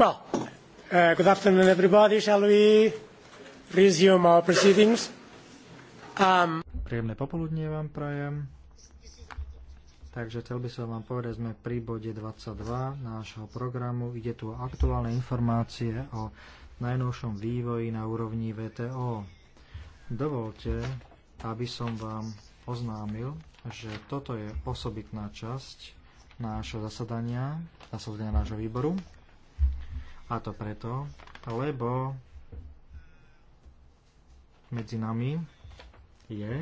Well, uh, good afternoon, everybody. Shall we resume our proceedings? Um, Príjemné popoludnie vám prajem. Takže chcel by som vám povedať, sme pri bode 22 nášho programu. Ide tu o aktuálne informácie o najnovšom vývoji na úrovni VTO. Dovolte, aby som vám oznámil, že toto je osobitná časť nášho zasadania, zasadania nášho výboru. A to preto, lebo medzi nami je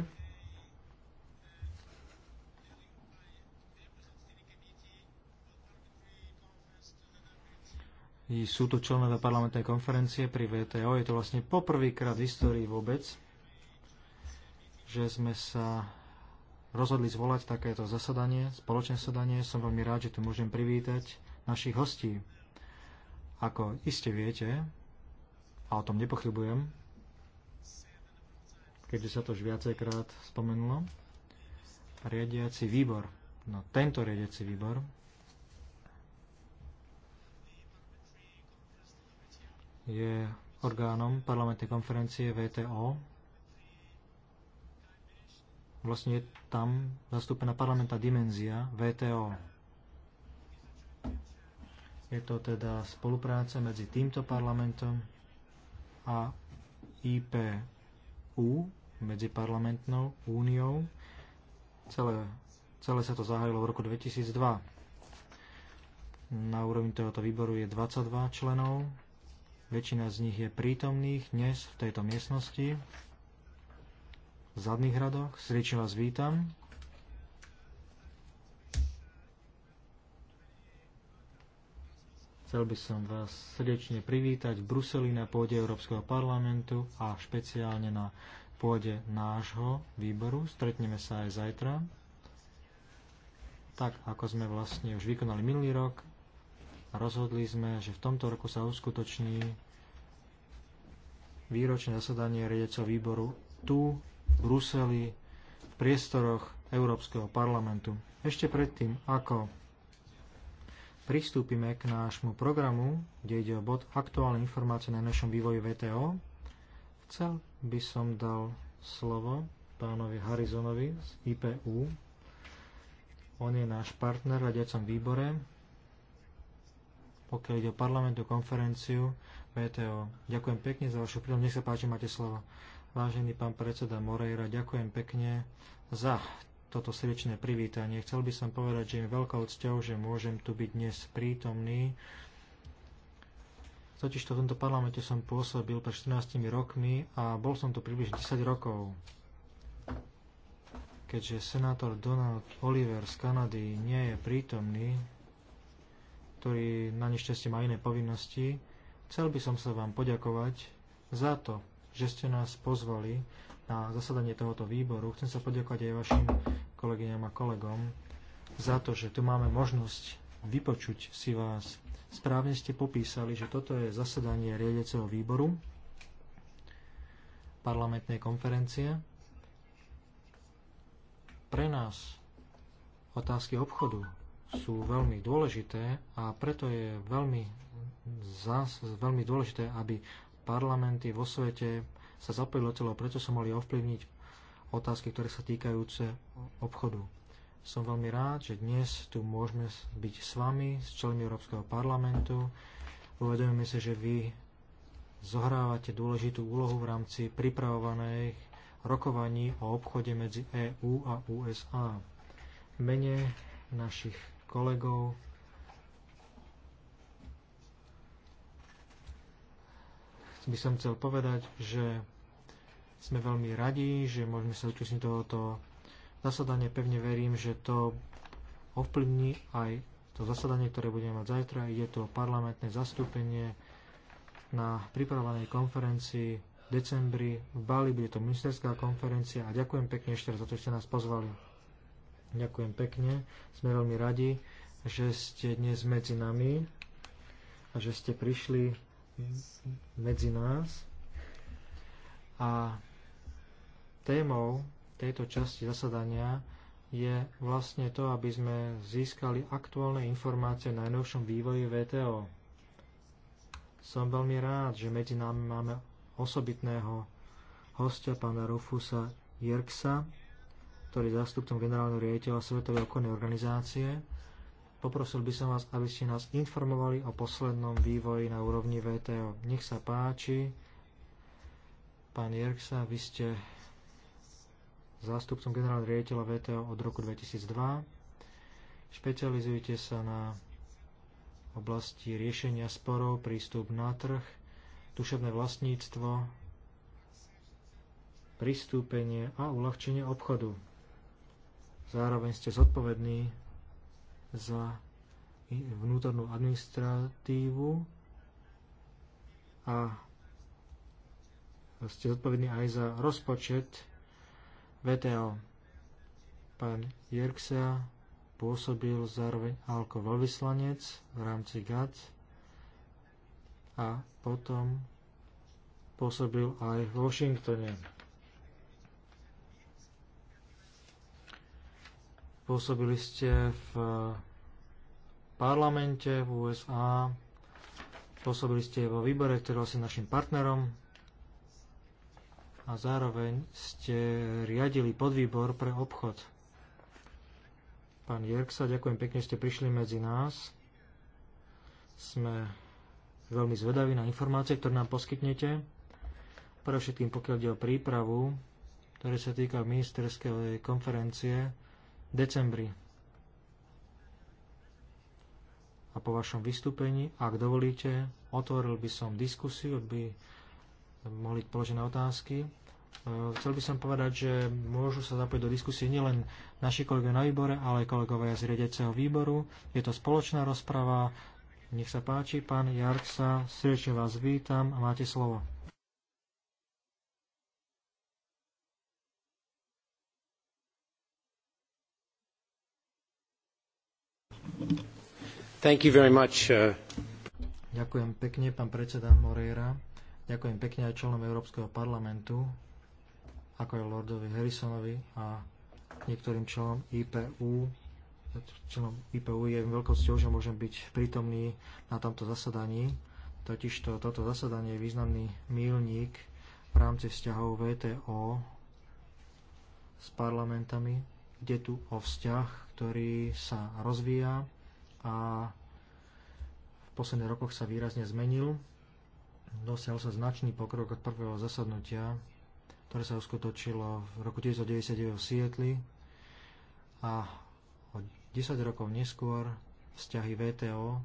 sú tu členové parlamentnej konferencie pri VTO. Je to vlastne poprvýkrát v histórii vôbec, že sme sa rozhodli zvolať takéto zasadanie, spoločné zasadanie. Som veľmi rád, že tu môžem privítať našich hostí. Ako iste viete, a o tom nepochybujem, keďže sa to už viacejkrát spomenulo, riadiaci výbor, no tento riadiaci výbor je orgánom parlamentnej konferencie VTO. Vlastne je tam zastúpená parlamentná dimenzia VTO. Je to teda spolupráca medzi týmto parlamentom a IPU, medziparlamentnou úniou. Celé, celé sa to zahájilo v roku 2002. Na úrovni tohoto výboru je 22 členov. Väčšina z nich je prítomných dnes v tejto miestnosti v zadných radoch. Srdečne vás vítam. Chcel by som vás srdečne privítať v Bruseli na pôde Európskeho parlamentu a špeciálne na pôde nášho výboru. Stretneme sa aj zajtra. Tak, ako sme vlastne už vykonali minulý rok, rozhodli sme, že v tomto roku sa uskutoční výročné zasadanie riadeceho výboru tu, v Bruseli, v priestoroch Európskeho parlamentu. Ešte predtým, ako pristúpime k nášmu programu, kde ide o bod aktuálne informácie na našom vývoji VTO, chcel by som dal slovo pánovi Harizonovi z IPU. On je náš partner v radiacom výbore, pokiaľ ide o parlamentnú konferenciu VTO. Ďakujem pekne za vašu príležitosť. Nech sa páči, máte slovo. Vážený pán predseda Moreira, ďakujem pekne za toto srdečné privítanie. Chcel by som povedať, že je veľkou cťou, že môžem tu byť dnes prítomný. Totiž to v tomto parlamente som pôsobil pred 14 rokmi a bol som tu približne 10 rokov. Keďže senátor Donald Oliver z Kanady nie je prítomný, ktorý na nešťastie má iné povinnosti, chcel by som sa vám poďakovať za to, že ste nás pozvali na zasadanie tohoto výboru. Chcem sa poďakovať aj vašim kolegyňam a kolegom za to, že tu máme možnosť vypočuť si vás. Správne ste popísali, že toto je zasedanie riadiaceho výboru parlamentnej konferencie. Pre nás otázky obchodu sú veľmi dôležité a preto je veľmi, zás, veľmi dôležité, aby parlamenty vo svete sa zapojili do preto sa mohli ovplyvniť otázky, ktoré sa týkajúce obchodu. Som veľmi rád, že dnes tu môžeme byť s vami, s členmi Európskeho parlamentu. Uvedujeme sa, že vy zohrávate dôležitú úlohu v rámci pripravovaných rokovaní o obchode medzi EÚ a USA. V mene našich kolegov by som chcel povedať, že sme veľmi radi, že môžeme sa účastniť tohoto zasadania. Pevne verím, že to ovplyvní aj to zasadanie, ktoré budeme mať zajtra. Je to parlamentné zastúpenie na pripravovanej konferencii v decembri v Bali. Bude to ministerská konferencia a ďakujem pekne ešte raz za to, že ste nás pozvali. Ďakujem pekne. Sme veľmi radi, že ste dnes medzi nami a že ste prišli medzi nás. A témou tejto časti zasadania je vlastne to, aby sme získali aktuálne informácie o najnovšom vývoji VTO. Som veľmi rád, že medzi nami máme osobitného hostia, pána Rufusa Jerksa, ktorý je zástupcom generálneho riaditeľa Svetovej okolnej organizácie. Poprosil by som vás, aby ste nás informovali o poslednom vývoji na úrovni VTO. Nech sa páči, pán Jerksa, vy ste zástupcom generálneho riaditeľa VTO od roku 2002. Špecializujete sa na oblasti riešenia sporov, prístup na trh, duševné vlastníctvo, pristúpenie a uľahčenie obchodu. Zároveň ste zodpovední za vnútornú administratívu a ste zodpovední aj za rozpočet VTO. Pán Jirksa pôsobil zároveň ako veľvyslanec v rámci GAT a potom pôsobil aj v Washingtone. Pôsobili ste v parlamente v USA, pôsobili ste vo výbore, ktorý je vlastne našim partnerom a zároveň ste riadili podvýbor pre obchod. Pán Jerksa, ďakujem pekne, ste prišli medzi nás. Sme veľmi zvedaví na informácie, ktoré nám poskytnete. Pre všetkým, pokiaľ ide o prípravu, ktoré sa týka ministerskej konferencie v decembri. A po vašom vystúpení, ak dovolíte, otvoril by som diskusiu, by mohli položené otázky. E, chcel by som povedať, že môžu sa zapojiť do diskusie nielen naši kolegovia na výbore, ale aj kolegovia z riadiaceho výboru. Je to spoločná rozprava. Nech sa páči, pán Jarksa, srdečne vás vítam a máte slovo. Thank you very much. Uh, Ďakujem pekne, pán predseda Moreira. Ďakujem pekne aj členom Európskeho parlamentu, ako aj Lordovi Harrisonovi a niektorým členom IPU. Členom IPU je veľkou cťou, že môžem byť prítomný na tomto zasadaní. Totižto toto zasadanie je významný mílnik v rámci vzťahov VTO s parlamentami. Ide tu o vzťah, ktorý sa rozvíja a v posledných rokoch sa výrazne zmenil dosiahol sa značný pokrok od prvého zasadnutia, ktoré sa uskutočilo v roku 1999 v Sietli a o 10 rokov neskôr vzťahy VTO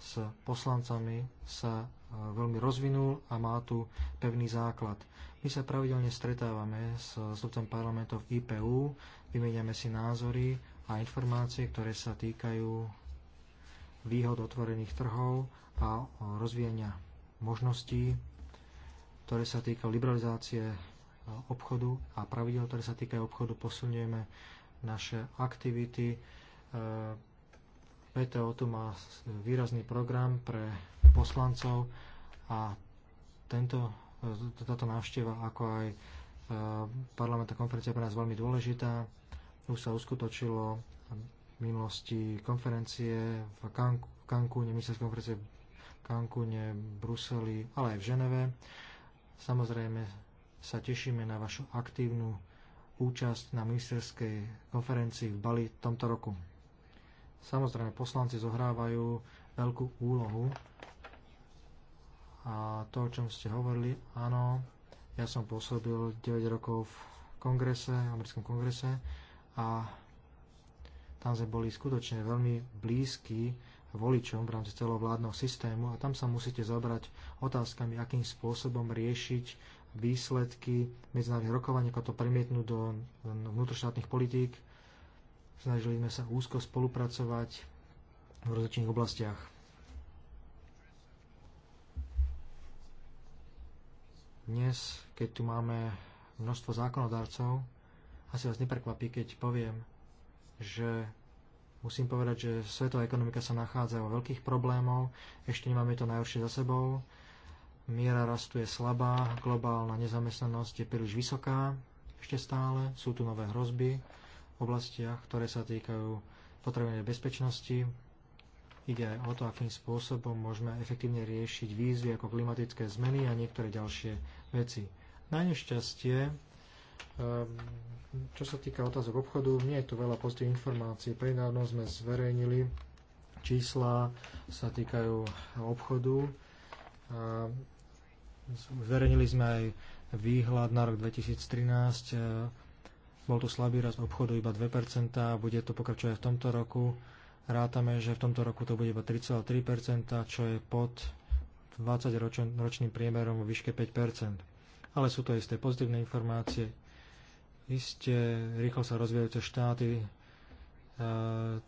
s poslancami sa e, veľmi rozvinul a má tu pevný základ. My sa pravidelne stretávame s zastupcom parlamentov IPU, vymeniame si názory a informácie, ktoré sa týkajú výhod otvorených trhov a rozvíjania možností, ktoré sa týka liberalizácie e, obchodu a pravidel, ktoré sa týkajú obchodu, posunieme naše aktivity. E, PTO tu má e, výrazný program pre poslancov a tento, táto návšteva, ako aj parlamentná konferencia pre nás veľmi dôležitá. Už sa uskutočilo v minulosti konferencie v Kanku, ministerské konferencie Cancúne, Bruseli, ale aj v Ženeve. Samozrejme sa tešíme na vašu aktívnu účasť na ministerskej konferencii v Bali v tomto roku. Samozrejme, poslanci zohrávajú veľkú úlohu a to, o čom ste hovorili, áno, ja som pôsobil 9 rokov v kongrese, americkom kongrese a tam sme boli skutočne veľmi blízki voličom v rámci celého vládneho systému a tam sa musíte zobrať otázkami, akým spôsobom riešiť výsledky medzinárodných rokovaní, ako to premietnúť do vnútroštátnych politík. Snažili sme sa úzko spolupracovať v rozličných oblastiach. Dnes, keď tu máme množstvo zákonodarcov, asi vás neprekvapí, keď poviem, že musím povedať, že svetová ekonomika sa nachádza vo veľkých problémov, ešte nemáme to najhoršie za sebou, miera rastu je slabá, globálna nezamestnanosť je príliš vysoká, ešte stále sú tu nové hrozby v oblastiach, ktoré sa týkajú potrebnej bezpečnosti. Ide aj o to, akým spôsobom môžeme efektívne riešiť výzvy ako klimatické zmeny a niektoré ďalšie veci. Na nešťastie Ehm, čo sa týka otázok obchodu, nie je tu veľa pozitívnych informácií. Prednávno sme zverejnili čísla, sa týkajú obchodu. Ehm, zverejnili sme aj výhľad na rok 2013. Ehm, bol tu slabý rast obchodu iba 2%, bude to pokračovať v tomto roku. Rátame, že v tomto roku to bude iba 3,3%, čo je pod 20 ročným priemerom vo výške 5%. Ale sú to isté pozitívne informácie. Isté, rýchlo sa rozvíjajúce štáty e,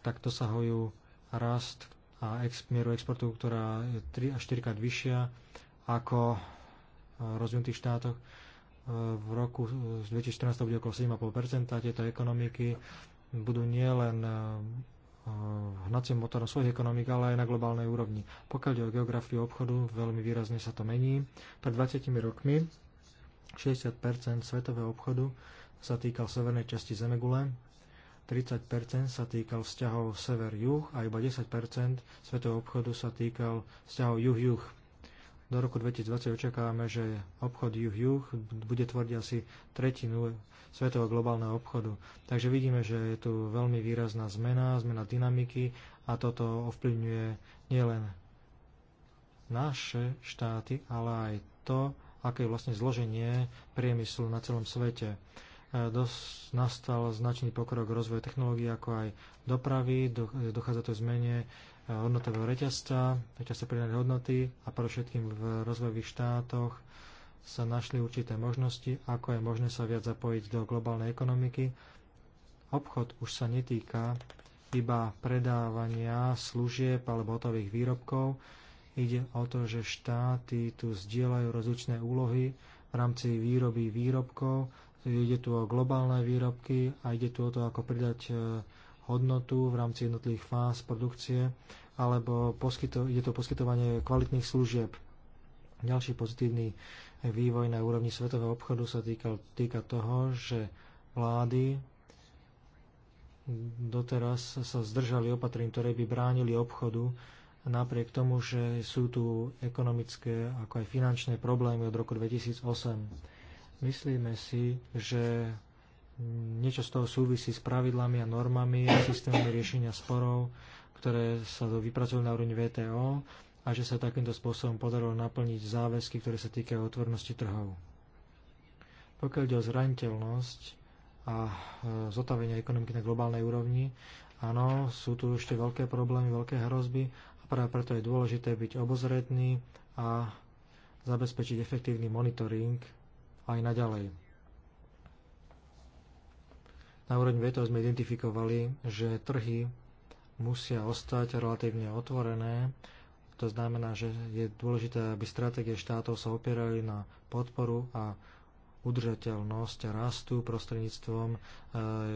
takto sahujú rast a ex, mieru exportu, ktorá je 3 až 4 krát vyššia ako v rozvinutých štátoch. E, v roku 2014 bude okolo 7,5 Tieto ekonomiky budú nielen e, hnacím motorom svojich ekonomik, ale aj na globálnej úrovni. Pokiaľ ide o geografiu obchodu, veľmi výrazne sa to mení. Pred 20 rokmi 60 svetového obchodu sa týkal severnej časti Zemegule, 30 sa týkal vzťahov sever-juh a iba 10 svetového obchodu sa týkal vzťahov juh-juh. Do roku 2020 očakávame, že obchod juh-juh bude tvoriť asi tretinu svetového globálneho obchodu. Takže vidíme, že je tu veľmi výrazná zmena, zmena dynamiky a toto ovplyvňuje nielen naše štáty, ale aj to, aké je vlastne zloženie priemyslu na celom svete. E, Dosť nastal značný pokrok rozvoja technológií ako aj dopravy, dochádza to zmene e, hodnotového reťazca, reťazca pridanej hodnoty a predovšetkým v rozvojových štátoch sa našli určité možnosti, ako je možné sa viac zapojiť do globálnej ekonomiky. Obchod už sa netýka iba predávania služieb alebo hotových výrobkov, Ide o to, že štáty tu zdieľajú rozličné úlohy v rámci výroby výrobkov, ide tu o globálne výrobky a ide tu o to, ako pridať e, hodnotu v rámci jednotlivých fáz produkcie, alebo poskyto, ide to poskytovanie kvalitných služieb. Ďalší pozitívny vývoj na úrovni svetového obchodu sa týka, týka toho, že vlády doteraz sa zdržali opatrení, ktoré by bránili obchodu napriek tomu, že sú tu ekonomické ako aj finančné problémy od roku 2008. Myslíme si, že niečo z toho súvisí s pravidlami a normami a systémami riešenia sporov, ktoré sa vypracujú na úrovni VTO a že sa takýmto spôsobom podarilo naplniť záväzky, ktoré sa týkajú otvornosti trhov. Pokiaľ ide o zraniteľnosť, a e, zotavenie ekonomiky na globálnej úrovni. Áno, sú tu ešte veľké problémy, veľké hrozby Práve preto je dôležité byť obozretný a zabezpečiť efektívny monitoring aj naďalej. Na úrovni VTO sme identifikovali, že trhy musia ostať relatívne otvorené. To znamená, že je dôležité, aby stratégie štátov sa opierali na podporu a udržateľnosť rastu prostredníctvom e,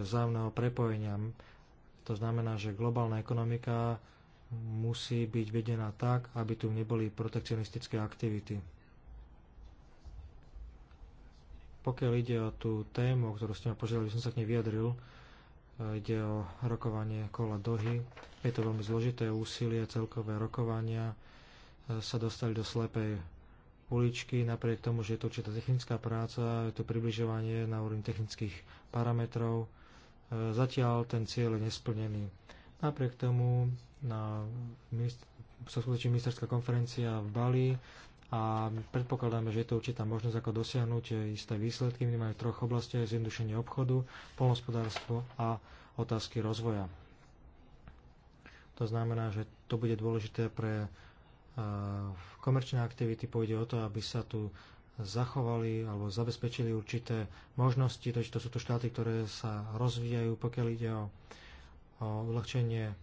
vzájomného prepojenia. To znamená, že globálna ekonomika musí byť vedená tak, aby tu neboli protekcionistické aktivity. Pokiaľ ide o tú tému, ktorú ste ma požiadali, by som sa k nej vyjadril, eh, ide o rokovanie kola Dohy. Je to veľmi zložité úsilie, celkové rokovania eh, sa dostali do slepej uličky, napriek tomu, že je to určitá technická práca, je to približovanie na úrovni technických parametrov. Eh, zatiaľ ten cieľ je nesplnený. Napriek tomu na sa skutoční ministerská konferencia v Bali a predpokladáme, že je to určitá možnosť, ako dosiahnuť isté výsledky minimálne v troch oblastiach zjednodušenie obchodu, polnospodárstvo a otázky rozvoja. To znamená, že to bude dôležité pre e, komerčné aktivity. Pôjde o to, aby sa tu zachovali alebo zabezpečili určité možnosti, takže to sú to štáty, ktoré sa rozvíjajú, pokiaľ ide o, o uľahčenie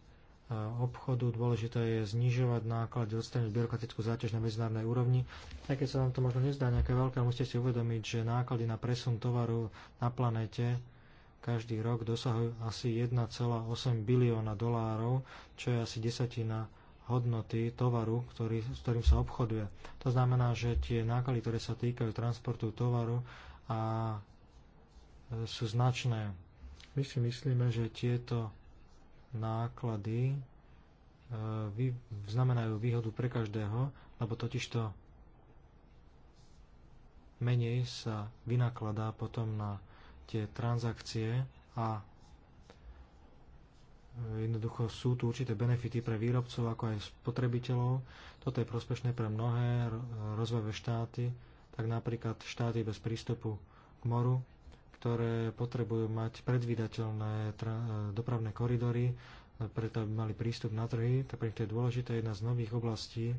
obchodu. Dôležité je znižovať náklady, odstrániť byrokratickú záťaž na medzinárodnej úrovni. Aj keď sa vám to možno nezdá nejaké veľké, musíte si uvedomiť, že náklady na presun tovaru na planete každý rok dosahujú asi 1,8 bilióna dolárov, čo je asi desatina hodnoty tovaru, ktorý, s ktorým sa obchoduje. To znamená, že tie náklady, ktoré sa týkajú transportu tovaru, a e, sú značné. My si myslíme, že tieto náklady e, znamenajú výhodu pre každého, lebo totižto menej sa vynakladá potom na tie transakcie a jednoducho sú tu určité benefity pre výrobcov ako aj spotrebiteľov. Toto je prospešné pre mnohé rozvojové štáty, tak napríklad štáty bez prístupu k moru ktoré potrebujú mať predvídateľné dopravné koridory, preto aby mali prístup na trhy. Tak pre nich to je dôležité. Jedna z nových oblastí,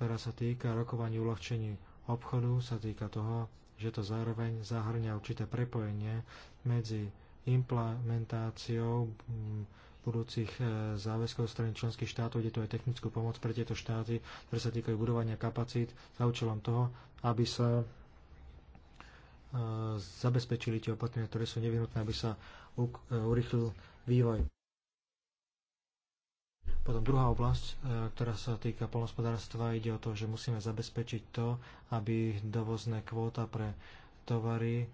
ktorá sa týka rokovaní uľahčení obchodu, sa týka toho, že to zároveň zahrňa určité prepojenie medzi implementáciou budúcich e, záväzkov strany členských štátov, kde to aj technickú pomoc pre tieto štáty, ktoré sa týkajú budovania kapacít za účelom toho, aby sa zabezpečili tie opatrenia, ktoré sú nevyhnutné, aby sa e, urychlil vývoj. Potom druhá oblasť, e, ktorá sa týka polnospodárstva, ide o to, že musíme zabezpečiť to, aby dovozné kvóta pre tovary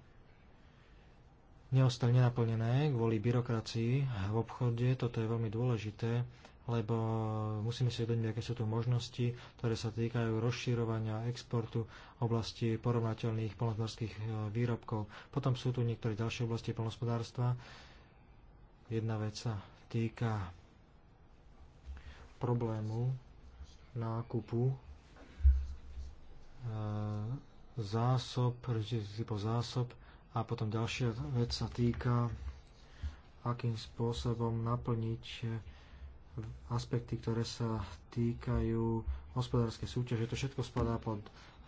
neostali nenaplnené kvôli byrokracii v obchode. Toto je veľmi dôležité lebo musíme si uvedomiť, aké sú tu možnosti, ktoré sa týkajú rozširovania exportu oblasti porovnateľných polnospodárských e, výrobkov. Potom sú tu niektoré ďalšie oblasti polnospodárstva. Jedna vec sa týka problému nákupu e, zásob, typov zásob a potom ďalšia vec sa týka akým spôsobom naplniť aspekty, ktoré sa týkajú hospodárskej súťaže. To všetko spadá pod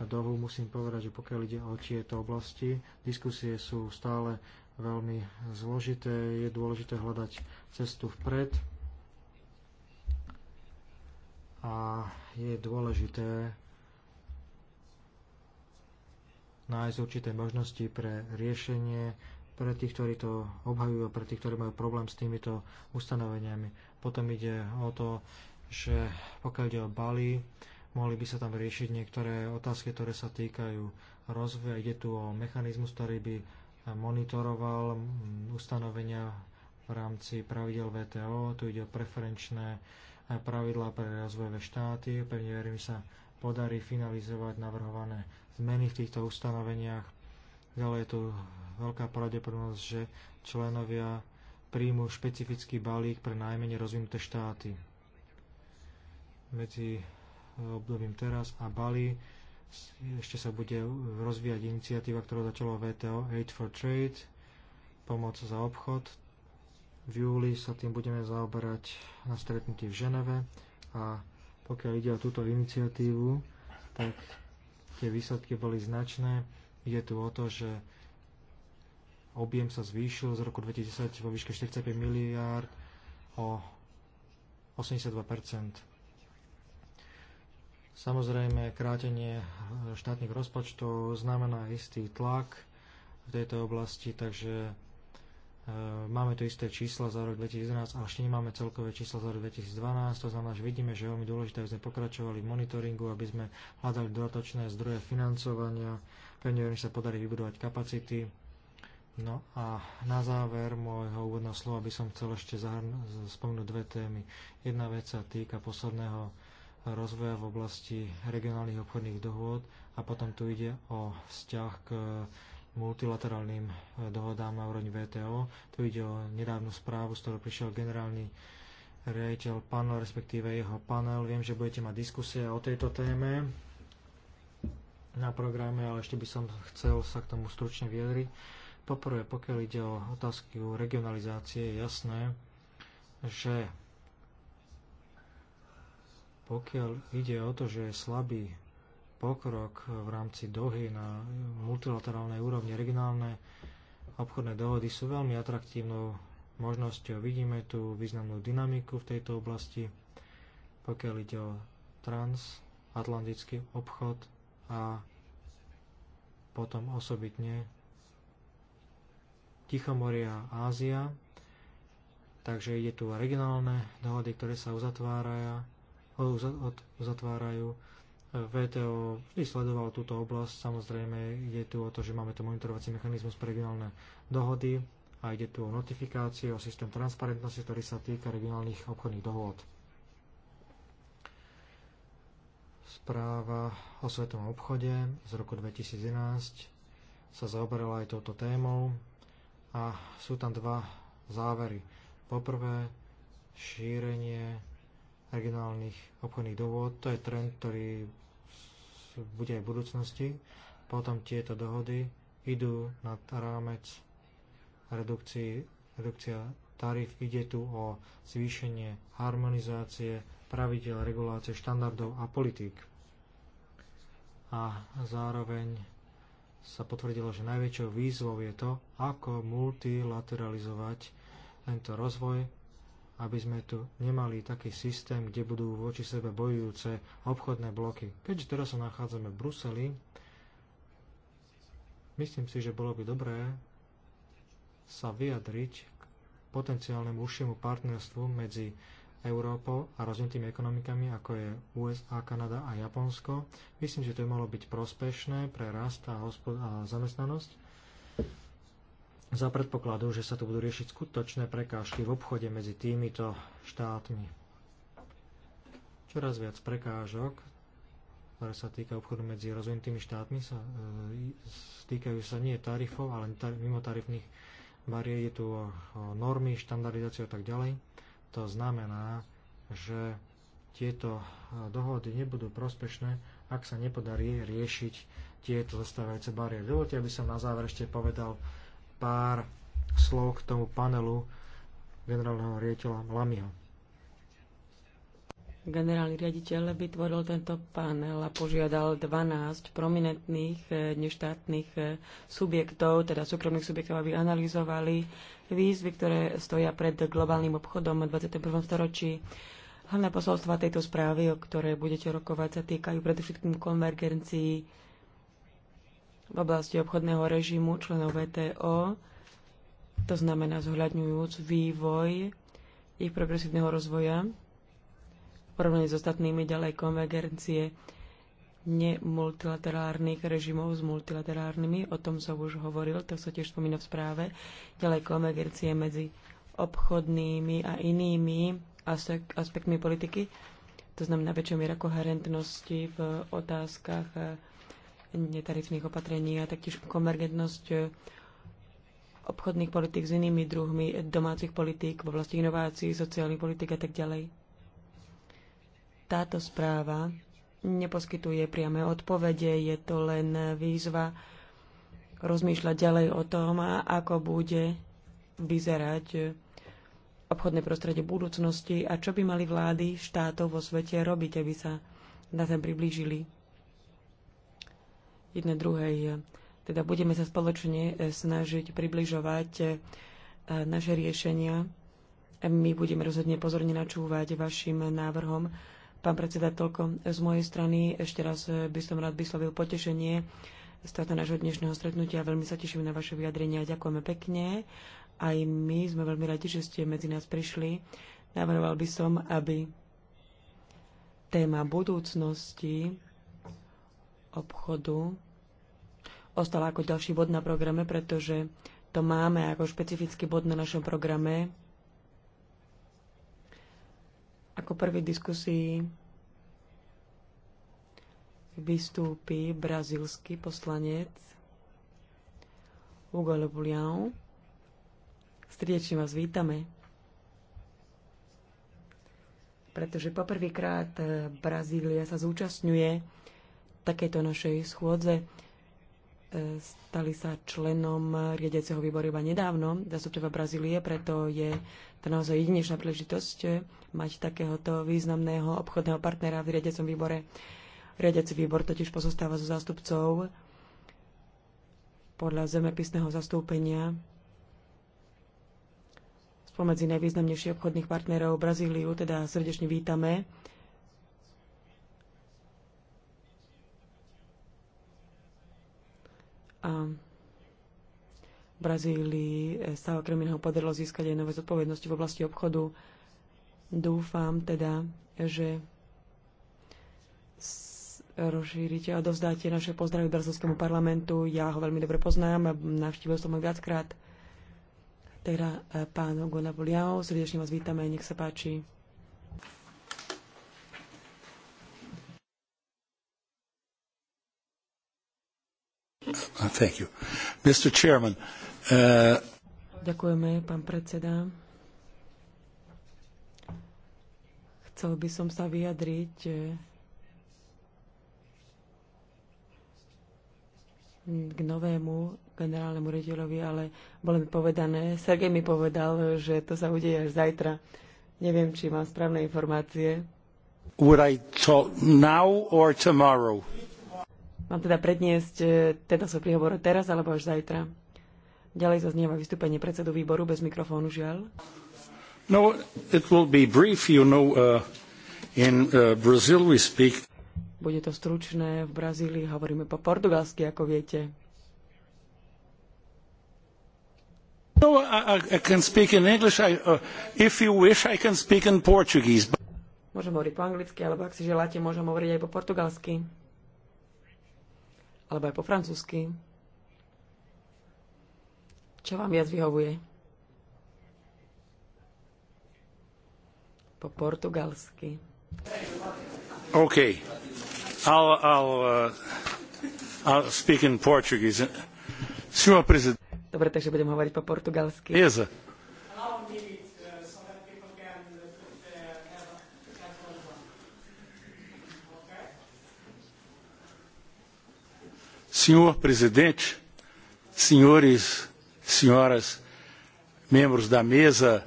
dohu. Musím povedať, že pokiaľ ide o tieto oblasti, diskusie sú stále veľmi zložité. Je dôležité hľadať cestu vpred a je dôležité nájsť určité možnosti pre riešenie pre tých, ktorí to obhajujú a pre tých, ktorí majú problém s týmito ustanoveniami. Potom ide o to, že pokiaľ ide o Bali, mohli by sa tam riešiť niektoré otázky, ktoré sa týkajú rozvoja. Ide tu o mechanizmus, ktorý by monitoroval ustanovenia v rámci pravidel VTO. Tu ide o preferenčné pravidlá pre rozvojové štáty. Pevne verím, sa podarí finalizovať navrhované zmeny v týchto ustanoveniach. Ďalej je tu veľká pravdepodobnosť, že členovia príjmu špecifický balík pre najmenej rozvinuté štáty. Medzi e, obdobím teraz a Bali ešte sa bude rozvíjať iniciatíva, ktorú začalo VTO Aid for Trade, pomoc za obchod. V júli sa tým budeme zaoberať na stretnutí v Ženeve a pokiaľ ide o túto iniciatívu, tak tie výsledky boli značné. Ide tu o to, že objem sa zvýšil z roku 2010 vo výške 45 miliárd o 82 Samozrejme, krátenie štátnych rozpočtov znamená istý tlak v tejto oblasti, takže e, máme tu isté čísla za rok 2011, ale ešte nemáme celkové čísla za rok 2012, to znamená, že vidíme, že je veľmi dôležité, aby sme pokračovali v monitoringu, aby sme hľadali dodatočné zdroje financovania, pevne verím, sa podarí vybudovať kapacity No a na záver môjho úvodného slova by som chcel ešte spomenúť dve témy. Jedna vec sa týka posledného rozvoja v oblasti regionálnych obchodných dohôd a potom tu ide o vzťah k multilaterálnym e, dohodám na úrovni VTO. Tu ide o nedávnu správu, z ktorou prišiel generálny riaditeľ panel, respektíve jeho panel. Viem, že budete mať diskusie o tejto téme na programe, ale ešte by som chcel sa k tomu stručne vyjadriť Poprvé, pokiaľ ide o otázky o regionalizácie, je jasné, že pokiaľ ide o to, že je slabý pokrok v rámci dohy na multilaterálnej úrovni, regionálne obchodné dohody sú veľmi atraktívnou možnosťou. Vidíme tu významnú dynamiku v tejto oblasti, pokiaľ ide o transatlantický obchod a potom osobitne Tichomoria a Ázia. Takže ide tu regionálne dohody, ktoré sa uzatvárajú, uzatvárajú. VTO vždy sledoval túto oblasť, samozrejme ide tu o to, že máme tu monitorovací mechanizmus pre regionálne dohody a ide tu o notifikáciu, o systém transparentnosti, ktorý sa týka regionálnych obchodných dohôd. Správa o svetom obchode z roku 2011 sa zaoberala aj touto témou a sú tam dva závery. Poprvé, šírenie regionálnych obchodných dôvod, to je trend, ktorý bude aj v budúcnosti. Potom tieto dohody idú nad rámec redukcii, redukcia tarif, ide tu o zvýšenie harmonizácie pravidel, regulácie, štandardov a politík. A zároveň sa potvrdilo, že najväčšou výzvou je to, ako multilateralizovať tento rozvoj, aby sme tu nemali taký systém, kde budú voči sebe bojujúce obchodné bloky. Keďže teraz sa nachádzame v Bruseli, myslím si, že bolo by dobré sa vyjadriť k potenciálnemu užšiemu partnerstvu medzi Európou a rozvinutými ekonomikami, ako je USA, Kanada a Japonsko. Myslím, že to by malo byť prospešné pre rast a, a zamestnanosť za predpokladu, že sa tu budú riešiť skutočné prekážky v obchode medzi týmito štátmi. Čoraz viac prekážok, ktoré sa týka obchodu medzi rozvinutými štátmi, sa, e, týkajú sa nie tarifov, ale tar- mimo tarifných bariér, je tu o, o normy, štandardizáciu a tak ďalej. To znamená, že tieto e, dohody nebudú prospešné, ak sa nepodarí riešiť tieto zostávajúce bariéry. Dovolte, aby som na záver ešte povedal pár slov k tomu panelu generálneho riaditeľa Lamiho generálny riaditeľ vytvoril tento panel a požiadal 12 prominentných eh, neštátnych eh, subjektov, teda súkromných subjektov, aby analyzovali výzvy, ktoré stoja pred globálnym obchodom v 21. storočí. Hlavné posolstva tejto správy, o ktoré budete rokovať, sa týkajú predovšetkým konvergencií v oblasti obchodného režimu členov VTO, to znamená zohľadňujúc vývoj ich progresívneho rozvoja porovnaní s ostatnými ďalej konvergencie nemultilaterálnych režimov s multilaterárnymi, o tom som už hovoril, to sa tiež spomína v správe, ďalej konvergencie medzi obchodnými a inými aspektmi politiky, to znamená väčšia miera koherentnosti v otázkach eh, netarifných opatrení a taktiež konvergentnosť eh, obchodných politik s inými druhmi domácich politík v oblasti inovácií, sociálnych politik a tak ďalej. Táto správa neposkytuje priame odpovede, je to len výzva rozmýšľať ďalej o tom, ako bude vyzerať obchodné prostredie budúcnosti a čo by mali vlády štátov vo svete robiť, aby sa na zem priblížili jedné druhej. Teda budeme sa spoločne snažiť približovať eh, naše riešenia. My budeme rozhodne pozorne načúvať vašim návrhom Pán predseda, toľko z mojej strany. Ešte raz eh, by som rád vyslovil potešenie z tohto nášho dnešného stretnutia. Veľmi sa teším na vaše vyjadrenia. Ďakujeme pekne. Aj my sme veľmi radi, že ste medzi nás prišli. Navrhoval by som, aby téma budúcnosti obchodu ostala ako ďalší bod na programe, pretože to máme ako špecifický bod na našom programe ako prvý diskusii vystúpi brazílsky poslanec Hugo Le Striečne vás vítame, pretože poprvýkrát Brazília sa zúčastňuje takéto našej schôdze. E, stali sa členom riadiaceho výboru iba nedávno, zastupcova Brazílie, preto je to naozaj jedinečná príležitosť e, mať takéhoto významného obchodného partnera v riadiacom výbore. Riadiaci výbor totiž pozostáva zo so zástupcov podľa zemepisného zastúpenia spomedzi najvýznamnejších obchodných partnerov Brazíliu, teda srdečne vítame A v Brazílii sa okrem iného podarilo získať aj nové zodpovednosti v oblasti obchodu. Dúfam teda, že rozšírite a dovzdáte naše pozdravy brazilskému parlamentu. Ja ho veľmi dobre poznám, navštívil som ho viackrát. Teda eh, pán Buliao, srdečne vás vítame, nech sa páči. Thank you. Mr. Chairman, uh... Ďakujeme, pán predseda. Chcel by som sa vyjadriť eh, k novému generálnemu rediteľovi, ale bolo mi povedané, Sergej mi povedal, že to sa udeje až zajtra. Neviem, či mám správne informácie. Would I talk now or tomorrow? Mám teda predniesť teda svoj príhovor teraz alebo až zajtra. Ďalej zaznieva vystúpenie predsedu výboru bez mikrofónu, žiaľ. No, it will be brief, you know, uh, in uh, Brazil we speak... Bude to stručné, v Brazílii hovoríme po portugalsky, ako viete. No, I, I can speak in English. I, uh, if you wish, I can speak in Portuguese. Môžem hovoriť po anglicky, alebo ak si želáte, môžem hovoriť aj po portugalsky alebo aj po francúzsky. Čo vám viac vyhovuje? Po portugalsky. OK. I'll, I'll, uh, I'll speak in Portuguese. Dobre, takže budem hovoriť po portugalsky. Yes. Senhor presidente, senhores, senhoras, membros da mesa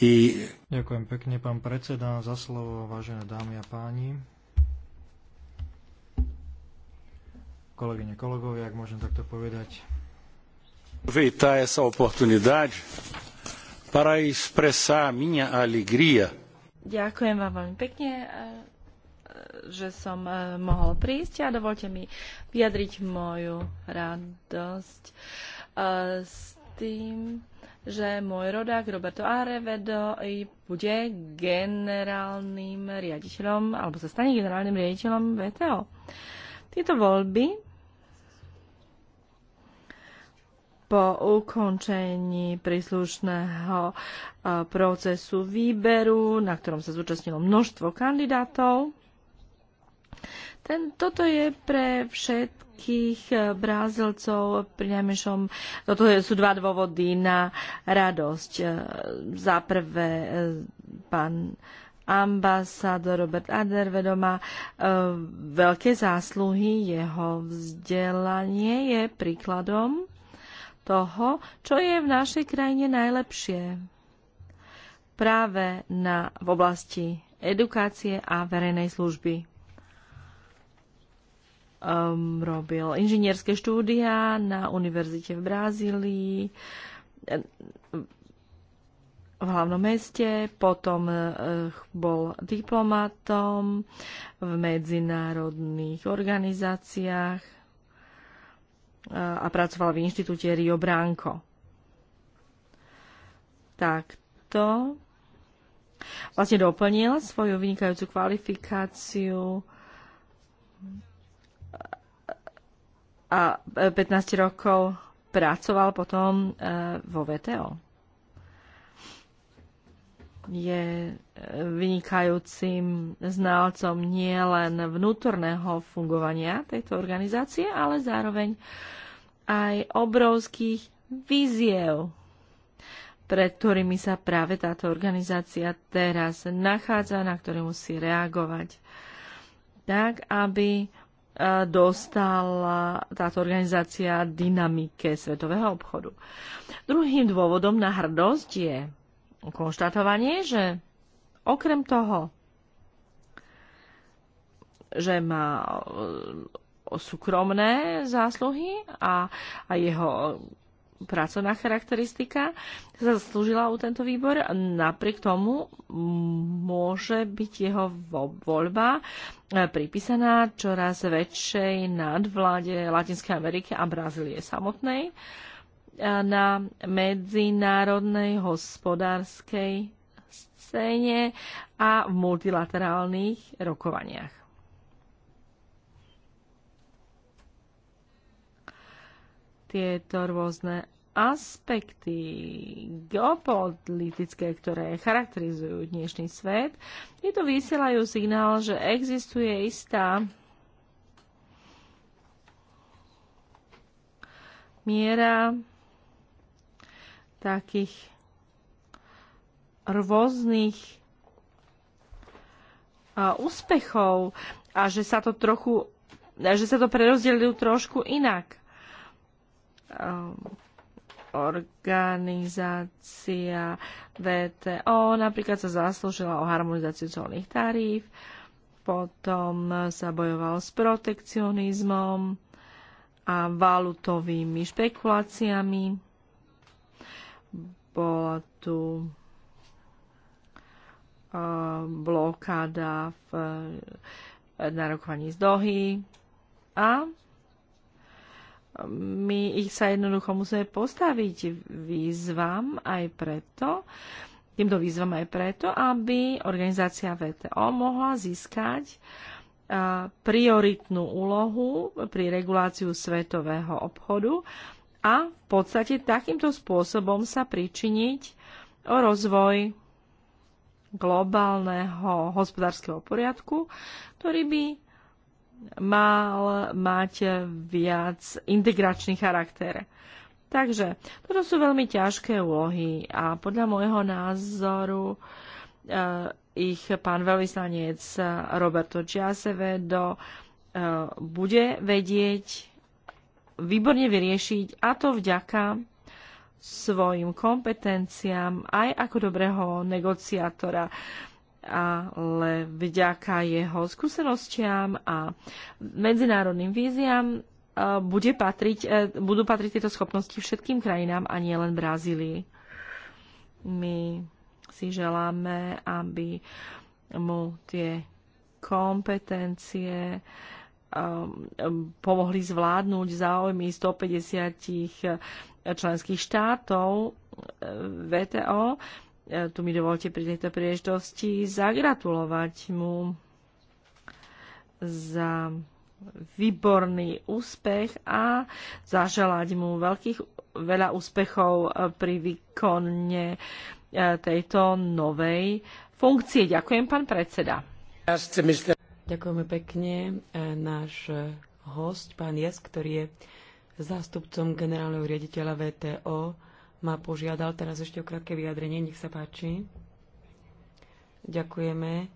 i... E Ďakujem pekne, pán predseda, za slovo, vážené dámy a páni. Kolegyne, kolegovia, ak môžem takto povedať. Aproveitar essa oportunidade para expressar a minha alegria. Ďakujem vám veľmi pekne. Eh, že som e, mohol prísť a dovolte mi vyjadriť moju radosť e, s tým, že môj rodák Roberto Arevedo bude generálnym riaditeľom, alebo sa stane generálnym riaditeľom VTO. Tieto voľby po ukončení príslušného e, procesu výberu, na ktorom sa zúčastnilo množstvo kandidátov, ten, toto je pre všetkých eh, brázilcov, pri najmenšom, toto sú dva dôvody na radosť. Eh, za prvé, eh, pán ambasádor Robert Aderve má veľké zásluhy, jeho vzdelanie je príkladom toho, čo je v našej krajine najlepšie práve na, v oblasti edukácie a verejnej služby um, robil inžinierské štúdia na univerzite v Brazílii, eh, v hlavnom meste, potom eh, bol diplomatom v medzinárodných organizáciách eh, a pracoval v inštitúte Rio Branco. Takto vlastne doplnil svoju vynikajúcu kvalifikáciu a 15 rokov pracoval potom e, vo VTO. Je e, vynikajúcim znalcom nielen vnútorného fungovania tejto organizácie, ale zároveň aj obrovských víziev, pred ktorými sa práve táto organizácia teraz nachádza, na ktoré musí reagovať. Tak, aby dostala táto organizácia dynamike svetového obchodu. Druhým dôvodom na hrdosť je konštatovanie, že okrem toho, že má e, súkromné zásluhy a, a jeho pracovná charakteristika zaslúžila u tento výbor. Napriek tomu môže byť jeho voľba E, pripísaná čoraz väčšej nadvláde Latinskej Ameriky a Brazílie samotnej e, na medzinárodnej hospodárskej scéne a v multilaterálnych rokovaniach. Tieto rôzne aspekty geopolitické, ktoré charakterizujú dnešný svet, je to vysielajú signál, že existuje istá miera takých rôznych úspechov a že sa to trochu že sa to prerozdelujú trošku inak organizácia VTO napríklad sa zaslúžila o harmonizáciu colných taríf, potom sa bojoval s protekcionizmom a valutovými špekuláciami. Bola tu blokáda v narokovaní z Dohy a my ich sa jednoducho musíme postaviť výzvam aj preto, týmto výzvam aj preto, aby organizácia VTO mohla získať prioritnú úlohu pri reguláciu svetového obchodu a v podstate takýmto spôsobom sa pričiniť o rozvoj globálneho hospodárskeho poriadku, ktorý by mal mať viac integračný charakter. Takže toto sú veľmi ťažké úlohy a podľa môjho názoru e, ich pán veľvyslanec Roberto Giasevedo e, eh, bude vedieť výborne vyriešiť a to vďaka svojim kompetenciám aj ako dobrého negociátora ale vďaka jeho skúsenostiam a medzinárodným víziám e, bude patriť, e, budú patriť tieto schopnosti všetkým krajinám a nie len Brazílii. My si želáme, aby mu tie kompetencie e, pomohli zvládnuť záujmy 150 členských štátov VTO, E, tu mi dovolte pri tejto príležitosti zagratulovať mu za výborný úspech a zaželať mu veľkých, veľa úspechov e, pri výkone e, tejto novej funkcie. Ďakujem, pán predseda. Ďakujeme pekne. Náš host, pán Jes, ktorý je zástupcom generálneho riaditeľa VTO, ma požiadal teraz ešte o krátke vyjadrenie. Nech sa páči. Ďakujeme.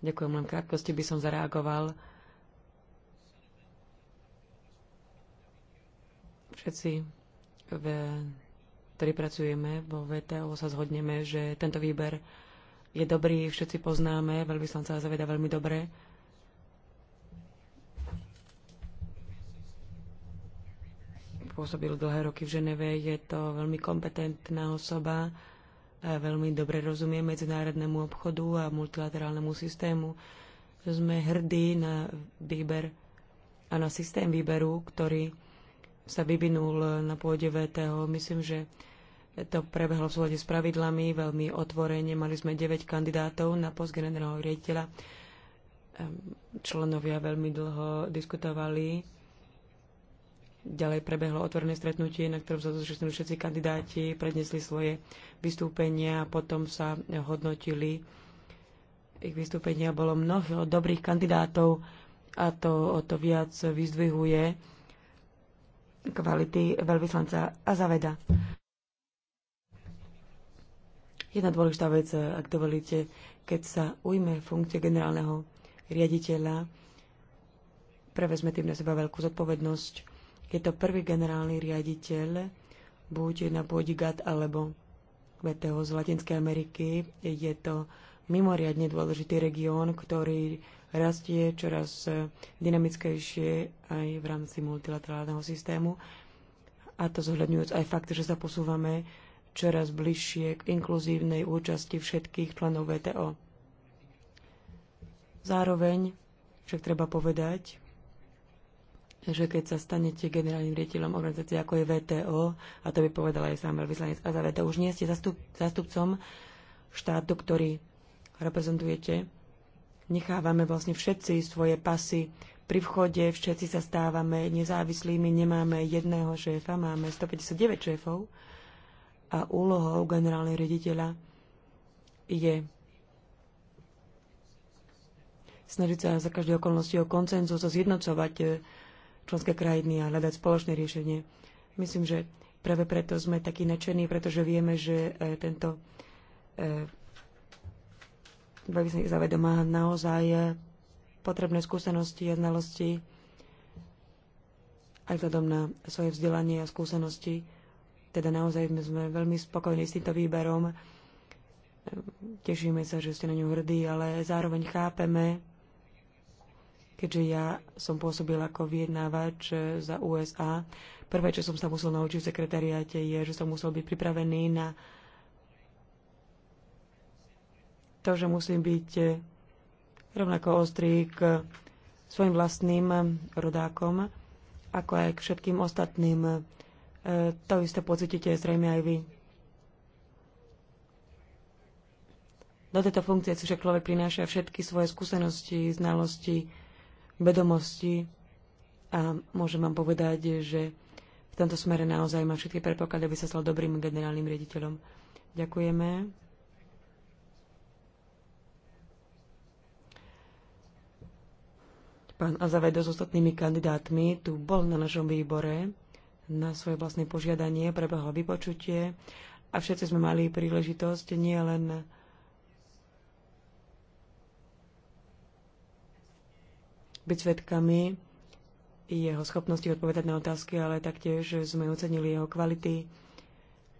Ďakujem len krátkosti, by som zareagoval. Všetci, v, ktorí pracujeme vo VTO, sa zhodneme, že tento výber je dobrý, všetci poznáme, veľmi som sa zaveda veľmi dobre. pôsobil dlhé roky v Ženeve. Je to veľmi kompetentná osoba, veľmi dobre rozumie medzinárodnému obchodu a multilaterálnemu systému. Sme hrdí na výber a na systém výberu, ktorý sa vyvinul na pôde VTO. Myslím, že to prebehlo v súlade s pravidlami, veľmi otvorene. Mali sme 9 kandidátov na post generálneho riaditeľa. Ehm, členovia veľmi dlho diskutovali Ďalej prebehlo otvorené stretnutie, na ktorom sa zúčastnili všetci kandidáti, prednesli svoje vystúpenia a potom sa hodnotili ich vystúpenia. Bolo mnoho dobrých kandidátov a to o to viac vyzdvihuje kvality veľvyslanca a zaveda. Jedna dôležitá vec, ak dovolíte, keď sa ujme funkcie generálneho riaditeľa, prevezme tým na seba veľkú zodpovednosť je to prvý generálny riaditeľ buď na pôdi GAT alebo VTO z Latinskej Ameriky. Je to mimoriadne dôležitý región, ktorý rastie čoraz e, dynamickejšie aj v rámci multilaterálneho systému. A to zohľadňujúc aj fakt, že sa posúvame čoraz bližšie k inkluzívnej účasti všetkých členov VTO. Zároveň však treba povedať, že keď sa stanete generálnym riaditeľom organizácie ako je VTO, a to by povedal aj sám veľvyslanec a za už nie ste zastup, zastupcom štátu, ktorý reprezentujete. Nechávame vlastne všetci svoje pasy pri vchode, všetci sa stávame nezávislými, nemáme jedného šéfa, máme 159 šéfov a úlohou generálneho riaditeľa je snažiť sa za každé okolnosti o koncenzus a zjednocovať eh, členské krajiny a hľadať spoločné riešenie. Myslím, že práve preto sme takí nadšení, pretože vieme, že e, tento veľvyslanec záveda má naozaj potrebné skúsenosti a znalosti aj vzhľadom na svoje vzdelanie a skúsenosti. Teda naozaj sme veľmi spokojní s týmto výberom. Tešíme sa, že ste na ňu hrdí, ale zároveň chápeme, keďže ja som pôsobil ako vyjednávač za USA. Prvé, čo som sa musel naučiť v sekretariáte, je, že som musel byť pripravený na to, že musím byť rovnako ostrý k svojim vlastným rodákom, ako aj k všetkým ostatným. E, to isté pocitíte zrejme aj vy. Do tejto funkcie si však človek prináša všetky svoje skúsenosti, znalosti, vedomosti a môžem vám povedať, že v tomto smere naozaj má všetky predpoklady, aby sa stal dobrým generálnym riaditeľom. Ďakujeme. Pán Azavedo s ostatnými kandidátmi tu bol na našom výbore na svoje vlastné požiadanie, prebehlo vypočutie a všetci sme mali príležitosť nielen byť svetkami jeho schopnosti odpovedať na otázky, ale taktiež sme ocenili jeho kvality.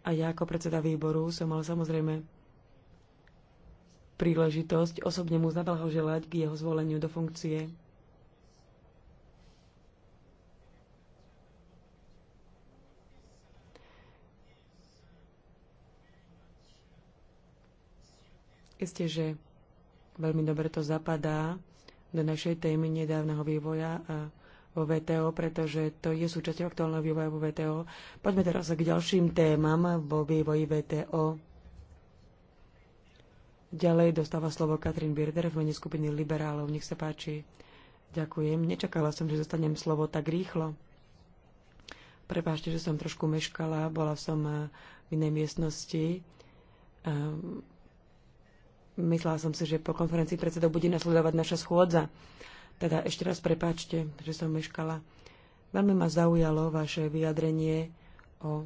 A ja ako predseda výboru som mal samozrejme príležitosť osobne mu zablahoželať k jeho zvoleniu do funkcie. Isté, že veľmi dobre to zapadá do našej témy nedávneho vývoja vo VTO, pretože to je súčasťou aktuálneho vývoja vo VTO. Poďme teraz k ďalším témam vo vývoji VTO. Ďalej dostáva slovo Katrin Birder v mene skupiny liberálov. Nech sa páči. Ďakujem. Nečakala som, že dostanem slovo tak rýchlo. Prepášte, že som trošku meškala. Bola som v inej miestnosti. Myslela som si, že po konferencii predsedov bude nasledovať naša schôdza. Teda ešte raz prepáčte, že som meškala. Veľmi ma zaujalo vaše vyjadrenie o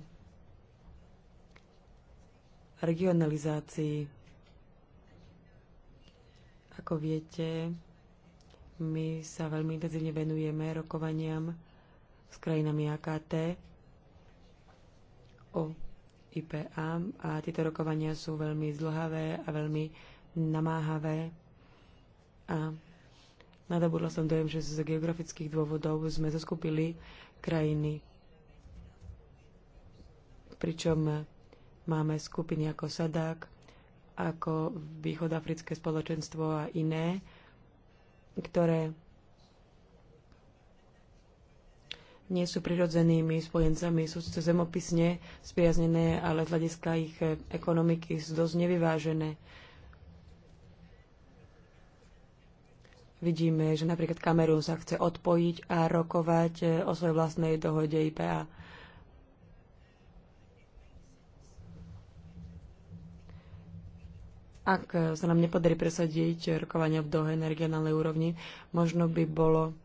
regionalizácii. Ako viete, my sa veľmi intenzívne venujeme rokovaniam s krajinami AKT o IPA a tieto rokovania sú veľmi zdlhavé a veľmi namáhavé a nadobudla som dojem, že z geografických dôvodov sme zoskupili krajiny, pričom máme skupiny ako Sadák, ako východafrické spoločenstvo a iné, ktoré nie sú prirodzenými spojencami, sú síce zemopisne spriaznené, ale z hľadiska ich ekonomiky sú dosť nevyvážené. Vidíme, že napríklad Kamerún sa chce odpojiť a rokovať e, o svojej vlastnej dohode IPA. Ak e, sa nám nepodarí presadiť rokovania v dohe na regionálnej úrovni, možno by bolo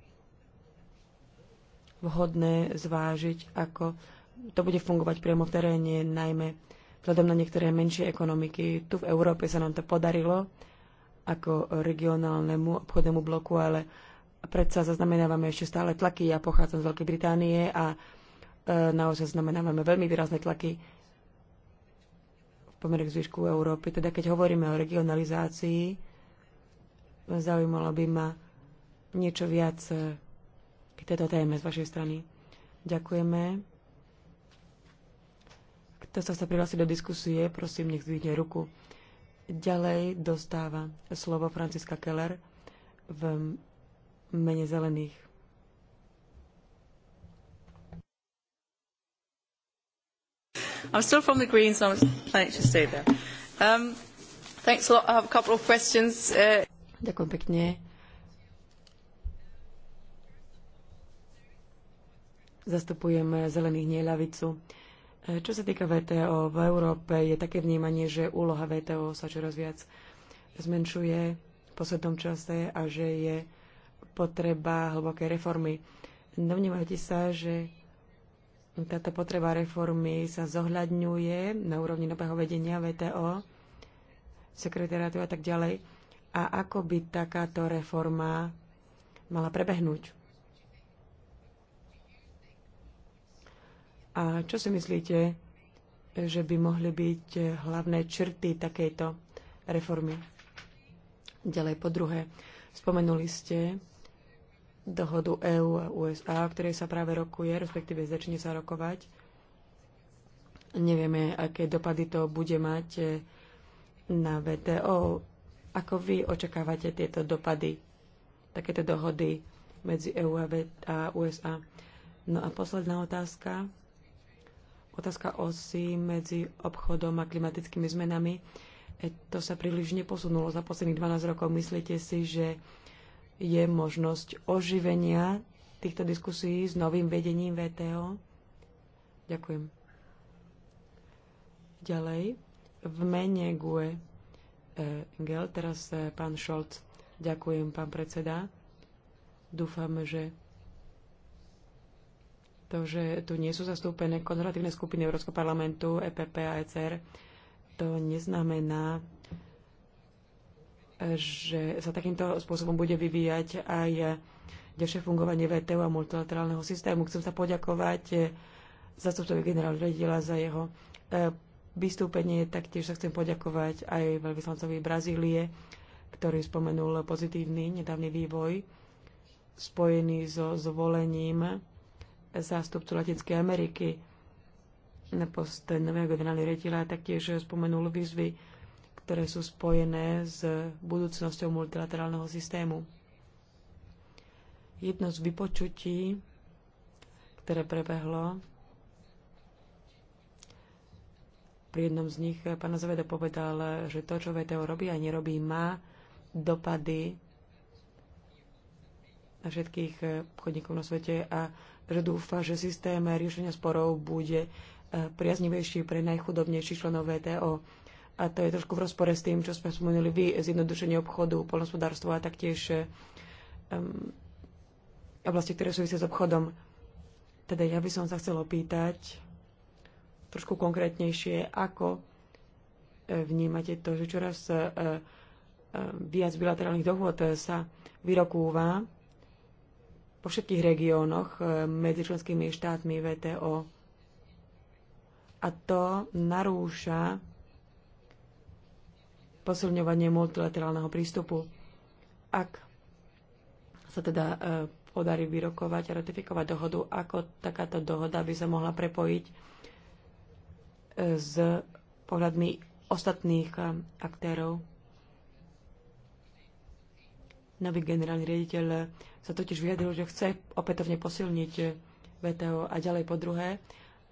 vhodné zvážiť, ako to bude fungovať priamo v teréne, najmä vzhľadom na niektoré menšie ekonomiky. Tu v Európe sa nám to podarilo ako regionálnemu obchodnému bloku, ale predsa zaznamenávame ešte stále tlaky. Ja pochádzam z Veľkej Británie a e, naozaj znamenávame veľmi výrazné tlaky v pomere k zvyšku Európy. Teda keď hovoríme o regionalizácii, zaujímalo by ma niečo viac e, k tejto téme z vašej strany. Ďakujeme. Kto sa sa prihlási do diskusie, prosím, nech zdvihne ruku. Ďalej dostáva slovo Franciska Keller v mene zelených. I'm still from the Greens, so I'm planning to stay there. Um, thanks a lot. I have a couple of questions. Uh... Ďakujem pekne. Zastupujem zelených nieľavicu. Čo sa týka VTO, v Európe je také vnímanie, že úloha VTO sa čoraz viac zmenšuje v poslednom čase a že je potreba hlbokej reformy. Domnívate sa, že táto potreba reformy sa zohľadňuje na úrovni nového vedenia VTO, sekretariátu a tak ďalej. A ako by takáto reforma mala prebehnúť? A čo si myslíte, že by mohli byť hlavné črty takejto reformy? Ďalej po druhé, spomenuli ste dohodu EÚ a USA, o ktorej sa práve rokuje, respektíve začne sa rokovať. Nevieme, aké dopady to bude mať eh, na VTO. Ako vy očakávate tieto dopady, takéto dohody medzi EÚ a USA? No a posledná otázka. Otázka osy medzi obchodom a klimatickými zmenami, e, to sa príliš neposunulo za posledných 12 rokov. Myslíte si, že je možnosť oživenia týchto diskusí s novým vedením VTO? Ďakujem. Ďalej, v mene GUE e, Engel, teraz e, pán Šolc. Ďakujem, pán predseda. Dúfam, že to, že tu nie sú zastúpené konzervatívne skupiny Európskeho parlamentu, EPP a ECR, to neznamená, že sa takýmto spôsobom bude vyvíjať aj ďalšie fungovanie VTU a multilaterálneho systému. Chcem sa poďakovať zastupcovi generálu redila za jeho e, vystúpenie. Taktiež sa chcem poďakovať aj veľvyslancovi Brazílie, ktorý spomenul pozitívny nedávny vývoj spojený so zvolením zástupcu Latinskej Ameriky na post nového generálneho riaditeľa taktiež spomenul výzvy, ktoré sú spojené s budúcnosťou multilaterálneho systému. Jedno z vypočutí, ktoré prebehlo, pri jednom z nich pán Zaveda povedal, že to, čo VTO robí a nerobí, má dopady na všetkých chodníkov na svete a že dúfa, že systém riešenia sporov bude e, priaznivejší pre najchudobnejších členov VTO. A to je trošku v rozpore s tým, čo sme spomenuli vy, zjednodušenie obchodu, polnospodárstvo a taktiež um, oblasti, ktoré súvisia s obchodom. Teda ja by som sa chcela opýtať trošku konkrétnejšie, ako e, vnímate to, že čoraz viac bilaterálnych dohôd sa vyrokúva vo všetkých regiónoch e, medzi členskými štátmi VTO. A to narúša posilňovanie multilaterálneho prístupu. Ak sa teda e, podarí vyrokovať a ratifikovať dohodu, ako takáto dohoda by sa mohla prepojiť e, s pohľadmi ostatných aktérov Nový generálny riaditeľ sa totiž vyjadril, že chce opätovne posilniť VTO a ďalej po druhé.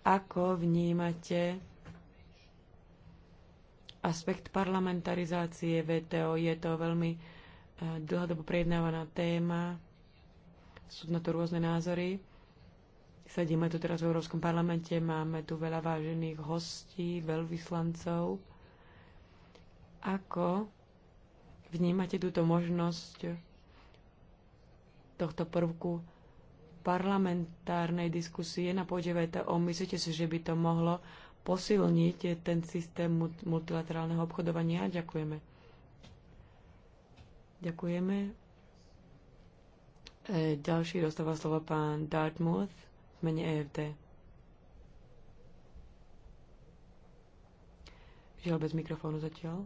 Ako vnímate aspekt parlamentarizácie VTO? Je to veľmi eh, dlhodobo prejednávaná téma. Sú na to rôzne názory. Sedíme tu teraz v Európskom parlamente, máme tu veľa vážených hostí, veľvyslancov. Ako vnímate túto možnosť tohto prvku parlamentárnej diskusie na pôde VTO? Myslíte si, že by to mohlo posilniť ten systém multilaterálneho obchodovania? Ďakujeme. Ďakujeme. E, ďalší dostáva slovo pán Dartmouth v mene EFT. Žiaľ bez mikrofónu zatiaľ.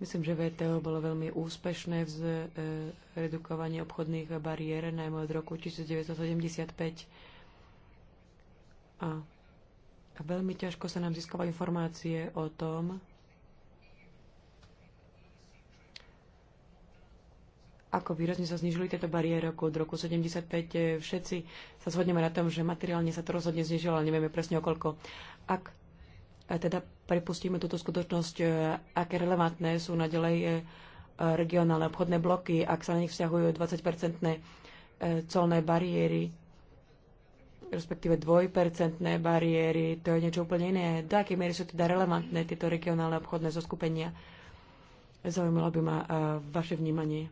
Myslím, že VTO bolo veľmi úspešné v e, redukovaní obchodných bariér, najmä od roku 1975. A veľmi ťažko sa nám získava informácie o tom, ako výrazne sa znižili tieto bariéry od roku 75. E, všetci sa zhodneme na tom, že materiálne sa to rozhodne znižilo, ale nevieme presne o koľko. Ak teda prepustíme túto skutočnosť, e, aké relevantné sú naďalej e, e, regionálne obchodné bloky, ak sa na nich vzťahujú 20-percentné colné bariéry, respektíve dvojpercentné bariéry, to je niečo úplne iné. Do akej miery sú teda relevantné tieto regionálne obchodné zoskupenia? Zaujímalo by ma vaše vnímanie.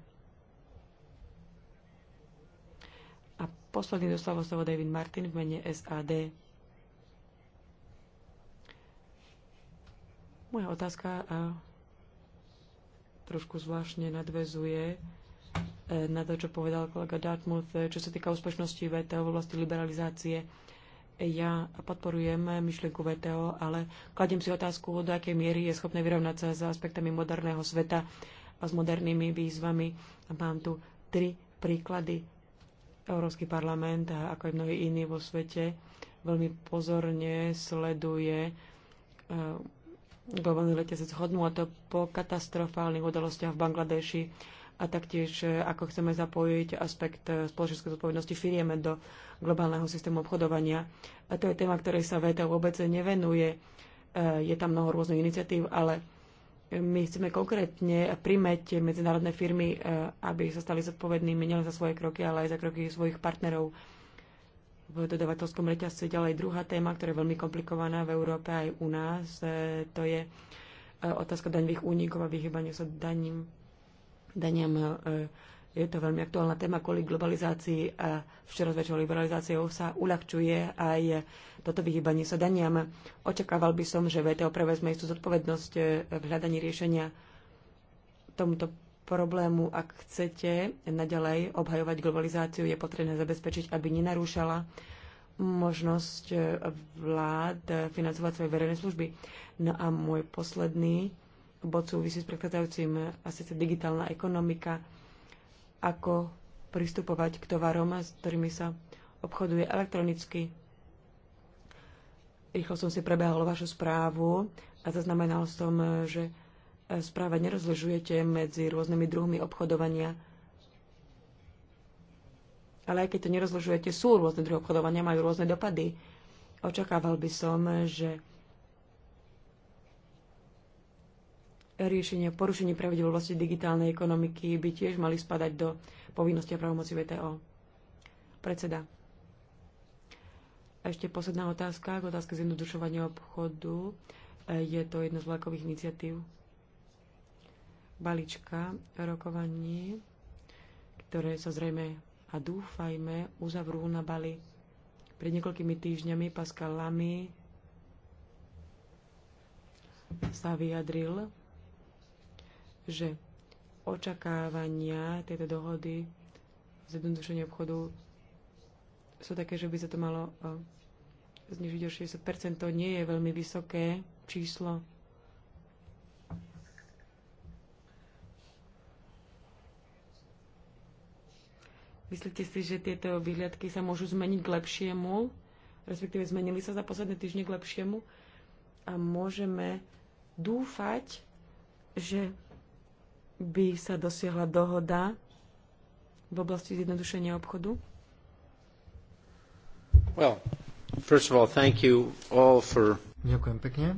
A posledný dostáva slovo David Martin v mene SAD. Moja otázka eh, trošku zvláštne nadvezuje eh, na to, čo povedal kolega Dartmouth, eh, čo sa týka úspešnosti VTO v oblasti liberalizácie. Ja podporujem myšlienku VTO, ale kladiem si otázku, do akej miery je schopné vyrovnať sa s aspektami moderného sveta a s modernými výzvami. Mám tu tri príklady. Európsky parlament, ako aj mnohí iní vo svete, veľmi pozorne sleduje globálny letec zhodnú a to po katastrofálnych udalostiach v Bangladeši a taktiež e, ako chceme zapojiť aspekt e, spoločenskej zodpovednosti firiem do globálneho systému obchodovania. A to je téma, ktorej sa VTO vôbec nevenuje. E, je tam mnoho rôznych iniciatív, ale my chceme konkrétne primeť medzinárodné firmy, aby sa stali zodpovednými nielen za svoje kroky, ale aj za kroky svojich partnerov v dodavateľskom reťazce Ďalej druhá téma, ktorá je veľmi komplikovaná v Európe aj u nás, e, to je e, otázka daňových únikov a vyhybania sa daním. Daniam e, je to veľmi aktuálna téma kvôli globalizácii a včera väčšou liberalizáciou sa uľahčuje aj toto vyhybanie sa daniam. Očakával by som, že VTO prevezme istú zodpovednosť v hľadaní riešenia tomuto problému, ak chcete naďalej obhajovať globalizáciu, je potrebné zabezpečiť, aby nenarúšala možnosť vlád financovať svoje verejné služby. No a môj posledný bod súvisí s predchádzajúcim a sice digitálna ekonomika, ako pristupovať k tovarom, s ktorými sa obchoduje elektronicky. Rýchlo som si prebehol vašu správu a zaznamenal som, že správe nerozložujete medzi rôznymi druhmi obchodovania. Ale aj keď to nerozložujete, sú rôzne druhy obchodovania, majú rôzne dopady. Očakával by som, že riešenie porušení pravidel vlastne digitálnej ekonomiky by tiež mali spadať do povinnosti a právomoci VTO. Predseda. A ešte posledná otázka k otázke zjednodušovania obchodu. E, je to jedna z vlakových iniciatív balíčka rokovaní, ktoré sa zrejme a dúfajme uzavrú na Bali. Pred niekoľkými týždňami Pascal Lamy sa vyjadril, že očakávania tejto dohody zjednodušenie obchodu sú také, že by sa to malo eh, znižiť o 60%. To nie je veľmi vysoké číslo. Myslíte si, že tieto vyhliadky sa môžu zmeniť k lepšiemu, respektíve zmenili sa za posledné týždne k lepšiemu a môžeme dúfať, že by sa dosiahla dohoda v oblasti zjednodušenia obchodu? Well, first of all, thank you all for... Ďakujem pekne.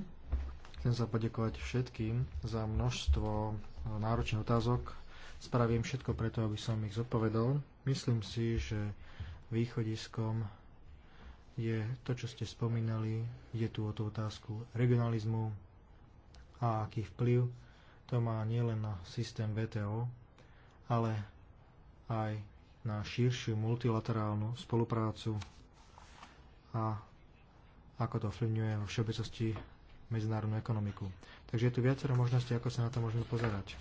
Chcem sa poďakovať všetkým za množstvo náročných otázok, Spravím všetko preto, aby som ich zodpovedal. Myslím si, že východiskom je to, čo ste spomínali, je tu o tú otázku regionalizmu a aký vplyv to má nielen na systém VTO, ale aj na širšiu multilaterálnu spoluprácu a ako to ovplyvňuje vo všeobecnosti medzinárodnú ekonomiku. Takže je tu viacero možností, ako sa na to môžeme pozerať.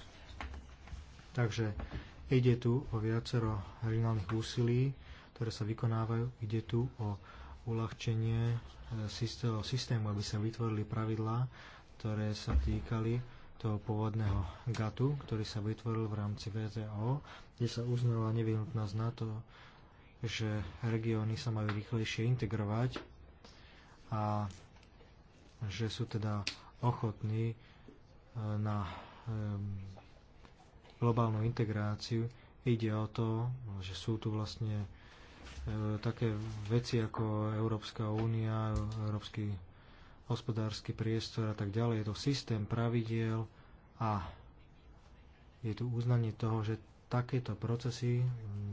Takže ide tu o viacero regionálnych úsilí, ktoré sa vykonávajú. Ide tu o uľahčenie e, systému, aby sa vytvorili pravidlá, ktoré sa týkali toho pôvodného GATU, ktorý sa vytvoril v rámci VZO, kde sa uznala nevyhnutnosť na to, že regióny sa majú rýchlejšie integrovať a že sú teda ochotní e, na e, globálnu integráciu. Ide o to, že sú tu vlastne e, také veci ako Európska únia, Európsky hospodársky priestor a tak ďalej. Je to systém pravidiel a je tu uznanie toho, že takéto procesy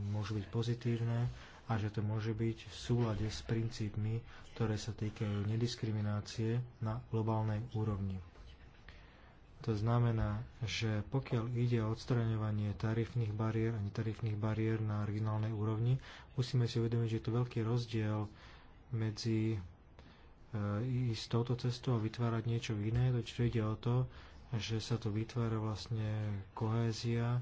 môžu byť pozitívne a že to môže byť v súlade s princípmi, ktoré sa týkajú nediskriminácie na globálnej úrovni. To znamená, že pokiaľ ide o odstraňovanie tarifných bariér a netarifných bariér na regionálnej úrovni, musíme si uvedomiť, že je tu veľký rozdiel medzi e, ísť touto cestou a vytvárať niečo iné, čiže ide o to, že sa tu vytvára vlastne kohézia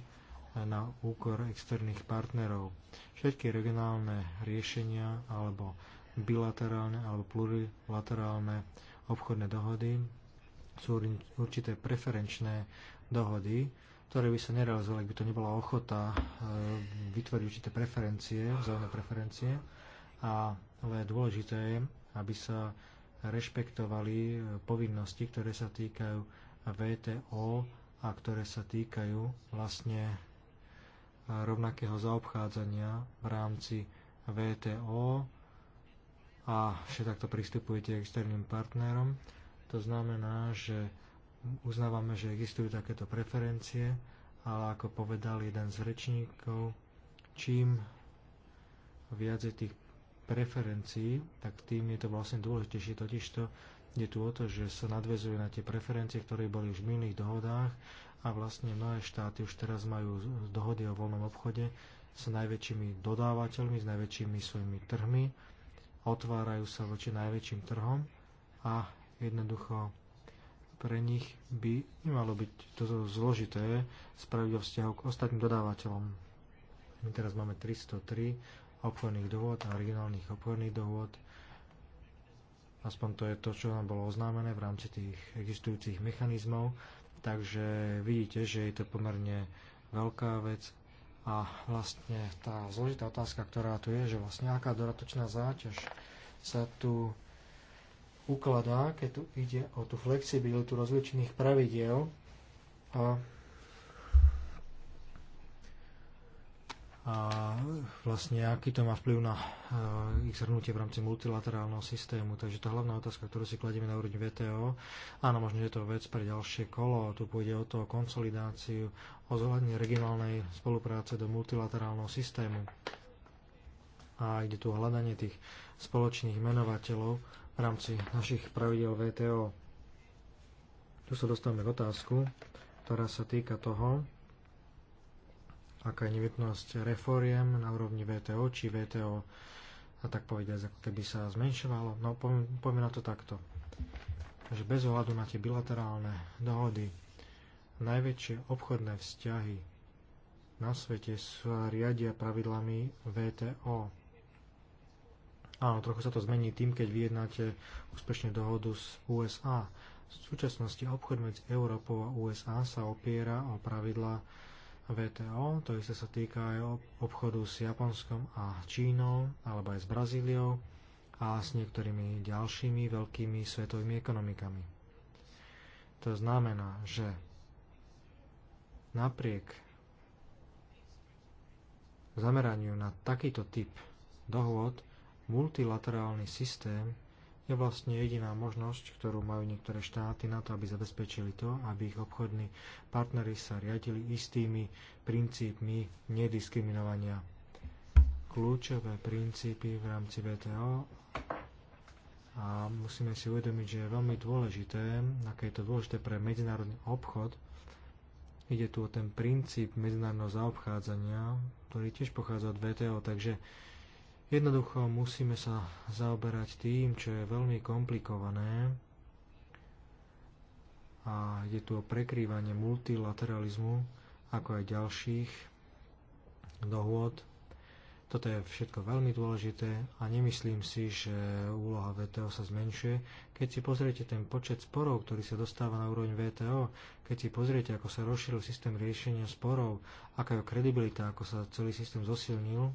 na úkor externých partnerov. Všetky regionálne riešenia alebo bilaterálne alebo plurilaterálne obchodné dohody sú určité preferenčné dohody, ktoré by sa nerealizovali, ak by to nebola ochota e, vytvoriť určité preferencie, vzájomné preferencie. A, ale dôležité je, aby sa rešpektovali e, povinnosti, ktoré sa týkajú VTO a ktoré sa týkajú vlastne e, rovnakého zaobchádzania v rámci VTO a všetko takto pristupujete externým partnerom. To znamená, že uznávame, že existujú takéto preferencie, ale ako povedal jeden z rečníkov, čím viac je tých preferencií, tak tým je to vlastne dôležitejšie. Totižto je tu o to, že sa nadvezuje na tie preferencie, ktoré boli už v minulých dohodách a vlastne mnohé štáty už teraz majú dohody o voľnom obchode s najväčšími dodávateľmi, s najväčšími svojimi trhmi, otvárajú sa voči najväčším trhom a Jednoducho pre nich by nemalo byť toto zložité spraviť o vzťahu k ostatným dodávateľom. My teraz máme 303 obchodných dohôd a regionálnych obchodných dohôd. Aspoň to je to, čo nám bolo oznámené v rámci tých existujúcich mechanizmov. Takže vidíte, že je to pomerne veľká vec a vlastne tá zložitá otázka, ktorá tu je, že vlastne aká doratočná záťaž sa tu ukladá, keď tu ide o tú flexibilitu rozličných pravidiel a, a vlastne aký to má vplyv na uh, ich zhrnutie v rámci multilaterálneho systému. Takže tá hlavná otázka, ktorú si kladieme na úrovni VTO, áno, možno je to vec pre ďalšie kolo, tu pôjde o to o konsolidáciu, o zohľadne regionálnej spolupráce do multilaterálneho systému. A ide tu o hľadanie tých spoločných menovateľov, v rámci našich pravidel VTO. Tu sa dostávame k otázku, ktorá sa týka toho, aká je nevytnosť reforiem na úrovni VTO, či VTO a tak povedať, ako keby sa zmenšovalo. No poďme na to takto. Že bez ohľadu na tie bilaterálne dohody, najväčšie obchodné vzťahy na svete sa riadia pravidlami VTO. Áno, trochu sa to zmení tým, keď vyjednáte úspešne dohodu s USA. V súčasnosti obchod medzi Európou a USA sa opiera o pravidla VTO, to isté sa týka aj obchodu s Japonskom a Čínou, alebo aj s Brazíliou a s niektorými ďalšími veľkými svetovými ekonomikami. To znamená, že napriek zameraniu na takýto typ dohôd multilaterálny systém je vlastne jediná možnosť, ktorú majú niektoré štáty na to, aby zabezpečili to, aby ich obchodní partnery sa riadili istými princípmi nediskriminovania. Kľúčové princípy v rámci VTO a musíme si uvedomiť, že je veľmi dôležité, aké je to dôležité pre medzinárodný obchod, ide tu o ten princíp medzinárodného zaobchádzania, ktorý tiež pochádza od VTO, takže Jednoducho musíme sa zaoberať tým, čo je veľmi komplikované a ide tu o prekrývanie multilateralizmu ako aj ďalších dohôd. Toto je všetko veľmi dôležité a nemyslím si, že úloha VTO sa zmenšuje. Keď si pozriete ten počet sporov, ktorý sa dostáva na úroveň VTO, keď si pozriete, ako sa rozšíril systém riešenia sporov, aká je kredibilita, ako sa celý systém zosilnil,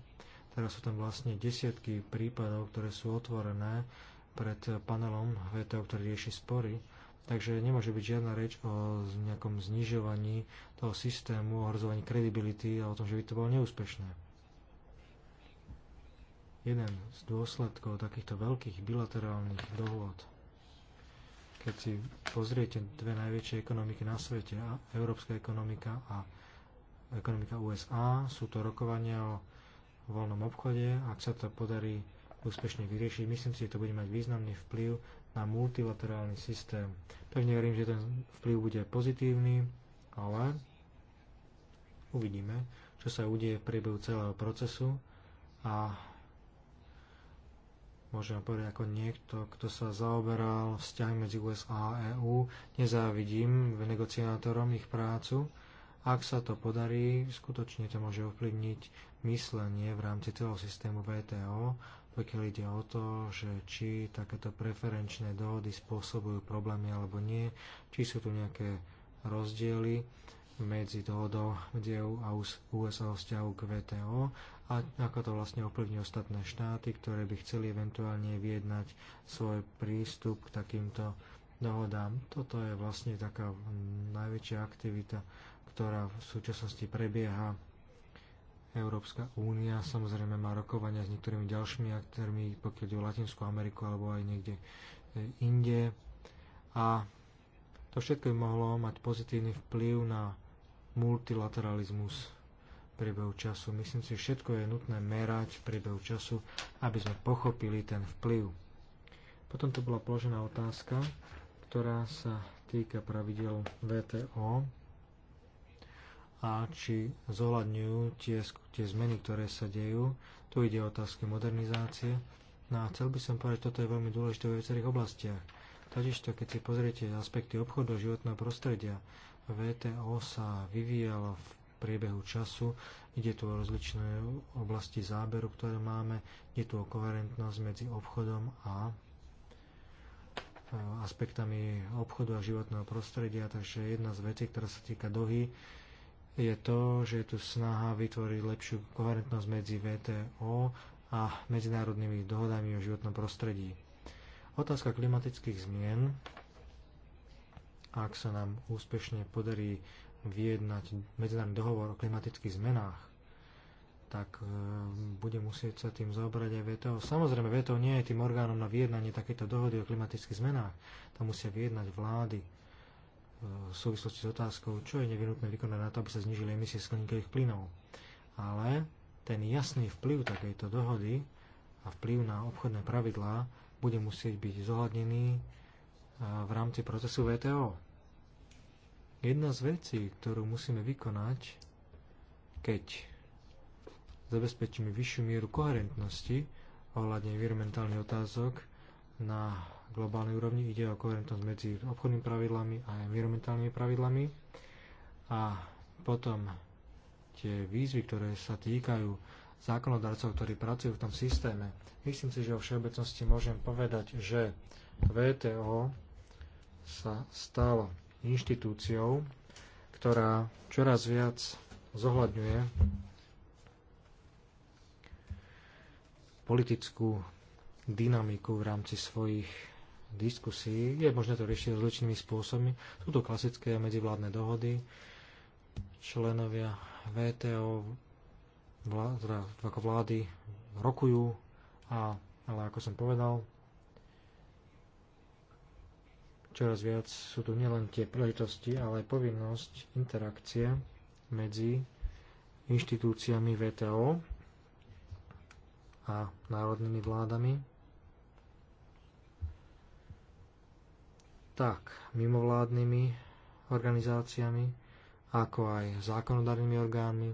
Teraz sú tam vlastne desiatky prípadov, ktoré sú otvorené pred panelom VTO, ktorý rieši spory. Takže nemôže byť žiadna reč o nejakom znižovaní toho systému, ohrozovaní kredibility a o tom, že by to bolo neúspešné. Jeden z dôsledkov takýchto veľkých bilaterálnych dohôd, keď si pozriete dve najväčšie ekonomiky na svete, európska ekonomika a ekonomika USA, sú to rokovania o voľnom obchode, ak sa to podarí úspešne vyriešiť, myslím si, že to bude mať významný vplyv na multilaterálny systém. Pevne verím, že ten vplyv bude pozitívny, ale uvidíme, čo sa udeje v priebehu celého procesu a môžem povedať ako niekto, kto sa zaoberal vzťahmi medzi USA a EU, nezávidím negociátorom ich prácu, ak sa to podarí, skutočne to môže ovplyvniť myslenie v rámci celého systému VTO, pokiaľ ide o to, že či takéto preferenčné dohody spôsobujú problémy alebo nie, či sú tu nejaké rozdiely medzi dohodou medzi EU a USA o vzťahu k VTO a ako to vlastne ovplyvní ostatné štáty, ktoré by chceli eventuálne vyjednať svoj prístup k takýmto dohodám. Toto je vlastne taká najväčšia aktivita ktorá v súčasnosti prebieha. Európska únia samozrejme má rokovania s niektorými ďalšími aktérmi, pokiaľ ide o Latinskú Ameriku alebo aj niekde e, inde. A to všetko by mohlo mať pozitívny vplyv na multilateralizmus priebehu času. Myslím si, že všetko je nutné merať v priebehu času, aby sme pochopili ten vplyv. Potom tu bola položená otázka, ktorá sa týka pravidel VTO a či zohľadňujú tie, tie zmeny, ktoré sa dejú. Tu ide o otázky modernizácie. No a chcel by som povedať, toto je veľmi dôležité v viacerých oblastiach. Takisto, keď si pozriete aspekty obchodu a životného prostredia, VTO sa vyvíjalo v priebehu času, ide tu o rozličné oblasti záberu, ktoré máme, je tu o koherentnosť medzi obchodom a e, aspektami obchodu a životného prostredia, takže jedna z vecí, ktorá sa týka dohy, je to, že je tu snaha vytvoriť lepšiu koherentnosť medzi VTO a medzinárodnými dohodami o životnom prostredí. Otázka klimatických zmien, ak sa nám úspešne podarí vyjednať medzinárodný dohovor o klimatických zmenách, tak e, bude musieť sa tým zaobrať aj VTO. Samozrejme, VTO nie je tým orgánom na vyjednanie takéto dohody o klimatických zmenách. to musia vyjednať vlády v súvislosti s otázkou, čo je nevyhnutné vykonať na to, aby sa znižili emisie skleníkových plynov. Ale ten jasný vplyv takejto dohody a vplyv na obchodné pravidlá bude musieť byť zohľadnený e, v rámci procesu VTO. Jedna z vecí, ktorú musíme vykonať, keď zabezpečíme vyššiu mieru koherentnosti ohľadne environmentálnych otázok na globálnej úrovni. Ide o koherentnosť medzi obchodnými pravidlami a environmentálnymi pravidlami. A potom tie výzvy, ktoré sa týkajú zákonodarcov, ktorí pracujú v tom systéme. Myslím si, že o všeobecnosti môžem povedať, že VTO sa stalo inštitúciou, ktorá čoraz viac zohľadňuje politickú dynamiku v rámci svojich diskusí. Je možné to riešiť rozličnými spôsobmi. Sú to klasické medzivládne dohody. Členovia VTO vlá, teda ako vlády rokujú, a, ale ako som povedal, čoraz viac sú tu nielen tie príležitosti, ale aj povinnosť interakcie medzi inštitúciami VTO a národnými vládami tak mimovládnymi organizáciami, ako aj zákonodárnymi orgánmi.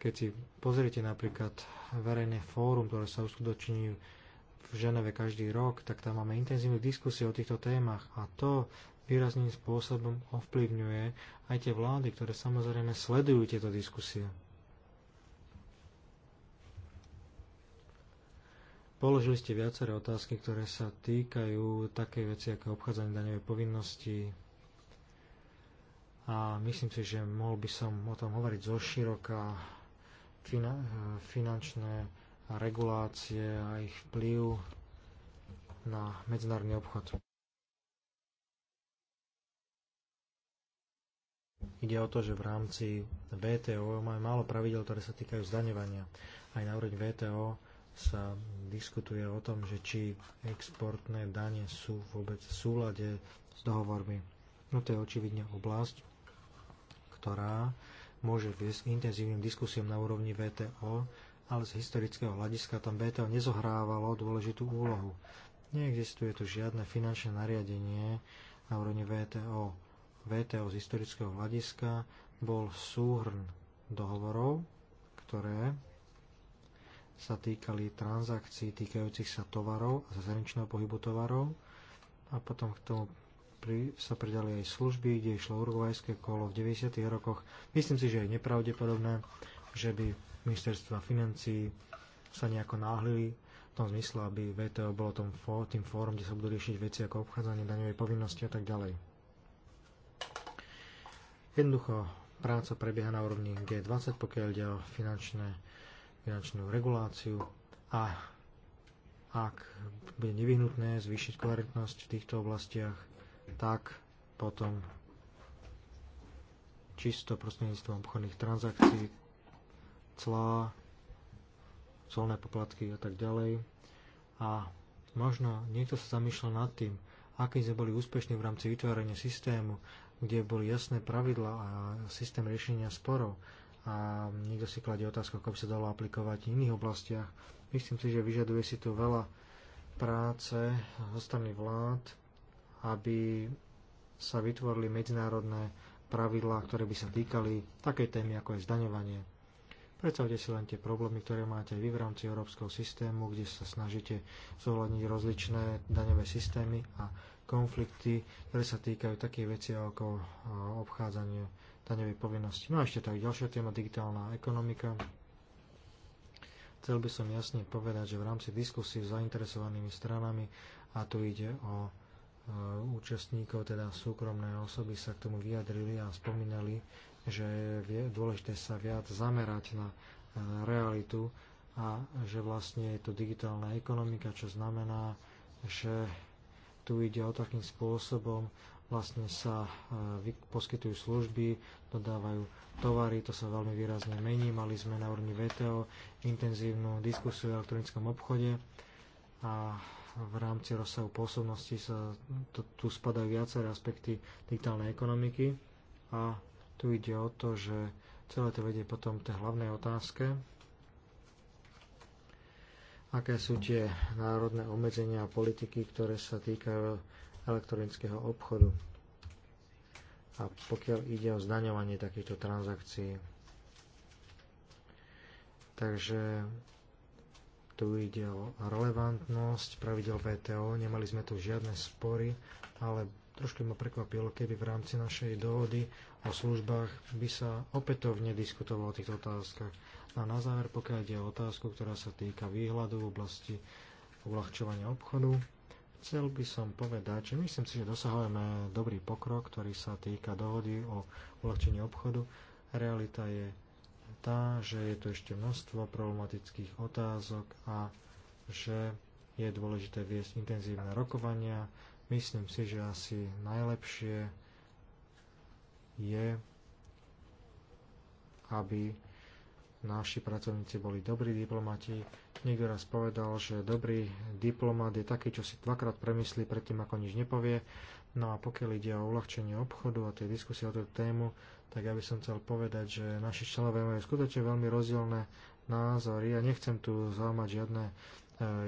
Keď si pozriete napríklad verejné fórum, ktoré sa uskutoční v Ženeve každý rok, tak tam máme intenzívne diskusie o týchto témach a to výrazným spôsobom ovplyvňuje aj tie vlády, ktoré samozrejme sledujú tieto diskusie. Položili ste viaceré otázky, ktoré sa týkajú takej veci, ako obchádzanie daňovej povinnosti. A myslím si, že mohol by som o tom hovoriť zo široka finančné regulácie a ich vplyv na medzinárodný obchod. Ide o to, že v rámci VTO máme málo pravidel, ktoré sa týkajú zdaňovania. Aj na úroveň VTO sa diskutuje o tom, že či exportné dane sú vôbec v súlade s dohovormi. No to je očividne oblasť, ktorá môže viesť k intenzívnym diskusiám na úrovni VTO, ale z historického hľadiska tam VTO nezohrávalo dôležitú úlohu. Neexistuje tu žiadne finančné nariadenie na úrovni VTO. VTO z historického hľadiska bol súhrn dohovorov, ktoré sa týkali transakcií týkajúcich sa tovarov a zahraničného pohybu tovarov a potom k tomu pri, sa pridali aj služby, kde išlo urugvajské kolo v 90. rokoch. Myslím si, že je nepravdepodobné, že by ministerstva financí sa nejako náhlili v tom zmysle, aby VTO bolo tom, tým fórum, kde sa budú riešiť veci ako obchádzanie daňovej povinnosti a tak ďalej. Jednoducho práca prebieha na úrovni G20, pokiaľ ide o finančné finančnú reguláciu a ak bude nevyhnutné zvýšiť koherentnosť v týchto oblastiach, tak potom čisto prostredníctvom obchodných transakcií, clá, colné poplatky a tak ďalej. A možno niekto sa zamýšľa nad tým, aký sme boli úspešní v rámci vytvárania systému, kde boli jasné pravidla a systém riešenia sporov a niekto si kladie otázku, ako by sa dalo aplikovať v iných oblastiach. Myslím si, že vyžaduje si tu veľa práce zo strany vlád, aby sa vytvorili medzinárodné pravidlá, ktoré by sa týkali takej témy, ako je zdaňovanie. Predstavte si len tie problémy, ktoré máte vy v rámci európskeho systému, kde sa snažíte zohľadniť rozličné daňové systémy a konflikty, ktoré sa týkajú takých veci ako obchádzanie daňovej povinnosti. No a ešte tak ďalšia téma, digitálna ekonomika. Chcel by som jasne povedať, že v rámci diskusie s zainteresovanými stranami, a tu ide o účastníkov, teda súkromné osoby sa k tomu vyjadrili a spomínali, že je dôležité sa viac zamerať na realitu a že vlastne je to digitálna ekonomika, čo znamená, že tu ide o takým spôsobom, vlastne sa e, poskytujú služby, dodávajú tovary, to sa veľmi výrazne mení. Mali sme na úrovni VTO intenzívnu diskusiu o elektronickom obchode a v rámci rozsahu pôsobnosti sa to, tu spadajú viaceré aspekty digitálnej ekonomiky a tu ide o to, že celé to vedie potom tej hlavnej otázke, aké sú tie národné obmedzenia a politiky, ktoré sa týkajú elektronického obchodu. A pokiaľ ide o zdaňovanie takýchto transakcií. Takže tu ide o relevantnosť pravidel VTO. Nemali sme tu žiadne spory, ale trošku ma prekvapilo, keby v rámci našej dohody o službách by sa opätovne diskutovalo o týchto otázkach a na záver, pokiaľ ide o otázku, ktorá sa týka výhľadu v oblasti uľahčovania obchodu, chcel by som povedať, že myslím si, že dosahujeme dobrý pokrok, ktorý sa týka dohody o uľahčení obchodu. Realita je tá, že je tu ešte množstvo problematických otázok a že je dôležité viesť intenzívne rokovania. Myslím si, že asi najlepšie je, aby naši pracovníci boli dobrí diplomati. Niekto raz povedal, že dobrý diplomat je taký, čo si dvakrát premyslí predtým, ako nič nepovie. No a pokiaľ ide o uľahčenie obchodu a tie diskusie o tú tému, tak ja by som chcel povedať, že naši členovia majú skutočne veľmi rozdielne názory. Ja nechcem tu zaujímať žiadne eh,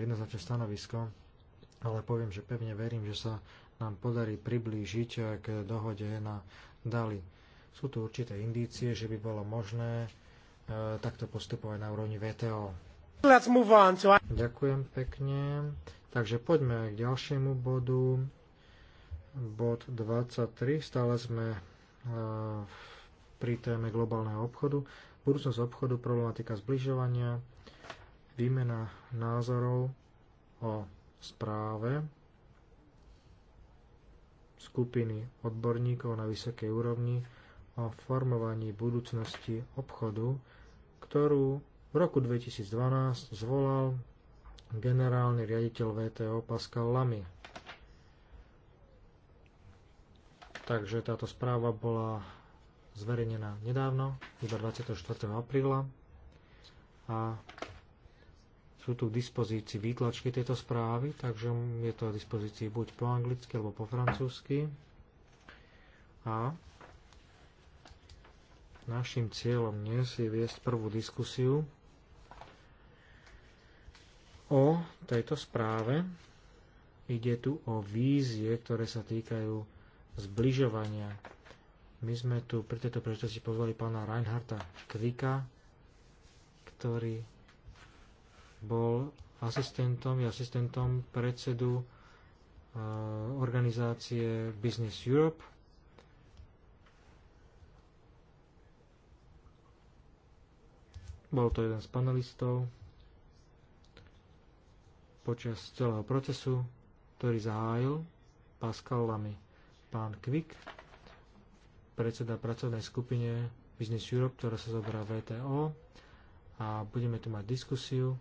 jednoznačné stanovisko, ale poviem, že pevne verím, že sa nám podarí priblížiť eh, k dohode na Dali. Sú tu určité indície, že by bolo možné E, takto postupovať na úrovni VTO. Ďakujem pekne. Takže poďme k ďalšiemu bodu. Bod 23. Stále sme e, pri téme globálneho obchodu. Budúcnosť obchodu, problematika zbližovania, výmena názorov o správe skupiny odborníkov na vysokej úrovni o formovaní budúcnosti obchodu ktorú v roku 2012 zvolal generálny riaditeľ VTO Pascal Lamy. Takže táto správa bola zverejnená nedávno, iba 24. apríla a sú tu k dispozícii výtlačky tejto správy, takže je to k dispozícii buď po anglicky alebo po francúzsky. A Našim cieľom dnes je viesť prvú diskusiu o tejto správe. Ide tu o vízie, ktoré sa týkajú zbližovania. My sme tu pri tejto príležitosti pozvali pána Reinharta Kvika, ktorý bol asistentom, je asistentom predsedu eh, organizácie Business Europe Bol to jeden z panelistov počas celého procesu, ktorý zahájil Pascal Lamy. Pán Kvik, predseda pracovnej skupine Business Europe, ktorá sa zoberá VTO a budeme tu mať diskusiu,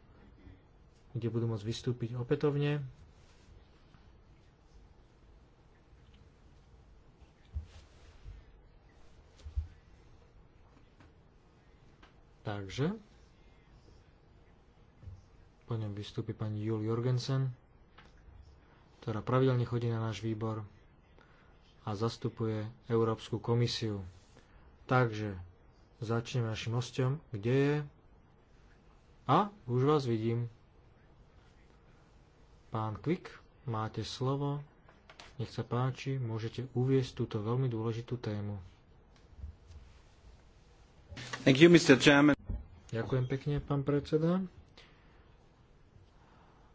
kde budú môcť vystúpiť opätovne Takže po ňom vystúpi pani Jul Jorgensen, ktorá pravidelne chodí na náš výbor a zastupuje Európsku komisiu. Takže začneme našim hostom, kde je. A už vás vidím. Pán Kvik, máte slovo. Nech sa páči, môžete uviesť túto veľmi dôležitú tému. Thank you, Mr. Chairman. Ďakujem pekne, pán predseda.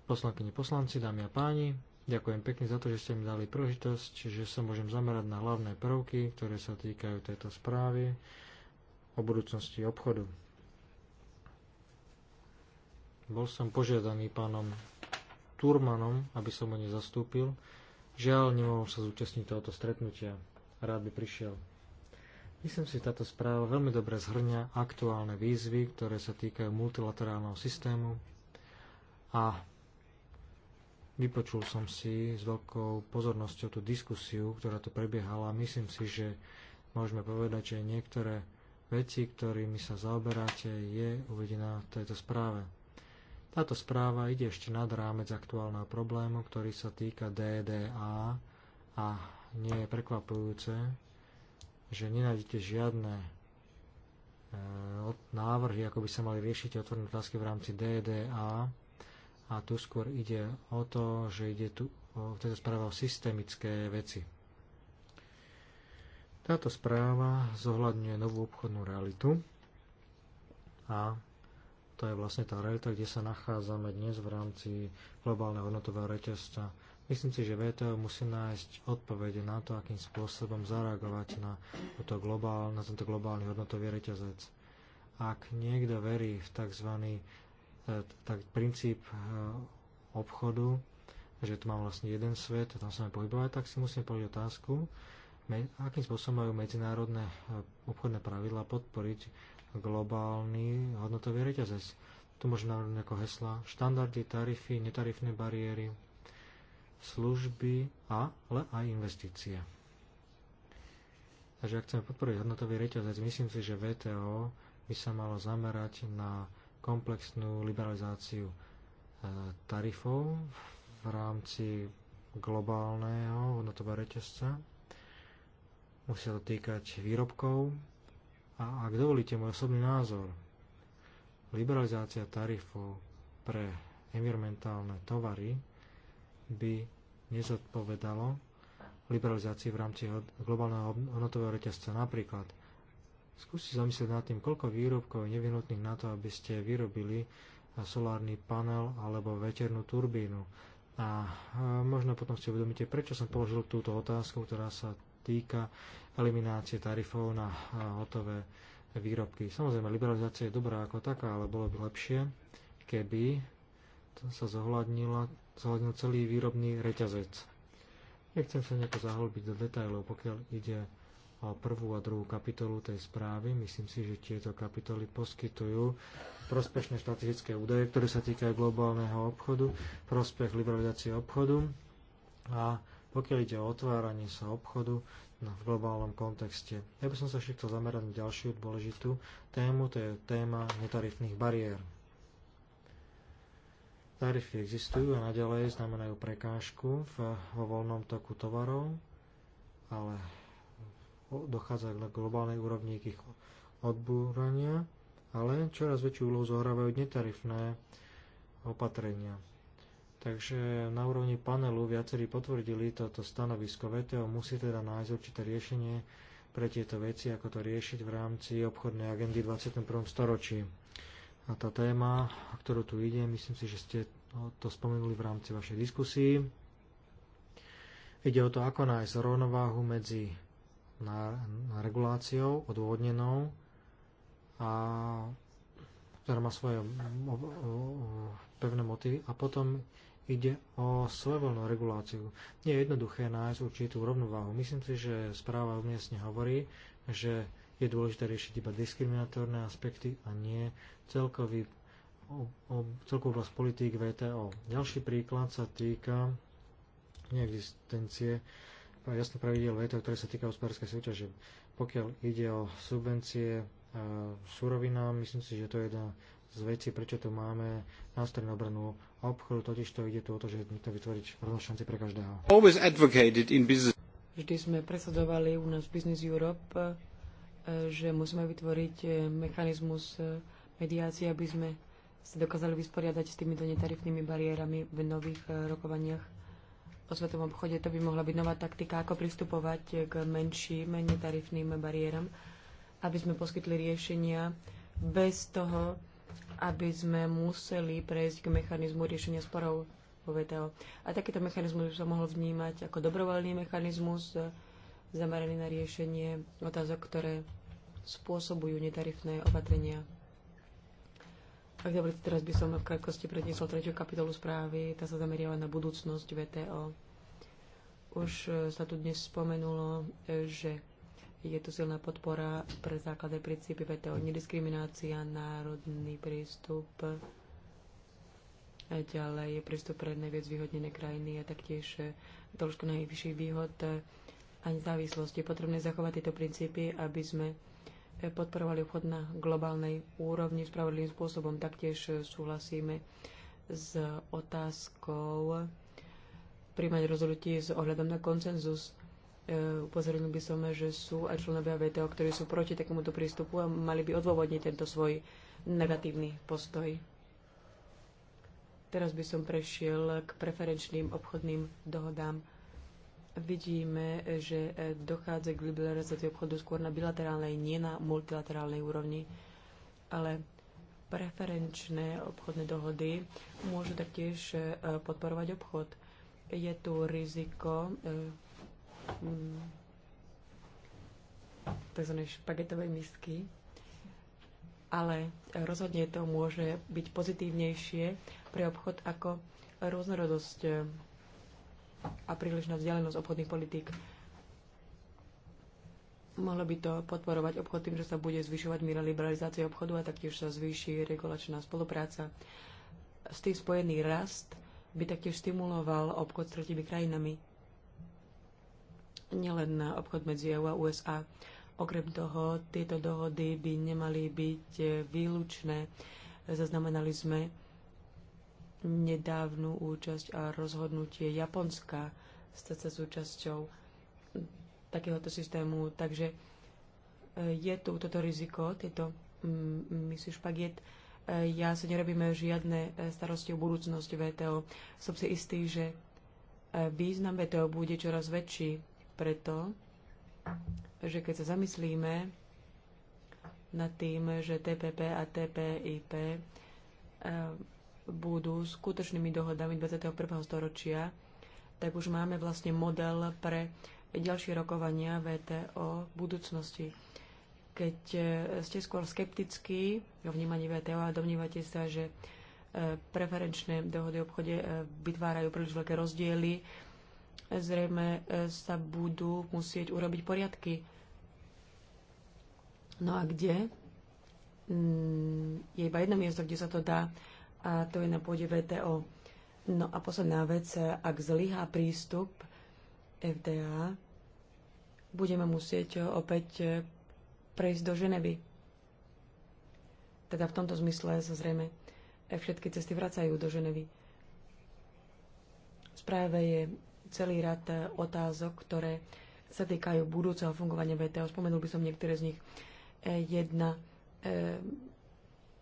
Poslankyni poslanci, dámy a páni, ďakujem pekne za to, že ste mi dali príležitosť, že sa môžem zamerať na hlavné prvky, ktoré sa týkajú tejto správy o budúcnosti obchodu. Bol som požiadaný pánom Turmanom, aby som ho nezastúpil. Žiaľ, nemohol sa zúčastniť tohoto stretnutia. Rád by prišiel. Myslím si, že táto správa veľmi dobre zhrňa aktuálne výzvy, ktoré sa týkajú multilaterálneho systému a vypočul som si s veľkou pozornosťou tú diskusiu, ktorá tu prebiehala. Myslím si, že môžeme povedať, že niektoré veci, ktorými sa zaoberáte, je uvedená v tejto správe. Táto správa ide ešte nad rámec aktuálneho problému, ktorý sa týka DDA a nie je prekvapujúce, že nenájdete žiadne e, návrhy, ako by sa mali riešiť otvorené otázky v rámci DDA a tu skôr ide o to, že ide tu o, tejto teda správe o systemické veci. Táto správa zohľadňuje novú obchodnú realitu a to je vlastne tá realita, kde sa nachádzame dnes v rámci globálneho hodnotového reťazca Myslím si, že VTO musí nájsť odpovede na to, akým spôsobom zareagovať na, to globál, na tento globálny hodnotový reťazec. Ak niekto verí v tzv. E, tak princíp e, obchodu, že tu mám vlastne jeden svet a tam sa pohybovať, tak si musím povedať otázku, akým spôsobom majú medzinárodné e, obchodné pravidlá podporiť globálny hodnotový reťazec. Tu môžem navrhnúť ako hesla štandardy, tarify, netarifné bariéry, služby, a, ale aj investície. Takže ak chceme podporiť hodnotový reťazec, myslím si, že VTO by sa malo zamerať na komplexnú liberalizáciu e, tarifov v rámci globálneho hodnotového reťazca. Musí sa to týkať výrobkov. A ak dovolíte môj osobný názor, liberalizácia tarifov pre environmentálne tovary by nezodpovedalo liberalizácii v rámci globálneho hodnotového reťazca. Napríklad skúste zamyslieť nad tým, koľko výrobkov je nevyhnutných na to, aby ste vyrobili solárny panel alebo veternú turbínu. A možno potom si uvedomíte, prečo som položil túto otázku, ktorá sa týka eliminácie tarifov na hotové výrobky. Samozrejme, liberalizácia je dobrá ako taká, ale bolo by lepšie, keby sa zohľadnila Zhodnú celý výrobný reťazec. Nechcem sa nejako zahlbiť do detajlov, pokiaľ ide o prvú a druhú kapitolu tej správy. Myslím si, že tieto kapitoly poskytujú prospešné štatistické údaje, ktoré sa týkajú globálneho obchodu, prospech liberalizácie obchodu a pokiaľ ide o otváranie sa obchodu no, v globálnom kontexte. Ja by som sa všetko chcel zamerať na ďalšiu dôležitú tému, to je téma netarifných bariér. Tarify existujú a naďalej znamenajú prekážku v, vo voľnom toku tovarov, ale dochádza na globálnej úrovni ich odbúrania, ale čoraz väčšiu úlohu zohrávajú netarifné opatrenia. Takže na úrovni panelu viacerí potvrdili toto stanovisko VTO, e musí teda nájsť určité riešenie pre tieto veci, ako to riešiť v rámci obchodnej agendy v 21. storočí na tá téma, o ktorú tu ide. Myslím si, že ste to spomenuli v rámci vašej diskusii. Ide o to, ako nájsť rovnováhu medzi reguláciou odôvodnenou, a, ktorá má svoje pevné motivy a potom ide o svojvoľnú reguláciu. Nie je jednoduché nájsť určitú rovnováhu. Myslím si, že správa umiestne hovorí, že je dôležité riešiť iba diskriminatórne aspekty a nie celkový, o, o, celkovú oblasť politík VTO. Ďalší príklad sa týka neexistencie jasných pravidel VTO, ktoré sa týka hospodárskej súťaže. Pokiaľ ide o subvencie e, surovinám, myslím si, že to je jedna z vecí, prečo tu máme nástroj na obranu obchodu, totiž to ide tu o to, že to vytvoriť rovno šanci pre každého. Vždy sme presadovali u nás Business Europe že musíme vytvoriť e, mechanizmus e, mediácie, aby sme sa dokázali vysporiadať s týmito netarifnými bariérami v nových e, rokovaniach o svetom obchode. To by mohla byť nová taktika, ako pristupovať k menším netarifným bariéram, aby sme poskytli riešenia bez toho, aby sme museli prejsť k mechanizmu riešenia sporov vo VTO. A takýto mechanizmus by sa mohol vnímať ako dobrovoľný mechanizmus, zameraný na riešenie otázok, ktoré spôsobujú netarifné opatrenia. Ak dovolíte, teraz by som v krátkosti predniesol tretiu kapitolu správy. Tá sa zameriava na budúcnosť VTO. Už e, sa tu dnes spomenulo, e, že je tu silná podpora pre základné princípy VTO. Nediskriminácia, národný prístup, a e, ďalej je prístup pre najviac výhodnené krajiny a taktiež doložka najvyšších výhod a Je Potrebné zachovať tieto princípy, aby sme podporovali obchod na globálnej úrovni spravodlivým spôsobom. Taktiež súhlasíme s otázkou príjmať rozhodnutí s ohľadom na koncenzus. E, upozornil by som, že sú aj členovia VTO, ktorí sú proti takémuto prístupu a mali by odôvodniť tento svoj negatívny postoj. Teraz by som prešiel k preferenčným obchodným dohodám vidíme, že e, dochádza k liberalizácii obchodu skôr na bilaterálnej, nie na multilaterálnej úrovni, ale preferenčné obchodné dohody môžu taktiež e, podporovať obchod. Je tu riziko e, mm, tzv. špagetovej misky, ale rozhodne to môže byť pozitívnejšie pre obchod ako rôznorodosť a prílišná vzdialenosť obchodných politík. Mohlo by to podporovať obchod tým, že sa bude zvyšovať míra liberalizácie obchodu a taktiež sa zvýši regulačná spolupráca. S tým spojený rast by taktiež stimuloval obchod s tretími krajinami. Nielen na obchod medzi EU a USA. Okrem toho, tieto dohody by nemali byť výlučné. Zaznamenali sme nedávnu účasť a rozhodnutie Japonska stať sa súčasťou takéhoto systému. Takže e, je tu toto riziko, tieto misi mm, mm, špagiet. E, ja si nerobíme žiadne e, starosti o budúcnosť VTO. Som si istý, že význam VTO bude čoraz väčší preto, že keď sa zamyslíme nad tým, že TPP a TPIP budú skutočnými dohodami 21. storočia, tak už máme vlastne model pre ďalšie rokovania VTO v budúcnosti. Keď e, ste skôr skeptickí o vnímaní VTO a domnívate sa, že e, preferenčné dohody o obchode e, vytvárajú príliš veľké rozdiely, zrejme sa budú musieť urobiť poriadky. No a kde? Mm, je iba jedno miesto, kde sa to dá a to je na pôde VTO. No a posledná vec, ak zlyhá prístup FDA, budeme musieť opäť prejsť do Ženevy. Teda v tomto zmysle sa zrejme všetky cesty vracajú do Ženevy. V správe je celý rad otázok, ktoré sa týkajú budúceho fungovania VTO. Spomenul by som niektoré z nich. Jedna eh,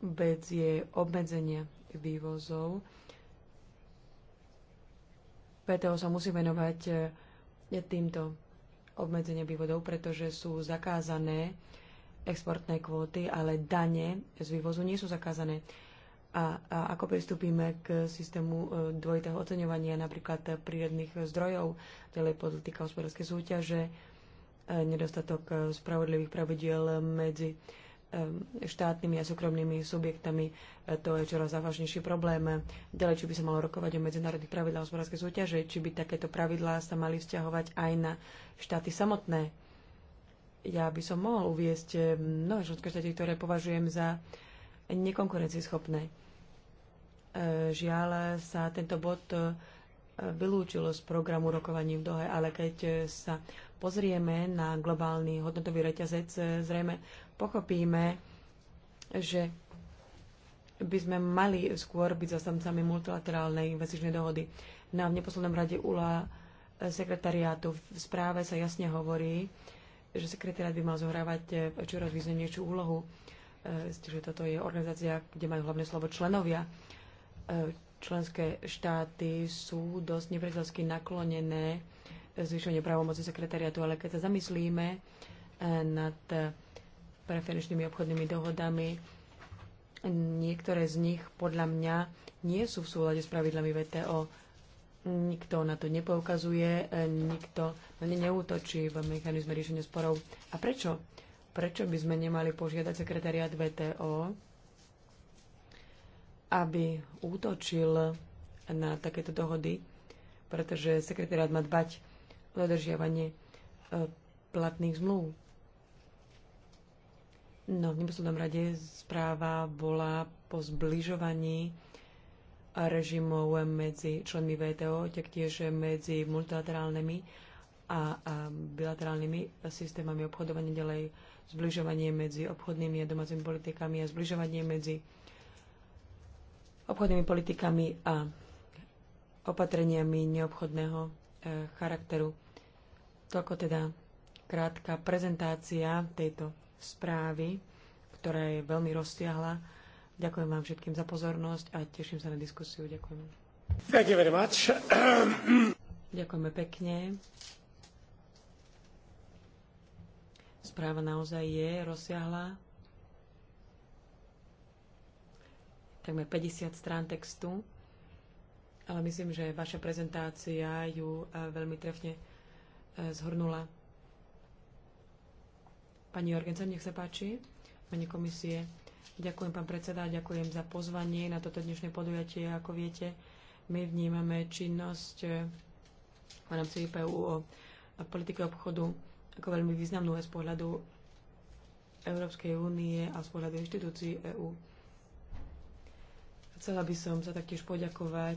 vec je obmedzenia vývozov. PTO sa musí venovať e, týmto obmedzenia vývodov, pretože sú zakázané exportné kvóty, ale dane z vývozu nie sú zakázané. A, a ako pristúpime k systému e, dvojitého oceňovania napríklad prírodných zdrojov, ďalej podotýka hospodárskej súťaže, e, nedostatok spravodlivých pravidiel medzi štátnymi a súkromnými subjektami. E, to je čoraz závažnejší problém. Ďalej, či by sa malo rokovať o medzinárodných pravidlách hospodárskej súťaže, či by takéto pravidlá sa mali vzťahovať aj na štáty samotné. Ja by som mohol uviesť mnohé členské štáty, ktoré považujem za nekonkurencieschopné. E, žiaľ sa tento bod vylúčilo z programu rokovaní v Dohe, ale keď e, sa pozrieme na globálny hodnotový reťazec, e, zrejme pochopíme, že by sme mali skôr byť zastancami multilaterálnej investičnej dohody. Na no v neposlednom rade ULA e, sekretariátu v správe sa jasne hovorí, že sekretariát by mal zohrávať čoraz významnejšiu úlohu, že toto je organizácia, kde majú hlavné slovo členovia Členské štáty sú dosť nepriateľsky naklonené zvyšovanie právomoci sekretariatu, ale keď sa zamyslíme eh, nad preferenčnými obchodnými dohodami, niektoré z nich podľa mňa nie sú v súlade s pravidlami VTO. Nikto na to nepoukazuje, eh, nikto na ne neútočí v mechanizme riešenia sporov. A prečo? Prečo by sme nemali požiadať sekretariat VTO aby útočil na takéto dohody, pretože sekretariat má dbať o dodržiavanie e, platných zmluv. No, v neposlednom rade správa bola po zbližovaní režimov medzi členmi VTO, taktiež medzi multilaterálnymi a, a bilaterálnymi systémami obchodovania, ďalej zbližovanie medzi obchodnými a domácimi politikami a zbližovanie medzi obchodnými politikami a opatreniami neobchodného e, charakteru. Toľko teda krátka prezentácia tejto správy, ktorá je veľmi rozsiahla. Ďakujem vám všetkým za pozornosť a teším sa na diskusiu. Ďakujem. Thank you very much. Ďakujeme pekne. Správa naozaj je rozsiahla. takmer 50 strán textu, ale myslím, že vaša prezentácia ju e, veľmi trefne e, zhrnula. Pani Jorgensen, nech sa páči. Pani komisie, ďakujem pán predseda, ďakujem za pozvanie na toto dnešné podujatie. Ako viete, my vnímame činnosť e, v rámci IPU o politike obchodu ako veľmi významnú z pohľadu Európskej únie a z pohľadu inštitúcií EÚ. Chcela by som sa taktiež poďakovať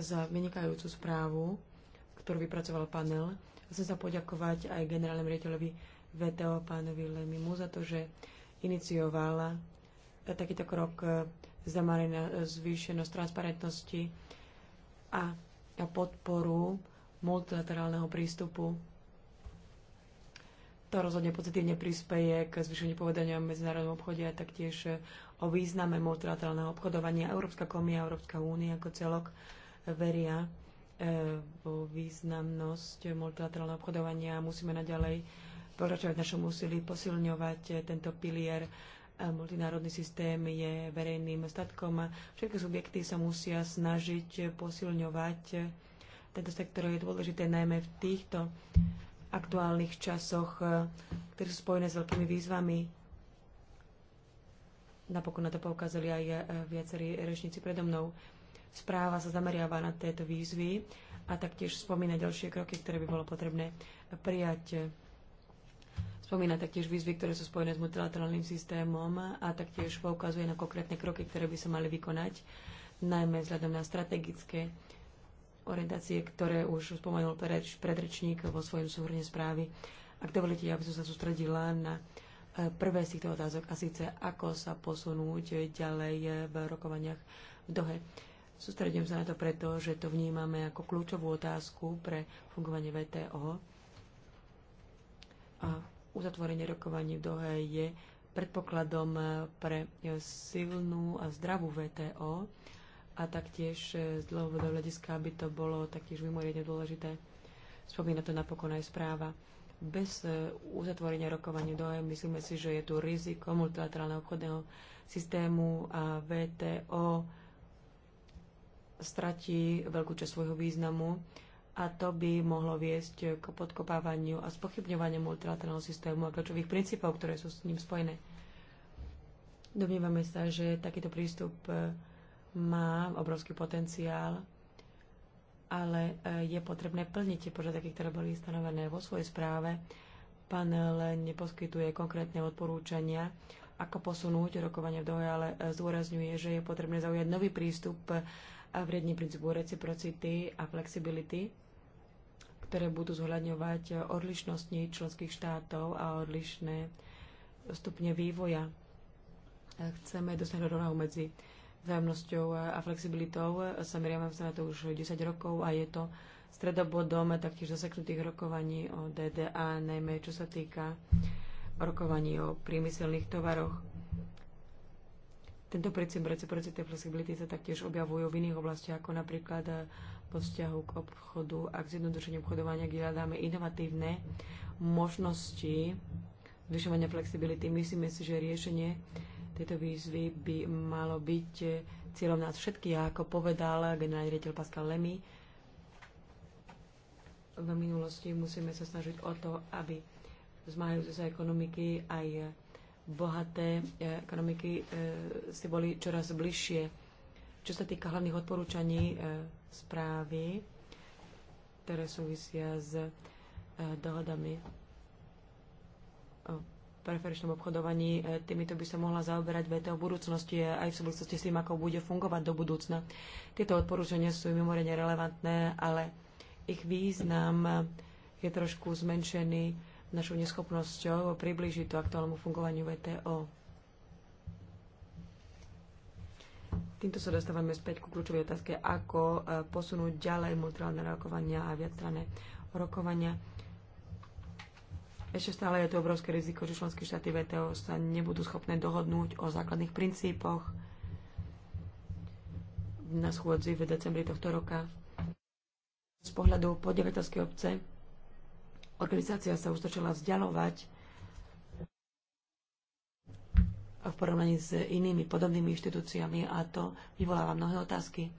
za vynikajúcu správu, ktorú vypracoval panel. Chcem sa poďakovať aj generálnemu riaditeľovi VTO, pánovi Lemimu, za to, že iniciovala takýto krok zameraný na zvýšenosť transparentnosti a na podporu multilaterálneho prístupu. To rozhodne pozitívne prispieje k zvýšeniu povedania v medzinárodnom obchode a taktiež o význame multilaterálneho obchodovania. Európska komia, Európska únia ako celok veria e, vo významnosť multilaterálneho obchodovania a musíme naďalej pokračovať v našom úsilí, posilňovať tento pilier. E, multinárodný systém je verejným statkom a všetky subjekty sa musia snažiť posilňovať tento sektor je dôležité najmä v týchto aktuálnych časoch, e, ktoré sú spojené s veľkými výzvami Napokon na to poukázali aj e, viacerí rečníci predo mnou. Správa sa zameriava na tieto výzvy a taktiež spomína ďalšie kroky, ktoré by bolo potrebné prijať. Spomína taktiež výzvy, ktoré sú spojené s multilaterálnym systémom a taktiež poukazuje na konkrétne kroky, ktoré by sa mali vykonať, najmä vzhľadom na strategické orientácie, ktoré už spomenul predrečník vo svojom súhrne správy. Ak dovolíte, ja by som sa sústredila na uh, prvé z týchto otázok, a síce ako sa posunúť ďalej v rokovaniach v Dohe. Sústredím sa na to preto, že to vnímame ako kľúčovú otázku pre fungovanie VTO. A uzatvorenie rokovaní v Dohe je predpokladom pre silnú a zdravú VTO a taktiež z dlhodobého hľadiska by to bolo taktiež mimoriadne dôležité. Spomína to napokon aj správa. Bez e, uzatvorenia rokovania dohe myslíme si, že je tu riziko multilaterálneho obchodného systému a VTO stratí veľkú časť svojho významu a to by mohlo viesť k podkopávaniu a spochybňovaniu multilaterálneho systému a kľúčových princípov, ktoré sú s ním spojené. Domnívame sa, že takýto prístup e, má obrovský potenciál ale eh, je potrebné plniť tie požiadavky, ktoré boli stanovené vo svojej správe. Panel neposkytuje konkrétne odporúčania, ako posunúť rokovanie v dohe, ale eh, zdôrazňuje, že je potrebné zaujať nový prístup eh, v riadne princípu reciprocity a flexibility, ktoré budú zohľadňovať odlišnosti členských štátov a odlišné stupne vývoja. Chceme dosiahnuť rovnahu medzi vzájomnosťou a flexibilitou. Sameriame sa na to už 10 rokov a je to stredobodom taktiež zaseknutých rokovaní o DDA, najmä čo sa týka rokovaní o priemyselných tovaroch. Tento princíp reciprocity a flexibility sa taktiež objavujú v iných oblastiach, ako napríklad vo vzťahu k obchodu a k zjednodušeniu obchodovania, kde hľadáme inovatívne možnosti zvyšovania flexibility. Myslíme si, že riešenie tejto výzvy by malo byť e, cieľom nás všetkých. ako povedal generálny riaditeľ Pascal Lemy, v minulosti musíme sa snažiť o to, aby zmáhajúce sa ekonomiky aj e, bohaté e, ekonomiky si boli čoraz bližšie. Čo sa týka hlavných odporúčaní správy, ktoré súvisia s dohodami preferenčnom obchodovaní. E, týmito by sa mohla zaoberať VTO v budúcnosti aj v súvislosti s tým, ako bude fungovať do budúcna. Tieto odporúčania sú mimoriadne relevantné, ale ich význam je trošku zmenšený našou neschopnosťou priblížiť to aktuálnemu fungovaniu VTO. Týmto sa dostávame späť ku kľúčovej otázke, ako e, posunúť ďalej multilaterálne rokovania a viacstranné rokovania ešte stále je to obrovské riziko, že členské štáty VTO sa nebudú schopné dohodnúť o základných princípoch na schôdzi v decembri tohto roka. Z pohľadu podnikateľskej obce organizácia sa už začala vzdialovať v porovnaní s inými podobnými inštitúciami a to vyvoláva mnohé otázky.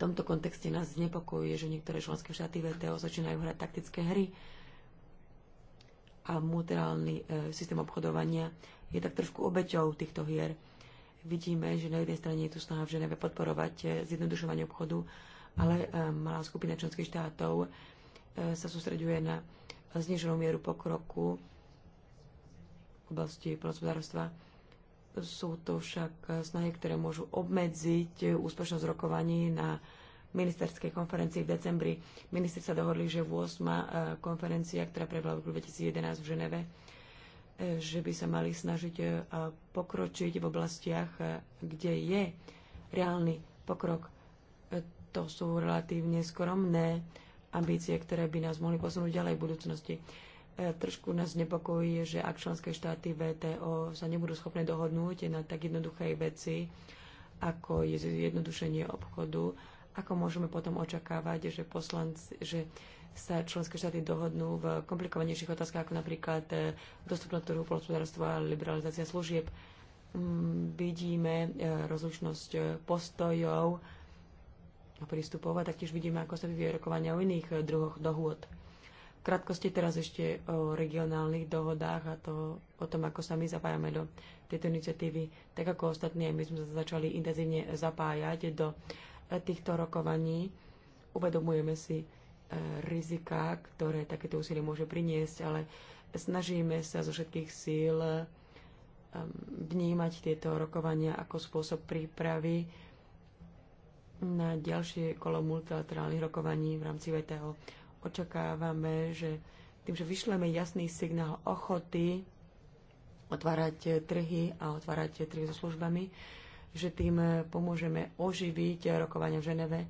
V tomto kontexte nás znepokojuje, že niektoré členské štáty VTO začínajú hrať taktické hry a multilaterálny e, systém obchodovania je tak trošku obeťou týchto hier. Vidíme, že na jednej strane je tu snaha v Ženeve podporovať e, zjednodušovanie obchodu, ale e, malá skupina členských štátov e, sa sústreďuje na zniženú mieru pokroku v oblasti plnospodárstva sú to však e, snahy, ktoré môžu obmedziť e, úspešnosť rokovaní na ministerskej konferencii v decembri. Ministri sa dohodli, že 8. E, konferencia, ktorá prebehla v roku 2011 v Ženeve, že by sa mali snažiť pokročiť v oblastiach, kde je reálny pokrok. To sú relatívne skromné ambície, ktoré by nás mohli posunúť ďalej v budúcnosti. Trošku nás nepokojí, že ak členské štáty VTO sa nebudú schopné dohodnúť na tak jednoduchej veci, ako je zjednodušenie obchodu, ako môžeme potom očakávať, že, poslanci, že sa členské štáty dohodnú v komplikovanejších otázkach, ako napríklad eh, dostupnosť trhu polospodárstva a liberalizácia služieb. Mm, vidíme eh, rozlišnosť eh, postojov a prístupov a taktiež vidíme, ako sa vyvíjajú rokovania o iných druhoch dohôd krátkosti teraz ešte o regionálnych dohodách a to, o tom, ako sa my zapájame do tejto iniciatívy. Tak ako ostatní, my sme sa začali intenzívne zapájať do e, týchto rokovaní. Uvedomujeme si e, rizika, ktoré takéto úsilie môže priniesť, ale snažíme sa zo všetkých síl e, vnímať tieto rokovania ako spôsob prípravy na ďalšie kolo multilaterálnych rokovaní v rámci VTO očakávame, že tým, že vyšleme jasný signál ochoty otvárať trhy a otvárať trhy so službami, že tým pomôžeme oživiť rokovania v Ženeve.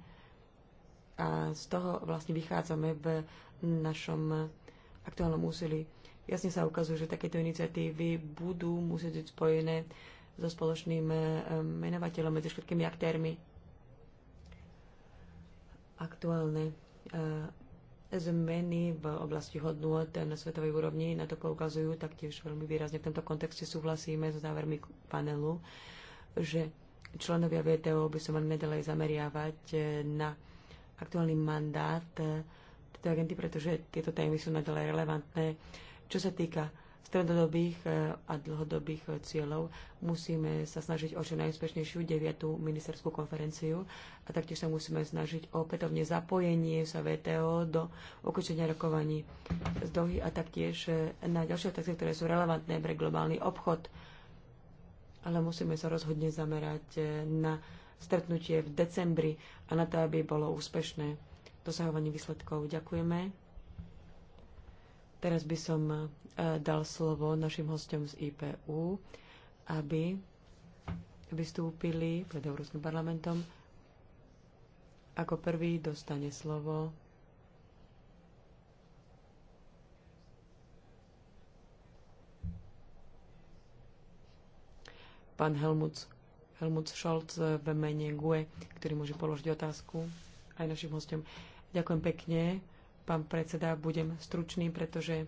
A z toho vlastne vychádzame v našom aktuálnom úsilí. Jasne sa ukazuje, že takéto iniciatívy budú musieť byť spojené so spoločným eh, menovateľom medzi všetkými aktérmi. Aktuálne eh, Zmeny v oblasti hodnôt na svetovej úrovni na to poukazujú, taktiež veľmi výrazne v tomto kontexte súhlasíme s závermi panelu, že členovia VTO by sa mali nedalej zameriavať eh, na aktuálny mandát eh, tejto agenty, pretože tieto témy sú nadalej relevantné. Čo sa týka stredodobých eh, a dlhodobých eh, cieľov. Musíme sa snažiť o čo najúspešnejšiu 9. ministerskú konferenciu a taktiež sa musíme snažiť o opätovne zapojenie sa VTO do ukončenia rokovaní z Dohy a taktiež eh, na ďalšie otázky, ktoré sú relevantné pre globálny obchod. Ale musíme sa rozhodne zamerať na stretnutie v decembri a na to, aby bolo úspešné dosahovanie výsledkov. Ďakujeme. Teraz by som e, dal slovo našim hostom z IPU, aby vystúpili pred Európskym parlamentom. Ako prvý dostane slovo pán Helmut, Helmut Scholz v mene GUE, ktorý môže položiť otázku aj našim hostom. Ďakujem pekne. Pán predseda, budem stručný, pretože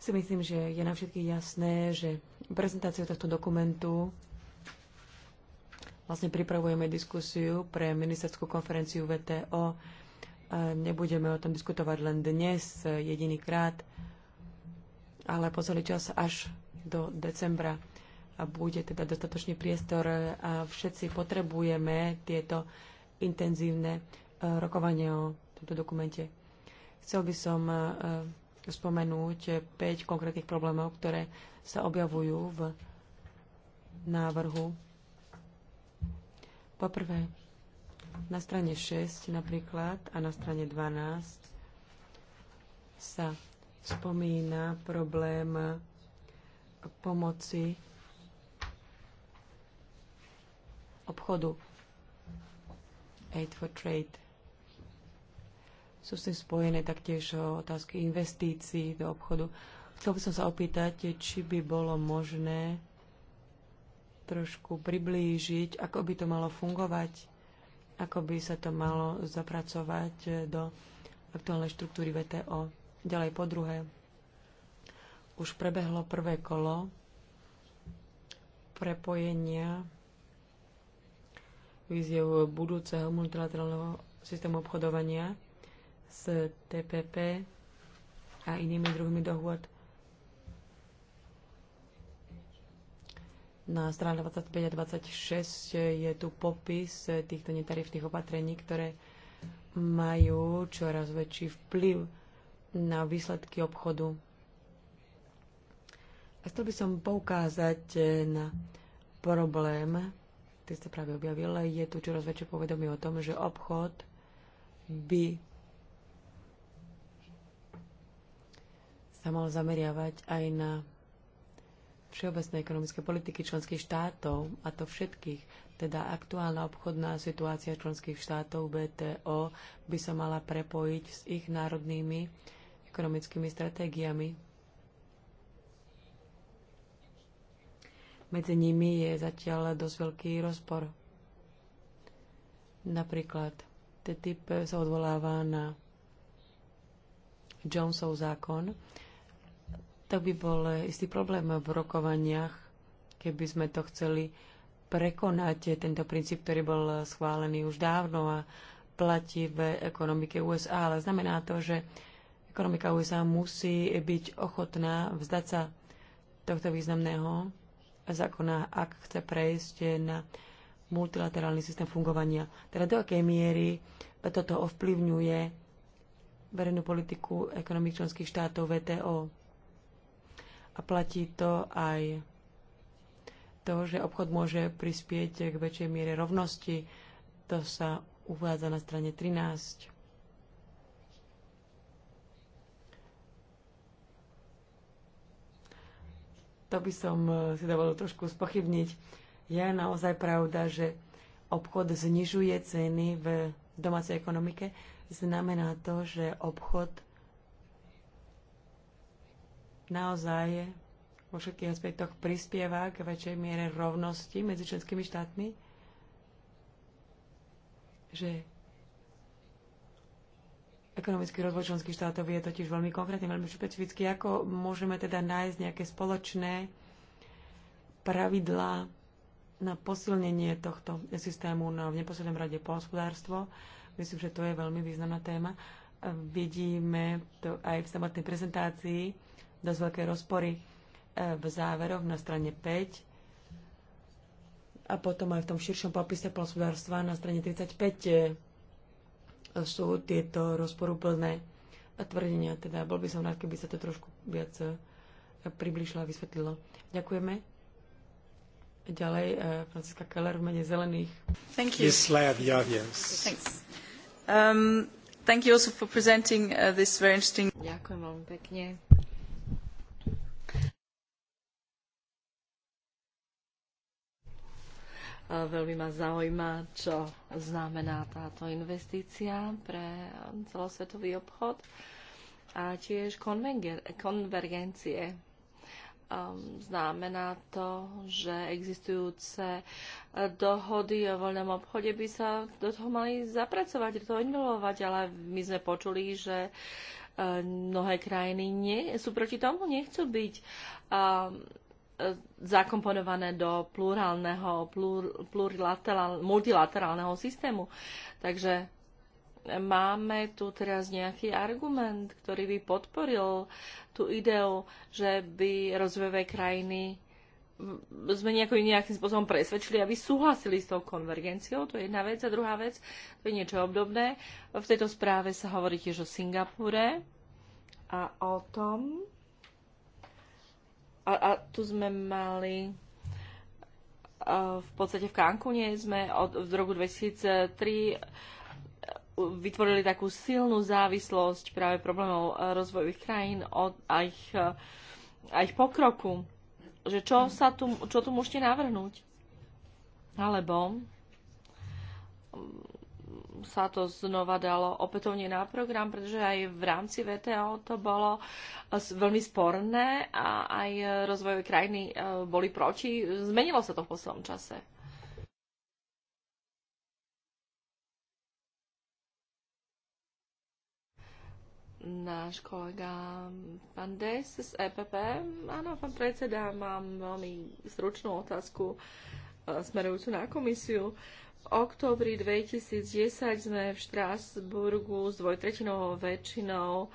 si myslím, že je na všetky jasné, že prezentáciu tohto dokumentu vlastne pripravujeme diskusiu pre ministerskú konferenciu VTO. Nebudeme o tom diskutovať len dnes, jediný krát, ale po celý čas až do decembra a bude teda dostatočný priestor a všetci potrebujeme tieto intenzívne eh, rokovanie o tomto dokumente. Chcel by som e, e, spomenúť 5 konkrétnych problémov, ktoré sa objavujú v návrhu. Poprvé, na strane 6 napríklad a na strane 12 sa spomína problém pomoci obchodu Aid for Trade sú s tým spojené taktiež eh, otázky investícií do obchodu. Chcel by som sa opýtať, či by bolo možné trošku priblížiť, ako by to malo fungovať, ako by sa to malo zapracovať eh, do aktuálnej štruktúry VTO. Ďalej po druhé, už prebehlo prvé kolo prepojenia víziev budúceho multilaterálneho systému obchodovania s TPP a inými druhými dohôd. Na strane 25 a 26 je tu popis týchto netarifných opatrení, ktoré majú čoraz väčší vplyv na výsledky obchodu. A chcel by som poukázať na problém, ktorý sa práve objavil. Je tu čoraz väčšie povedomie o tom, že obchod by sa mal zameriavať aj na všeobecné ekonomické politiky členských štátov, a to všetkých. Teda aktuálna obchodná situácia členských štátov BTO by sa mala prepojiť s ich národnými ekonomickými stratégiami. Medzi nimi je zatiaľ dosť veľký rozpor. Napríklad TTIP sa odvoláva na Jonesov zákon, tak by bol eh, istý problém v rokovaniach, keby sme to chceli prekonať eh, tento princíp, ktorý bol eh, schválený už dávno a platí v ekonomike USA, ale znamená to, že ekonomika USA musí byť ochotná vzdať sa tohto významného zákona, ak chce prejsť na multilaterálny systém fungovania. Teda do akej miery toto ovplyvňuje verejnú politiku ekonomik členských štátov VTO a platí to aj to, že obchod môže prispieť k väčšej miere rovnosti. To sa uvádza na strane 13. To by som eh, si dovolil trošku spochybniť. Je naozaj pravda, že obchod znižuje ceny v domácej ekonomike. Znamená to, že obchod naozaj vo všetkých aspektoch prispieva k väčšej miere rovnosti medzi členskými štátmi? Že ekonomický rozvoj členských štátov je totiž veľmi konkrétny, veľmi špecifický. Ako môžeme teda nájsť nejaké spoločné pravidlá na posilnenie tohto systému, no v neposlednom rade pohospodárstvo. Myslím, že to je veľmi významná téma. Vidíme to aj v samotnej prezentácii dosť veľké rozpory e, v záveroch na strane 5 a potom aj v tom širšom popise plnospodárstva na strane 35 e, sú tieto rozporúplné tvrdenia. Teda bol by som rád, keby sa to trošku viac e, približilo a vysvetlilo. Ďakujeme. Ďalej Franciska Keller v mene Zelených. Thank you. Yes, Leia, yeah, yes. Thanks. Um, thank you also for presenting uh, this very interesting... Ďakujem veľmi pekne Veľmi ma zaujíma, čo znamená táto investícia pre celosvetový obchod a tiež konvergencie. Znamená to, že existujúce dohody o voľnom obchode by sa do toho mali zapracovať, do toho involovať, ale my sme počuli, že e, mnohé krajiny nie, sú proti tomu, nechcú byť zakomponované do plurálneho, plur, plurilaterál, multilaterálneho systému. Takže máme tu teraz nejaký argument, ktorý by podporil tú ideu, že by rozvojové krajiny sme nejako, nejakým spôsobom presvedčili, aby súhlasili s tou konvergenciou. To je jedna vec. A druhá vec, to je niečo obdobné. V tejto správe sa hovorí tiež o Singapúre a o tom, a, a tu sme mali v podstate v Cancúne sme od, v roku 2003 e, vytvorili takú silnú závislosť práve problémov e, rozvojových krajín od, a, ich, e, a ich pokroku. Že čo, sa tu, čo tu môžete navrhnúť? Alebo sa to znova dalo opätovne na program, pretože aj v rámci VTO to bolo eh, veľmi sporné a aj eh, rozvojové krajiny eh, boli proti. Zmenilo sa to v poslednom čase. náš kolega pán Des z EPP. Áno, pán predseda, mám veľmi stručnú otázku smerujúcu na komisiu. V oktobri 2010 sme v Štrásburgu s dvojtretinovou väčšinou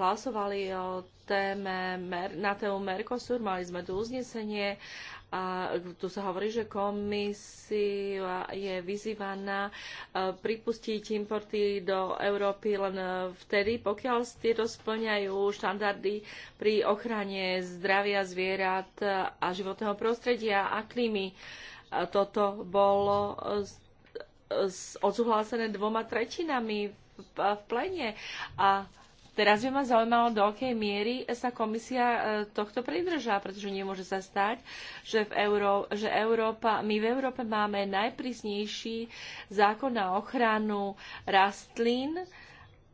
hlasovali o téme, na tému Mercosur, mali sme tu uznesenie a tu sa hovorí, že komisia je vyzývaná pripustiť importy do Európy len vtedy, pokiaľ tieto splňajú štandardy pri ochrane zdravia zvierat a životného prostredia a klímy toto bolo odsúhlasené dvoma tretinami v, v plene. A Teraz by ma zaujímalo, do akej miery sa komisia e, tohto pridržá, pretože nemôže sa stať, že, v Euró- že Európa, my v Európe máme najprísnejší zákon na ochranu rastlín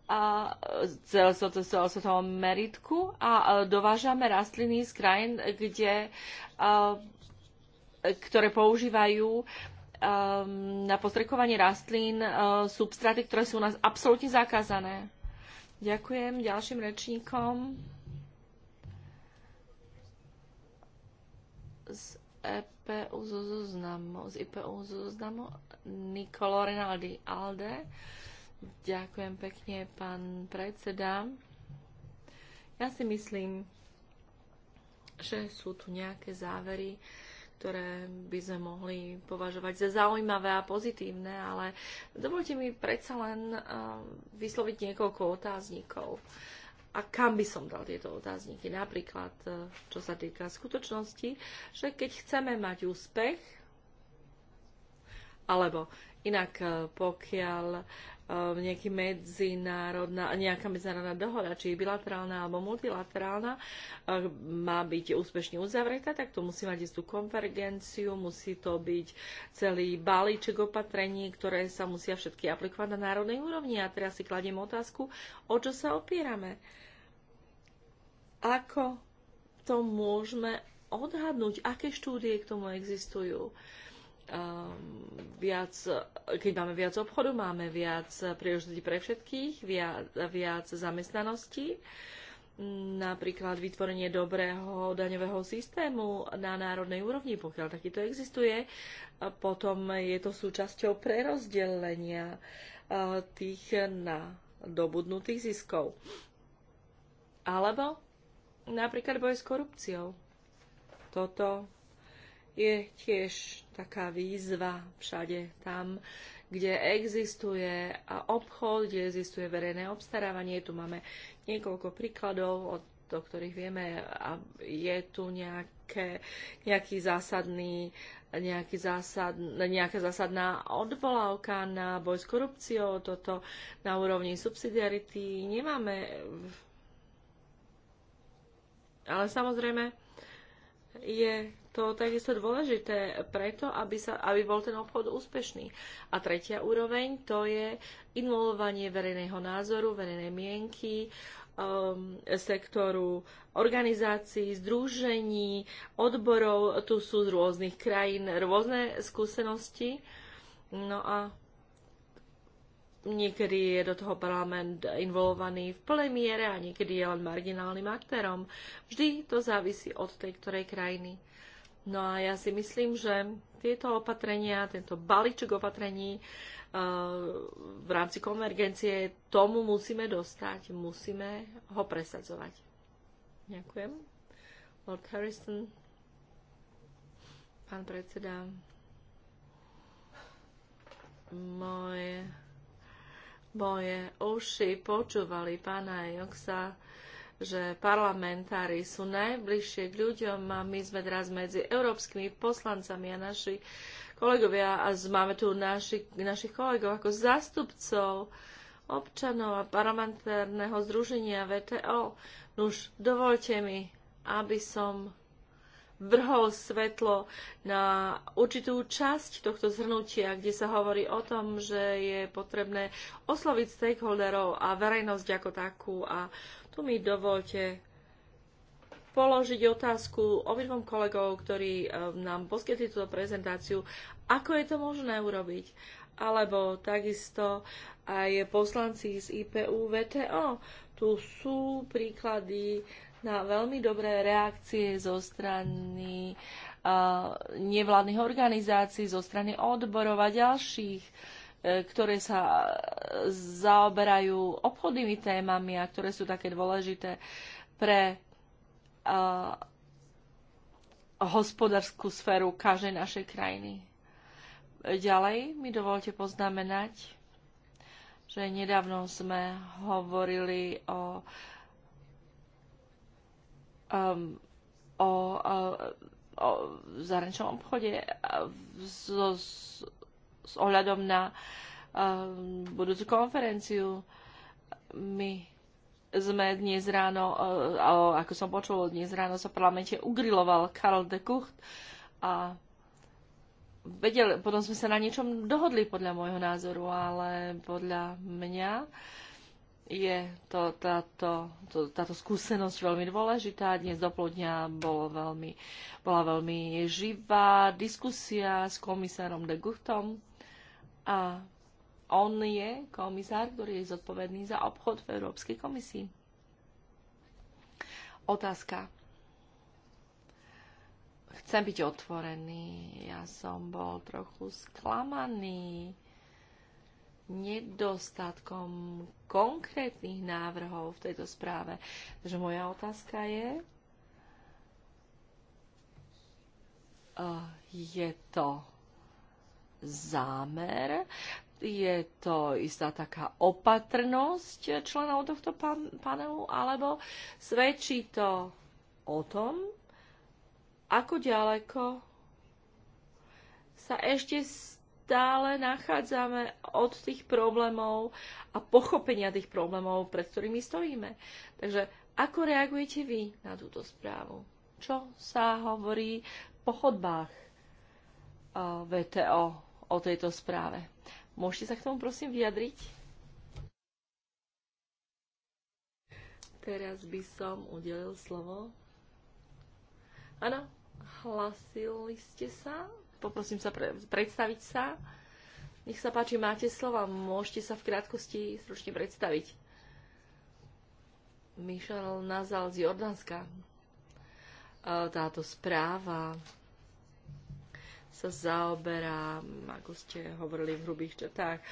a celosvetovom meritku a e, dovážame rastliny z krajín, kde e, ktoré používajú um, na postrekovanie rastlín uh, substráty, ktoré sú u nás absolútne zakázané. Ďakujem ďalším rečníkom. Z EPU zo zoznamu, z IPU zo zoznamu Nikolo Rinaldi Alde. Ďakujem pekne, pán predseda. Ja si myslím, že sú tu nejaké závery, ktoré by sme mohli považovať za zaujímavé a pozitívne, ale dovolte mi predsa len eh, vysloviť niekoľko otáznikov. A kam by som dal tieto otázniky? Napríklad, eh, čo sa týka skutočnosti, že keď chceme mať úspech, alebo inak eh, pokiaľ Um, nejaký medzinárodná, nejaká medzinárodná dohoda, či bilaterálna alebo multilaterálna, uh, má byť úspešne uzavretá, tak to musí mať istú konvergenciu, musí to byť celý balíček opatrení, ktoré sa musia všetky aplikovať na národnej úrovni. A teraz si kladiem otázku, o čo sa opierame. Ako to môžeme odhadnúť, aké štúdie k tomu existujú. Uh, Ehm, viac, keď máme viac obchodu, máme viac príležitostí pre všetkých, viac, viac zamestnanosti, napríklad vytvorenie dobrého daňového systému na národnej úrovni, pokiaľ takýto existuje. Potom je to súčasťou prerozdelenia e, tých na dobudnutých ziskov. Alebo napríklad boj s korupciou. Toto je tiež taká výzva všade tam, kde existuje obchod, kde existuje verejné obstarávanie. Tu máme niekoľko príkladov, o ktorých vieme, a je tu nejaké, nejaký zásadný nejaký zásad, nejaká zásadná odvolávka na boj s korupciou, toto na úrovni subsidiarity nemáme. Ale samozrejme je to takisto dôležité preto, aby, sa, aby bol ten obchod úspešný. A tretia úroveň to je involovanie verejného názoru, verejnej mienky, um, sektoru organizácií, združení, odborov. Tu sú z rôznych krajín rôzne skúsenosti. No a niekedy je do toho parlament involovaný v plnej miere a niekedy je len marginálnym aktérom. Vždy to závisí od tej ktorej krajiny. No a ja si myslím, že tieto opatrenia, tento balíček opatrení eh, v rámci konvergencie, tomu musíme dostať, musíme ho presadzovať. Ďakujem. Lord Harrison, pán predseda, moje, moje uši počúvali pána Joksa že parlamentári sú najbližšie k ľuďom a my sme teraz medzi európskymi poslancami a naši kolegovia a máme tu naši, našich kolegov ako zástupcov občanov a parlamentárneho združenia VTO. Nuž, dovolte mi, aby som vrhol svetlo na určitú časť tohto zhrnutia, kde sa hovorí o tom, že je potrebné osloviť stakeholderov a verejnosť ako takú a tu mi dovolte položiť otázku obidvom kolegov, ktorí e, nám poskytli túto prezentáciu, ako je to možné urobiť. Alebo takisto aj poslanci z IPU VTO. Tu sú príklady na veľmi dobré reakcie zo strany uh, nevládnych organizácií, zo strany odborov a ďalších E, ktoré sa zaoberajú obchodnými témami a ktoré sú také dôležité pre uh, hospodárskú sféru každej našej krajiny. Ďalej mi dovolte poznamenať, že nedávno sme hovorili o, um, o, o, o zahraničnom obchode so, s ohľadom na uh, budúcu konferenciu. My sme dnes ráno, uh, ako som počul, dnes ráno sa v parlamente ugriloval Karl de Kucht a vedel, potom sme sa na niečom dohodli podľa môjho názoru, ale podľa mňa je to, táto, to, táto skúsenosť veľmi dôležitá. Dnes dopoludňa bolo veľmi, bola veľmi živá diskusia s komisárom de Guchtom a on je komisár, ktorý je zodpovedný za obchod v Európskej komisii. Otázka. Chcem byť otvorený. Ja som bol trochu sklamaný nedostatkom konkrétnych návrhov v tejto správe. Takže moja otázka je, eh, je to zámer, je to istá taká opatrnosť členov tohto panelu, alebo svedčí to o tom, ako ďaleko sa ešte stále nachádzame od tých problémov a pochopenia tých problémov, pred ktorými stojíme. Takže ako reagujete vy na túto správu? Čo sa hovorí po chodbách eh, VTO o tejto správe. Môžete sa k tomu prosím vyjadriť? Teraz by som udelil slovo. Áno, hlasili ste sa? Poprosím sa pre, predstaviť sa. Nech sa páči, máte slova, môžete sa v krátkosti stručne predstaviť. Michal Nazal z Jordánska. Táto správa sa zaoberá, ako ste hovorili v hrubých črtách, e,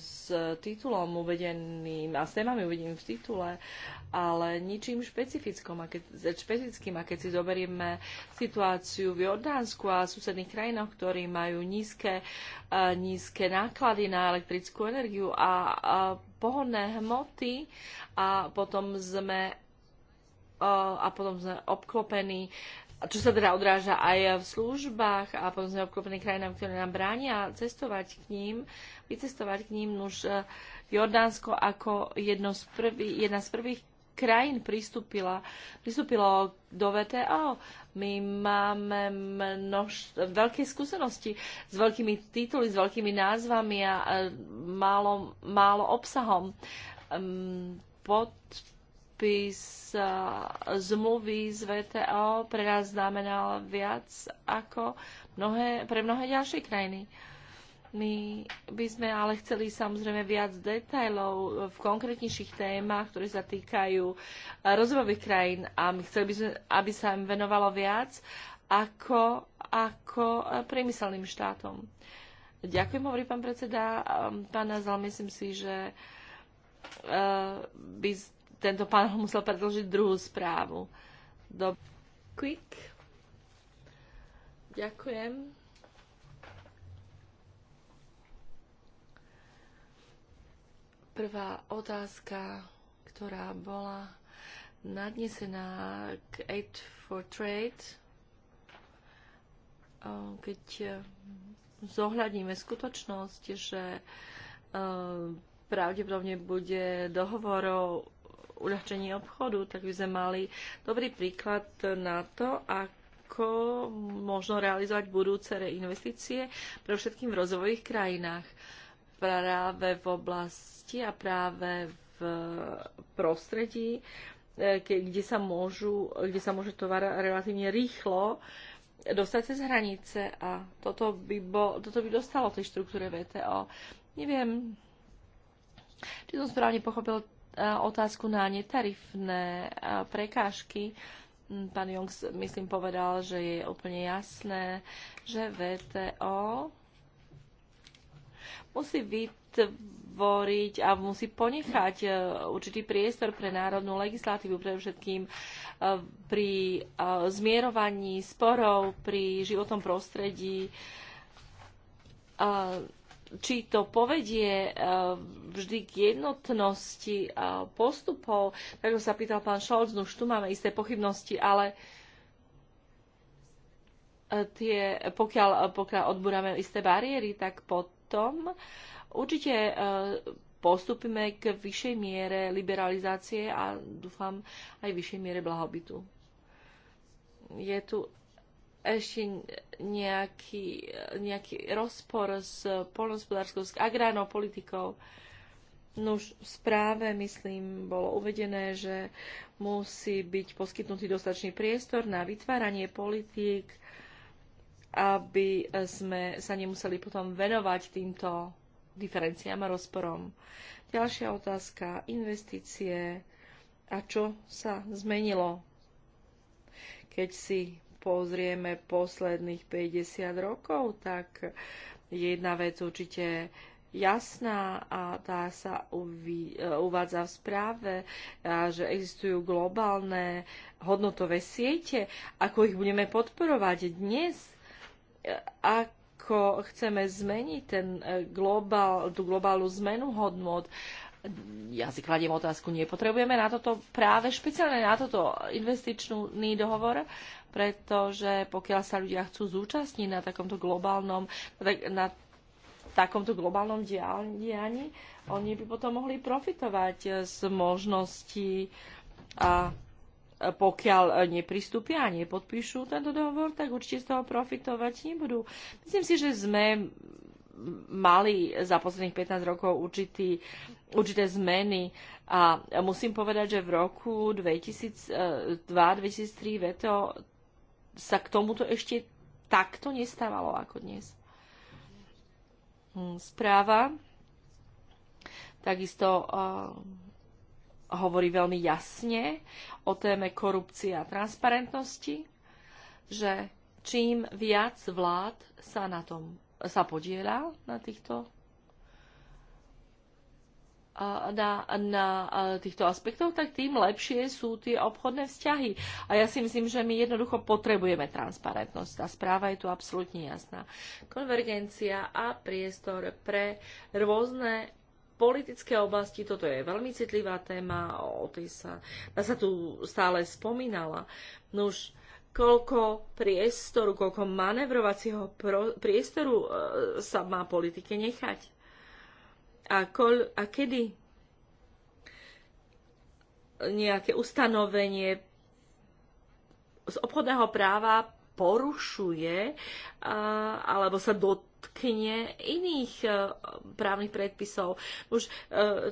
s titulom uvedeným a s témami uvedeným v titule, ale ničím špecifickom. A keď, e, špecifickým. A keď si zoberieme situáciu v Jordánsku a susedných krajinách, ktorí majú nízke, e, nízke náklady na elektrickú energiu a, a pohodné hmoty a potom sme a potom sme obklopení a čo sa teda odráža aj v službách a potom sme obklopení krajinám, ktoré nám bránia cestovať k ním, vycestovať k ním. Už e, Jordánsko ako jedno z prvý, jedna z prvých krajín pristúpila, pristúpilo do VTO. My máme množ, veľké skúsenosti s veľkými tituly, s veľkými názvami a e, málo, málo obsahom. Pod, podpis uh, zmluvy z VTO pre nás znamenal viac ako mnohé, pre mnohé ďalšie krajiny. My by sme ale chceli samozrejme viac detajlov v konkrétnejších témach, ktoré sa týkajú rozvojových krajín a my chceli by sme, aby sa im venovalo viac ako, ako priemyselným štátom. Ďakujem, hovorí pán predseda. Pán Azal, myslím si, že by tento pán musel predložiť druhú správu. Do... Quick. Ďakujem. Prvá otázka, ktorá bola nadnesená k Aid for Trade, keď eh, zohľadníme skutočnosť, že eh, pravdepodobne bude dohovorov uľahčení obchodu, tak by sme mali dobrý príklad na to, ako možno realizovať budúce reinvestície pre všetkým v rozvojových krajinách práve v oblasti a práve v prostredí, e, kde sa, môžu, kde sa môže tovar relatívne rýchlo dostať cez hranice a toto by, bo, toto by dostalo tej štruktúre VTO. Neviem, či som správne pochopil otázku na netarifné prekážky. Mm, pán Jungs, myslím, povedal, že je úplne jasné, že VTO musí vytvoriť a musí ponechať e, určitý priestor pre národnú legislatívu, predovšetkým e, pri e, zmierovaní sporov, pri životnom prostredí či to povedie e, vždy k jednotnosti e, postupov, tak sa pýtal pán Scholz, no už tu máme isté pochybnosti, ale e, tie, pokiaľ, pokiaľ odbúrame isté bariéry, tak potom určite postupíme k vyššej miere liberalizácie a dúfam aj vyššej miere blahobytu. Je tu ešte nejaký, nejaký rozpor s polnospodárskou, s agrárnou politikou. No už v správe, myslím, bolo uvedené, že musí byť poskytnutý dostačný priestor na vytváranie politík, aby sme sa nemuseli potom venovať týmto diferenciám a rozporom. Ďalšia otázka, investície a čo sa zmenilo, keď si pozrieme posledných 50 rokov, tak jedna vec určite jasná a tá sa uví, uvádza v správe, že existujú globálne hodnotové siete, ako ich budeme podporovať dnes, ako chceme zmeniť ten e, globál, tú globálnu zmenu hodnot, ja si kladiem otázku, nepotrebujeme na toto práve špeciálne na toto investičný dohovor, pretože pokiaľ sa ľudia chcú zúčastniť na takomto globálnom, na takomto globálnom dianí, oni by potom mohli profitovať z možností a pokiaľ nepristúpia a nepodpíšu tento dohovor, tak určite z toho profitovať nebudú. Myslím si, že sme mali za posledných 15 rokov určitý, určité zmeny a musím povedať, že v roku 2002-2003 veto sa k tomuto ešte takto nestávalo ako dnes. Hm, správa takisto uh, hovorí veľmi jasne o téme korupcie a transparentnosti, že čím viac vlád sa na tom sa podiela na týchto na, na týchto aspektoch, tak tým lepšie sú tie obchodné vzťahy. A ja si myslím, že my jednoducho potrebujeme transparentnosť. Tá správa je tu absolútne jasná. Konvergencia a priestor pre rôzne politické oblasti, toto je veľmi citlivá téma, o tej sa, sa tu stále spomínala. No už koľko priestoru, koľko manevrovacieho priestoru e, sa má politike nechať. A, koľ, a kedy nejaké ustanovenie z obchodného práva porušuje a, alebo sa dotýka dotkne iných e, právnych predpisov. Už e,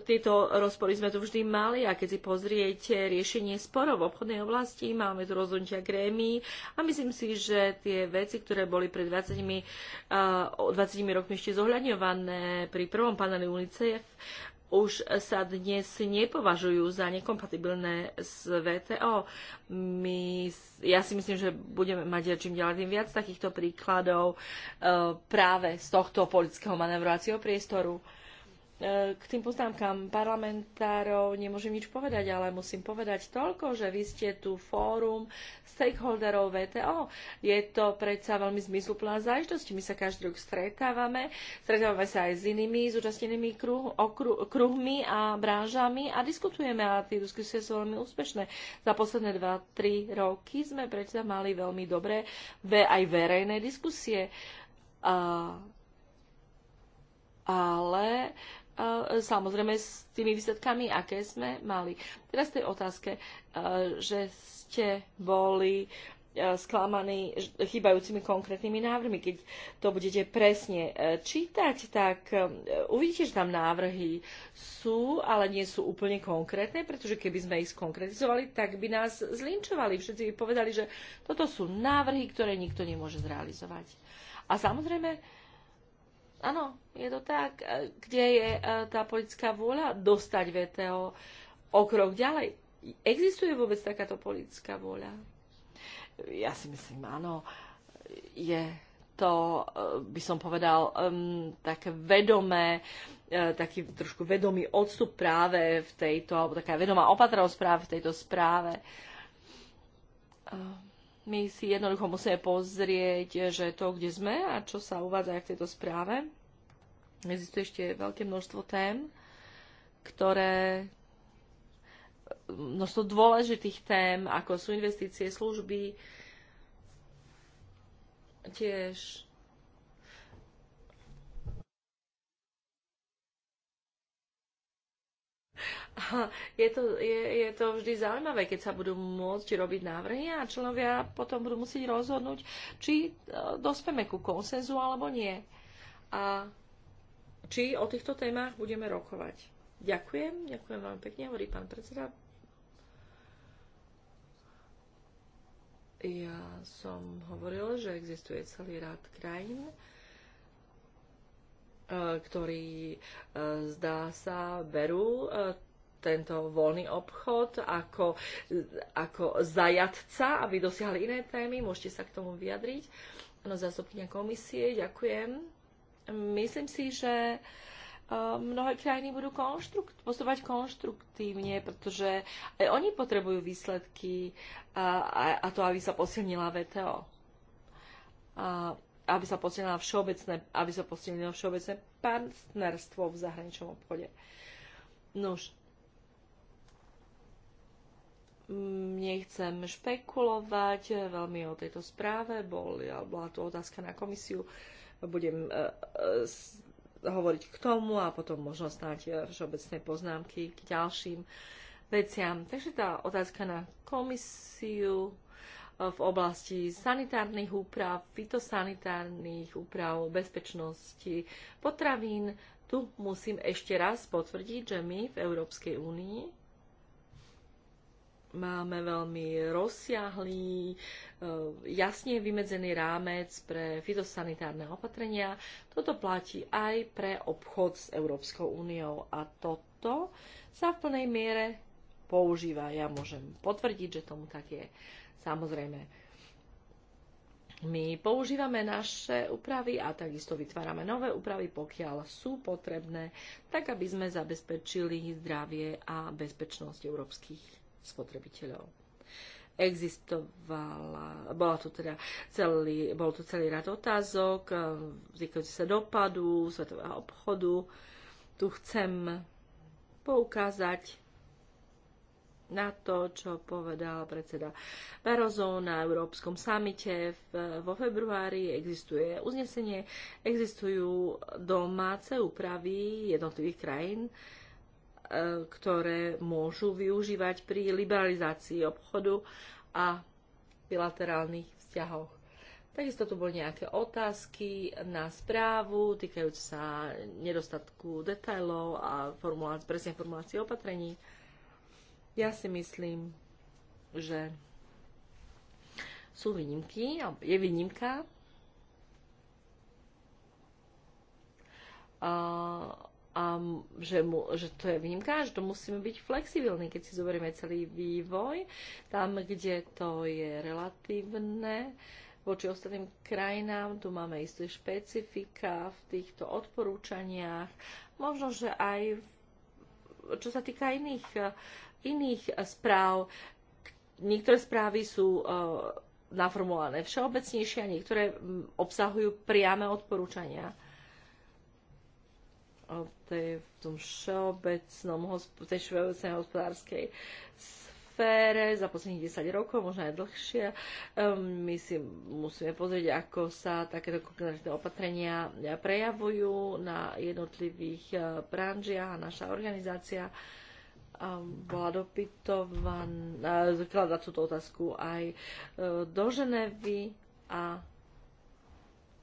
tieto rozpory sme tu vždy mali a keď si pozriete riešenie sporov v obchodnej oblasti, máme tu rozhodnutia grémy a myslím si, že tie veci, ktoré boli pred 20, 20 e, rokmi ešte zohľadňované pri prvom paneli UNICEF, už sa dnes nepovažujú za nekompatibilné s VTO. My, ja si myslím, že budeme mať čím ďalej tým viac takýchto príkladov e, práve z tohto politického manevrovacieho priestoru k tým poznámkám parlamentárov nemôžem nič povedať, ale musím povedať toľko, že vy ste tu fórum stakeholderov VTO. Je to predsa veľmi zmysluplná záležitosť. My sa každý rok stretávame. Stretávame sa aj s inými zúčastnenými kruh, okru, kruhmi a brážami a diskutujeme a tie diskusie sú veľmi úspešné. Za posledné 2-3 roky sme predsa mali veľmi dobré aj verejné diskusie. A, ale uh, samozrejme s tými výsledkami, aké sme mali. Teraz tej otázke, že ste boli sklamaní chýbajúcimi konkrétnymi návrhmi. Keď to budete presne e, čítať, tak e, uvidíte, že tam návrhy sú, ale nie sú úplne konkrétne, pretože keby sme ich skonkretizovali, tak by nás zlinčovali. Všetci by povedali, že toto sú návrhy, ktoré nikto nemôže zrealizovať. A samozrejme, Áno, je to tak, e, kde je e, tá politická vôľa dostať VTO o krok ďalej. Existuje vôbec takáto politická vôľa? Ja si myslím, áno, je to, e, by som povedal, um, také vedomé, taký trošku vedomý odstup práve v tejto, alebo taká vedomá opatrnosť práve v tejto správe. Um, my si jednoducho musíme pozrieť, že to, kde sme a čo sa uvádza v tejto správe. Existuje ešte veľké množstvo tém, ktoré množstvo dôležitých tém, ako sú investície, služby, tiež A je to, je, je to vždy zaujímavé, keď sa budú môcť robiť návrhy a členovia potom budú musieť rozhodnúť, či e, dospeme ku konsenzu alebo nie. A či o týchto témach budeme rokovať. Ďakujem, ďakujem vám pekne, hovorí pán predseda. Ja som hovoril, že existuje celý rád krajín, e, ktorý e, zdá sa berú tento voľný obchod ako, ako zajatca, aby dosiahli iné témy. Môžete sa k tomu vyjadriť. Áno, zástupkynia komisie, ďakujem. Myslím si, že e, mnohé krajiny budú konštrukt, posúvať konštruktívne, pretože aj oni potrebujú výsledky a, a, a to, aby sa posilnila VTO. A, aby sa posilnila všeobecné, aby sa posilnilo všeobecné partnerstvo v zahraničnom obchode. Nož, Mm, nechcem špekulovať e, veľmi o tejto správe, bol, bola tu otázka na komisiu, budem e, e, hovoriť k tomu a potom možno snáď e, všeobecné poznámky k ďalším veciam. Takže tá otázka na komisiu e, v oblasti sanitárnych úprav, fitosanitárnych úprav, bezpečnosti potravín. Tu musím ešte raz potvrdiť, že my v Európskej únii Máme veľmi rozsiahlý, eh, jasne vymedzený rámec pre fitosanitárne opatrenia. Toto platí aj pre obchod s Európskou úniou a toto sa v plnej miere používa. Ja môžem potvrdiť, že tomu tak je. Samozrejme, my používame naše úpravy a takisto vytvárame nové úpravy, pokiaľ sú potrebné, tak aby sme zabezpečili zdravie a bezpečnosť európskych spotrebiteľov. Existovala, bola tu teda celý, bol tu celý rad otázok eh, vznikajúce sa dopadu svetového obchodu. Tu chcem poukázať na to, čo povedal predseda Barroso na Európskom samite vo februári. Existuje uznesenie, existujú domáce úpravy jednotlivých krajín, ktoré môžu využívať pri liberalizácii obchodu a bilaterálnych vzťahoch. Takisto tu boli nejaké otázky na správu týkajúce sa nedostatku detailov a formulácie, presne formulácie opatrení. Ja si myslím, že sú výnimky, alebo je výnimka, um, že, mu, že to je výnimka, že to musíme byť flexibilní, keď si zoberieme celý vývoj, tam, kde to je relatívne, voči ostatným krajinám, tu máme isté špecifika v týchto odporúčaniach, možno, že aj čo sa týka iných, iných správ, niektoré správy sú e, naformulované všeobecnejšie a niektoré obsahujú priame odporúčania o tej, v tom všeobecnom, tej všeobecnej hospodárskej sfére za posledných 10 rokov, možno aj dlhšie. Ehm, my si musíme pozrieť, ako sa takéto konkrétne opatrenia prejavujú na jednotlivých e, branžiach a naša organizácia bola dopytovaná, zakladá e, túto otázku aj e, do Ženevy a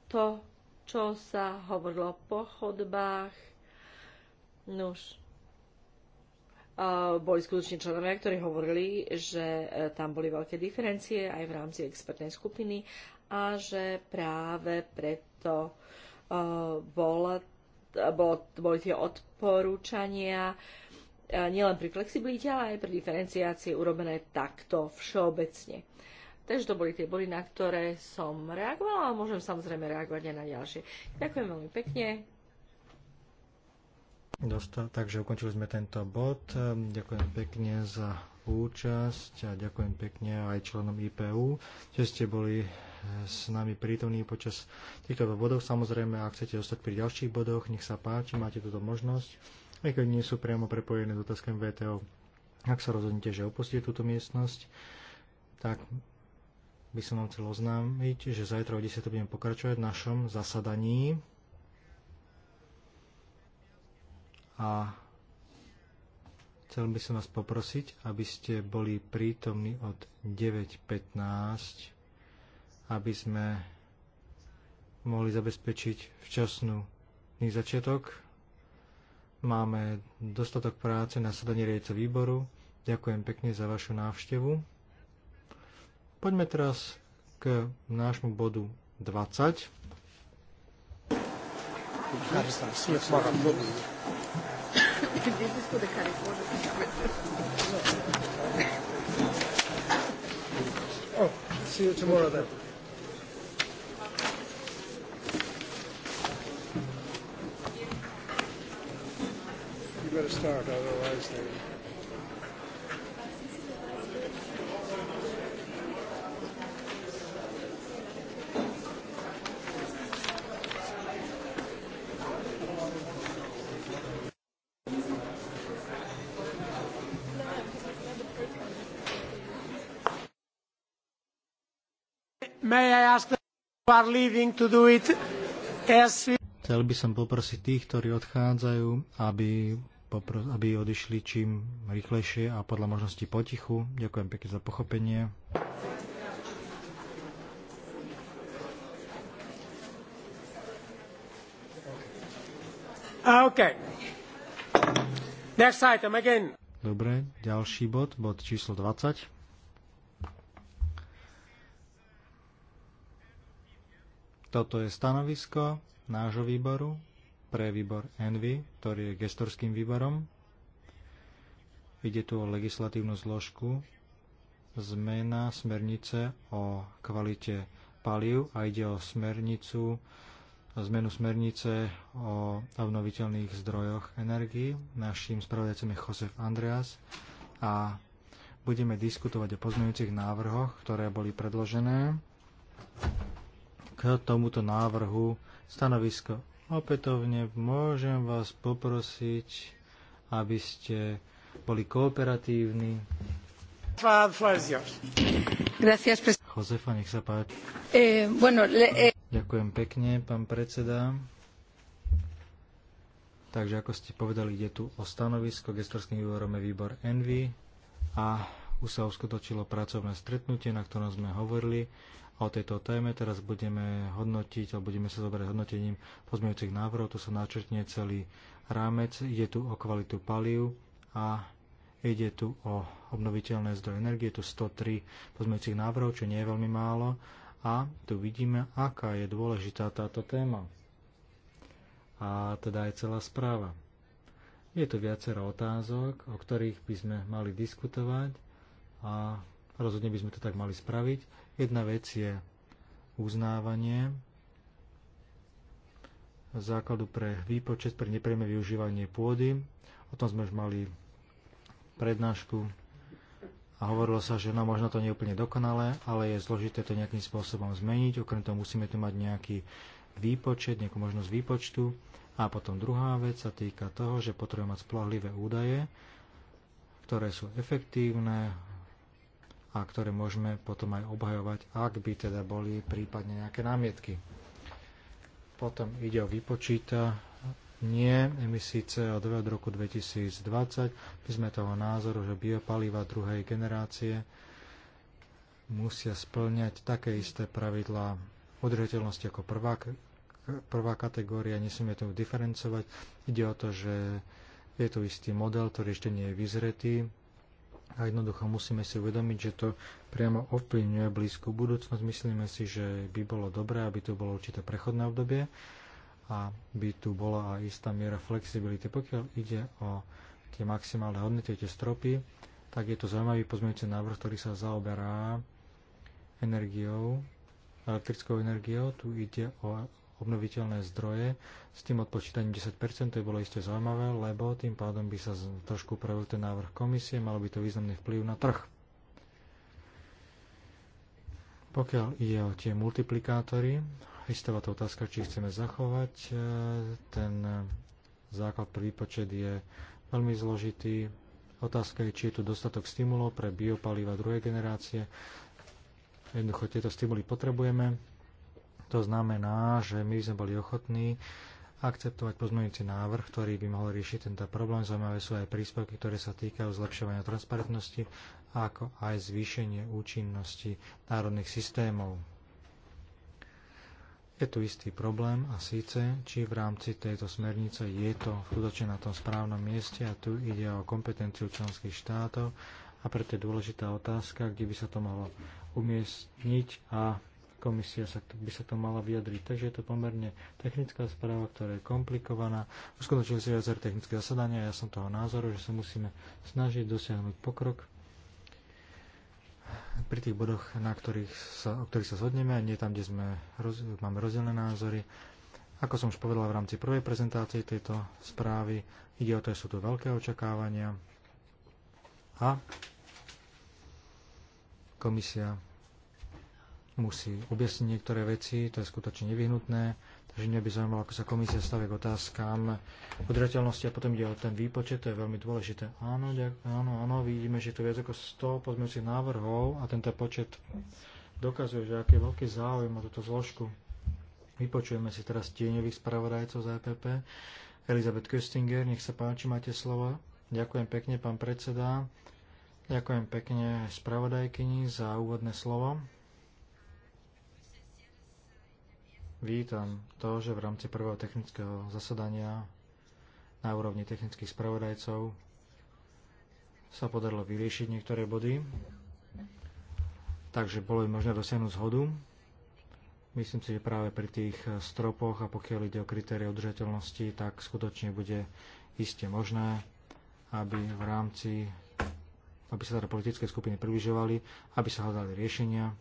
to, čo sa hovorilo po chodbách, Nuž. Boli skutočne členovia, ktorí hovorili, že e, tam boli veľké diferencie aj v rámci expertnej skupiny a že práve preto e, bol, bol, boli tie odporúčania e, nielen pri flexibilite, ale aj pri diferenciácii urobené takto všeobecne. Takže to boli tie body, na ktoré som reagovala a môžem samozrejme reagovať aj na ďalšie. Ďakujem veľmi pekne. Dosta, takže ukončili sme tento bod. Ehm, ďakujem pekne za účasť a ďakujem pekne aj členom IPU, že ste boli eh, s nami prítomní počas týchto bodov. Samozrejme, ak chcete zostať pri ďalších bodoch, nech sa páči, máte túto možnosť, aj keď nie sú priamo prepojené s otázkami VTO. Ak sa rozhodnete, že opustíte túto miestnosť, tak by som vám chcel oznámiť, že zajtra o 10. budeme pokračovať v našom zasadaní. a chcel by som vás poprosiť, aby ste boli prítomní od 9.15, aby sme mohli zabezpečiť včasnú začiatok. Máme dostatok práce na sedanie riedce výboru. Ďakujem pekne za vašu návštevu. Poďme teraz k nášmu bodu 20. Ďakujem oh, see you tomorrow then. You better start, otherwise they. Chcel by som poprosiť tých, ktorí odchádzajú, aby, popros- aby odišli čím rýchlejšie a podľa možnosti potichu. Ďakujem pekne za pochopenie. Ah, okay. Next item again. Dobre, ďalší bod, bod číslo 20. Toto je stanovisko nášho výboru pre výbor ENVY, ktorý je gestorským výborom. Ide tu o legislatívnu zložku zmena smernice o kvalite palív a ide o smernicu, zmenu smernice o obnoviteľných zdrojoch energii. Naším spravodajcom je Josef Andreas a budeme diskutovať o pozmeňujúcich návrhoch, ktoré boli predložené k tomuto návrhu stanovisko. Opätovne môžem vás poprosiť, aby ste boli kooperatívni. Josefa, nech sa páči. Eh, eh. Ďakujem pekne, pán predseda. Takže ako ste povedali, ide tu o stanovisko. Gestorským výborom je výbor Envy a už sa uskutočilo pracovné stretnutie, na ktorom sme hovorili o tejto téme. Teraz budeme hodnotiť, alebo budeme sa zoberať hodnotením pozmeňujúcich návrhov. Tu sa načrtne celý rámec. Ide tu o kvalitu paliu a ide tu o obnoviteľné zdroje energie. Je tu 103 pozmeňujúcich návrhov, čo nie je veľmi málo. A tu vidíme, aká je dôležitá táto téma. A teda aj celá správa. Je tu viacero otázok, o ktorých by sme mali diskutovať a rozhodne by sme to tak mali spraviť. Jedna vec je uznávanie základu pre výpočet pre nepriame využívanie pôdy. O tom sme už mali prednášku a hovorilo sa, že no možno to nie je úplne dokonalé, ale je zložité to nejakým spôsobom zmeniť. Okrem toho musíme tu mať nejaký výpočet, nejakú možnosť výpočtu. A potom druhá vec sa týka toho, že potrebujeme mať spolahlivé údaje, ktoré sú efektívne, a ktoré môžeme potom aj obhajovať, ak by teda boli prípadne nejaké námietky. Potom ide o vypočíta eh, nie emisí CO2 od roku 2020. My sme toho názoru, že biopaliva druhej generácie musia splňať také isté pravidlá udržateľnosti ako prvá, prvá kategória, nesmieme to diferencovať. Ide o to, že je tu istý model, ktorý ešte nie je vyzretý, a jednoducho musíme si uvedomiť, že to priamo ovplyvňuje blízku budúcnosť. Myslíme si, že by bolo dobré, aby tu bolo určité prechodné obdobie a by tu bola aj istá miera flexibility. Pokiaľ ide o tie maximálne hodnoty, tie stropy, tak je to zaujímavý pozmeňujúci návrh, ktorý sa zaoberá energiou, elektrickou energiou. Tu ide o obnoviteľné zdroje s tým odpočítaním 10%, to je bolo isté zaujímavé, lebo tým pádom by sa trošku upravil ten návrh komisie, malo by to významný vplyv na trh. Pokiaľ ide o tie multiplikátory, istáva to otázka, či chceme zachovať. E, ten základ pre výpočet je veľmi zložitý. Otázka je, či je tu dostatok stimulov pre biopaliva druhej generácie. Jednoducho tieto stimuly potrebujeme to znamená, že my sme boli ochotní akceptovať pozmeňujúci návrh, ktorý by mohol riešiť tento problém. Zaujímavé sú aj príspevky, ktoré sa týkajú zlepšovania transparentnosti, ako aj zvýšenie účinnosti národných systémov. Je tu istý problém a síce, či v rámci tejto smernice je to skutočne na tom správnom mieste a tu ide o kompetenciu členských štátov a preto je dôležitá otázka, kde by sa to mohlo umiestniť a komisia sa, by sa to mala vyjadriť. Takže je to pomerne technická správa, ktorá je komplikovaná. Uskutočili si viacer technické zasadania a ja som toho názoru, že sa musíme snažiť dosiahnuť pokrok pri tých bodoch, na ktorých sa, o ktorých sa zhodneme a nie tam, kde sme, roz, máme rozdielne názory. Ako som už povedala v rámci prvej prezentácie tejto správy, ide o to, že sú tu veľké očakávania a komisia musí objasniť niektoré veci, to je skutočne nevyhnutné, takže mňa by zaujímalo, ako sa komisia stavie k otázkam udržateľnosti a potom ide o ten výpočet, to je veľmi dôležité. Áno, ďakujem, áno, áno, vidíme, že tu viac ako 100 pozmeňujúcich návrhov a tento počet dokazuje, že aký je veľký záujem o túto zložku. Vypočujeme si teraz tieňových spravodajcov z EPP. Elizabeth Köstinger, nech sa páči, máte slova. Ďakujem pekne, pán predseda. Ďakujem pekne spravodajkyni za úvodné slovo. Vítam to, že v rámci prvého technického zasadania na úrovni technických spravodajcov sa podarilo vyriešiť niektoré body, takže bolo by možné dosiahnuť zhodu. Myslím si, že práve pri tých stropoch a pokiaľ ide o kritérie udržateľnosti, tak skutočne bude iste možné, aby v rámci aby sa teda politické skupiny približovali, aby sa hľadali riešenia.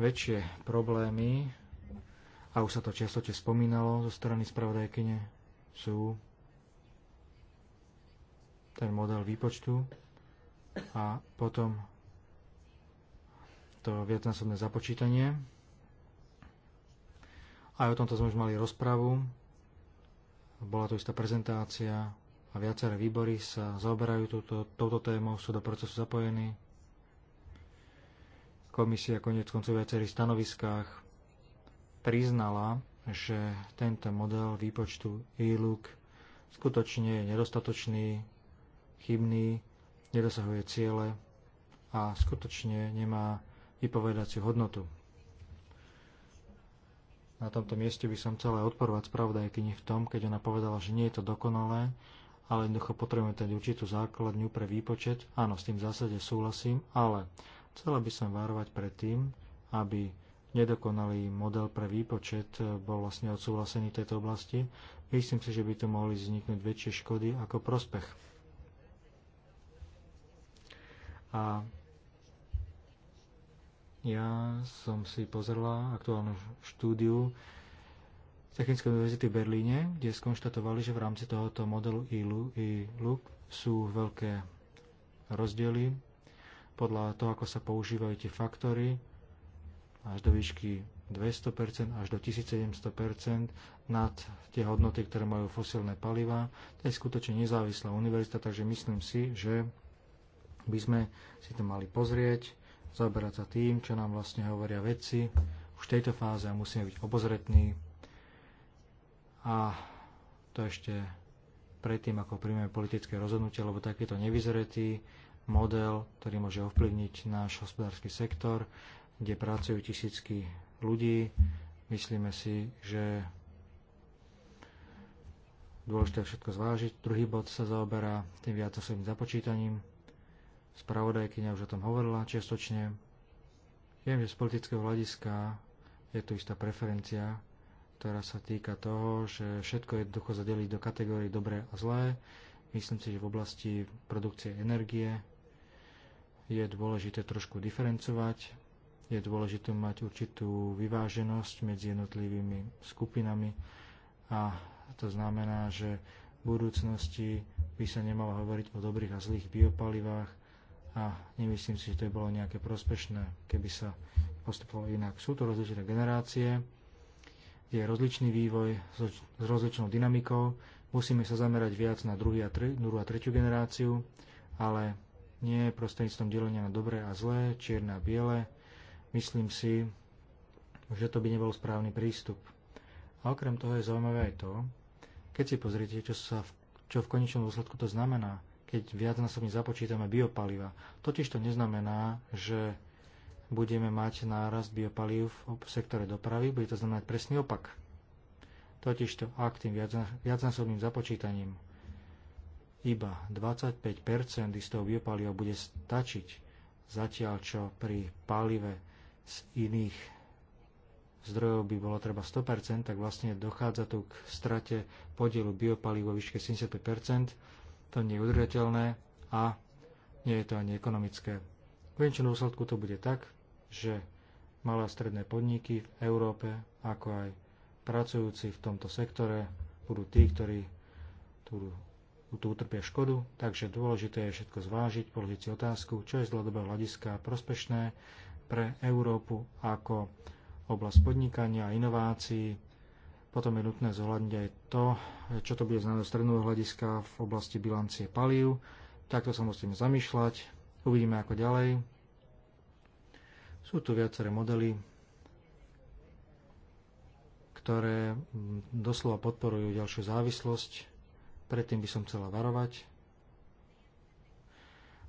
Väčšie problémy a už sa to čiastočne spomínalo zo strany spravodajkyne, sú ten model výpočtu a potom to viacnásobné započítanie. Aj o tomto sme už mali rozpravu. Bola to istá prezentácia a viaceré výbory sa zaoberajú touto, touto témou, sú do procesu zapojení. Komisia konec koncov v viacerých stanoviskách priznala, že tento model výpočtu e-look skutočne je nedostatočný, chybný, nedosahuje ciele a skutočne nemá vypovedaciu hodnotu. Na tomto mieste by som chcela odporovať spravodajkyni v tom, keď ona povedala, že nie je to dokonalé, ale jednoducho potrebujeme teda určitú základňu pre výpočet. Áno, s tým v zásade súhlasím, ale chcela by som varovať pred tým, aby nedokonalý model pre výpočet e, bol vlastne odsúhlasený v tejto oblasti. Myslím si, že by tu mohli vzniknúť väčšie škody ako prospech. A ja som si pozrela aktuálnu štúdiu Technickej univerzity v Berlíne, kde skonštatovali, že v rámci tohoto modelu ILUK sú veľké rozdiely podľa toho, ako sa používajú tie faktory, až do výšky 200% až do 1700% nad tie hodnoty, ktoré majú fosilné paliva. To je skutočne nezávislá univerzita, takže myslím si, že by sme si to mali pozrieť, zaoberať sa tým, čo nám vlastne hovoria vedci už v tejto fáze a musíme byť obozretní. A to ešte predtým, ako príjmeme politické rozhodnutie, lebo takýto nevyzretý model, ktorý môže ovplyvniť náš hospodársky sektor, kde pracujú tisícky ľudí. Myslíme si, že dôležité všetko zvážiť. Druhý bod sa zaoberá tým osobným započítaním. Spravodajkyňa už o tom hovorila čiastočne. Viem, že z politického hľadiska je tu istá preferencia, ktorá sa týka toho, že všetko je ducho zadeliť do kategórií dobré a zlé. Myslím si, že v oblasti produkcie energie je dôležité trošku diferencovať je dôležité mať určitú vyváženosť medzi jednotlivými skupinami a to znamená, že v budúcnosti by sa nemalo hovoriť o dobrých a zlých biopalivách a nemyslím si, že to by bolo nejaké prospešné, keby sa postupovalo inak. Sú to rozličné generácie, je rozličný vývoj s rozličnou dynamikou. Musíme sa zamerať viac na druhý a tri, druhú a tretiu generáciu, ale nie prostredníctvom delenia na dobré a zlé, čierne a biele, Myslím si, že to by nebol správny prístup. A okrem toho je zaujímavé aj to, keď si pozriete, čo, sa v, čo v konečnom dôsledku to znamená, keď viacnásobne započítame biopaliva. Totiž to neznamená, že budeme mať nárast biopalív v sektore dopravy, bude to znamenať presný opak. Totižto ak tým viacnásobným započítaním iba 25 istého biopaliva bude stačiť, zatiaľ čo pri palive z iných zdrojov by bolo treba 100%, tak vlastne dochádza tu k strate podielu biopalív vo výške 75%. To nie je udržateľné a nie je to ani ekonomické. V konečnom dôsledku to bude tak, že malé a stredné podniky v Európe, ako aj pracujúci v tomto sektore, budú tí, ktorí tu, tu utrpia škodu, takže dôležité je všetko zvážiť, položiť si otázku, čo je z dlhodobého hľadiska prospešné pre Európu ako oblasť podnikania a inovácií. Potom je nutné zohľadniť aj to, čo to bude nášho stredného hľadiska v oblasti bilancie palív. Takto sa musíme zamýšľať. Uvidíme ako ďalej. Sú tu viaceré modely, ktoré doslova podporujú ďalšiu závislosť. Predtým by som chcela varovať.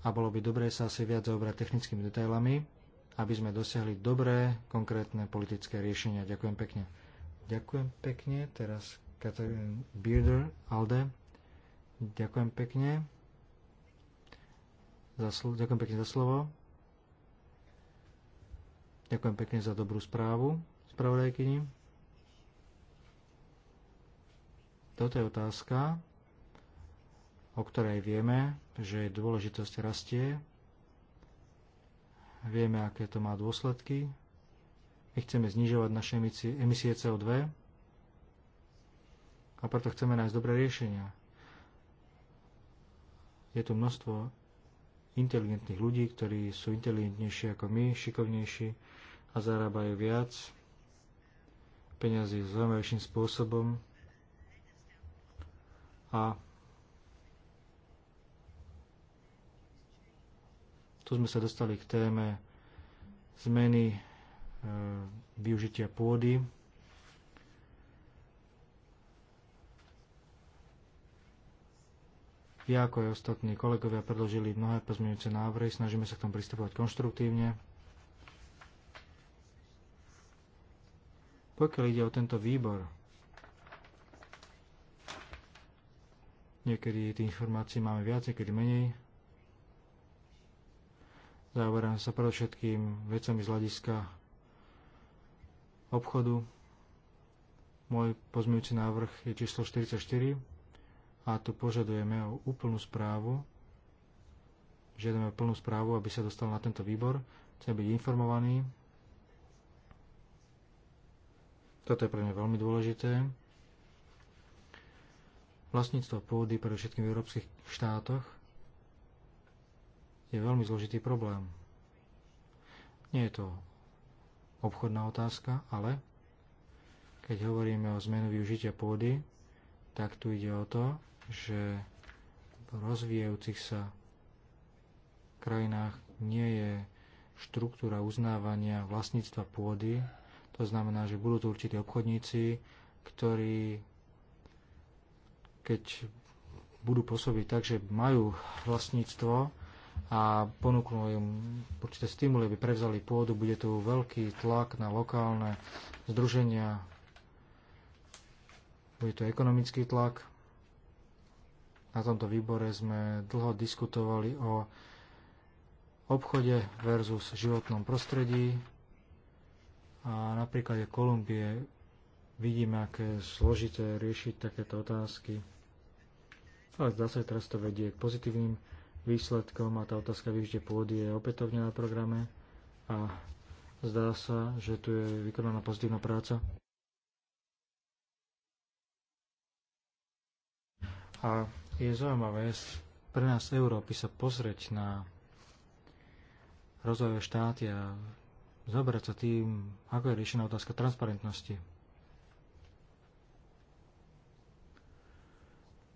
A bolo by dobré sa asi viac zaobrať technickými detailami aby sme dosiahli dobré, konkrétne politické riešenia. Ďakujem pekne. Ďakujem pekne. Teraz Katarín Bierder, Alde. Ďakujem pekne. Za slo- ďakujem pekne za slovo. Ďakujem pekne za dobrú správu spravodajkyni. Toto je otázka, o ktorej vieme, že jej dôležitosť rastie Vieme, aké to má dôsledky. My chceme znižovať naše emisie CO2 a preto chceme nájsť dobré riešenia. Je tu množstvo inteligentných ľudí, ktorí sú inteligentnejší ako my, šikovnejší a zarábajú viac peňazí zaujímavejším spôsobom. A Tu sme sa dostali k téme zmeny e, využitia pôdy. Ja ako aj ostatní kolegovia predložili mnohé pozmeňujúce návrhy, snažíme sa k tomu pristupovať konštruktívne. Pokiaľ ide o tento výbor, niekedy tých informácií máme viac, niekedy menej. Zaoberám sa predovšetkým vecami z hľadiska obchodu. Môj pozmeňujúci návrh je číslo 44 a tu požadujeme o úplnú správu. Žiadame plnú správu, aby sa dostal na tento výbor. Chcem byť informovaný. Toto je pre mňa veľmi dôležité. Vlastníctvo pôdy pre všetkým v európskych štátoch je veľmi zložitý problém. Nie je to obchodná otázka, ale keď hovoríme o zmenu využitia pôdy, tak tu ide o to, že v rozvíjajúcich sa krajinách nie je štruktúra uznávania vlastníctva pôdy. To znamená, že budú tu určití obchodníci, ktorí keď budú pôsobiť tak, že majú vlastníctvo, a ponúknú im určité stimuly, aby prevzali pôdu. Bude tu veľký tlak na lokálne združenia, bude tu ekonomický tlak. Na tomto výbore sme dlho diskutovali o obchode versus životnom prostredí a napríklad je Kolumbie vidíme, aké je zložité riešiť takéto otázky. Ale zdá sa, že teraz to vedie k pozitívnym výsledkom a tá otázka vyžde pôdy je opätovne na programe a zdá sa, že tu je vykonaná pozitívna práca. A je zaujímavé pre nás Európy sa pozrieť na rozvojové štáty a zaoberať sa tým, ako je riešená otázka transparentnosti.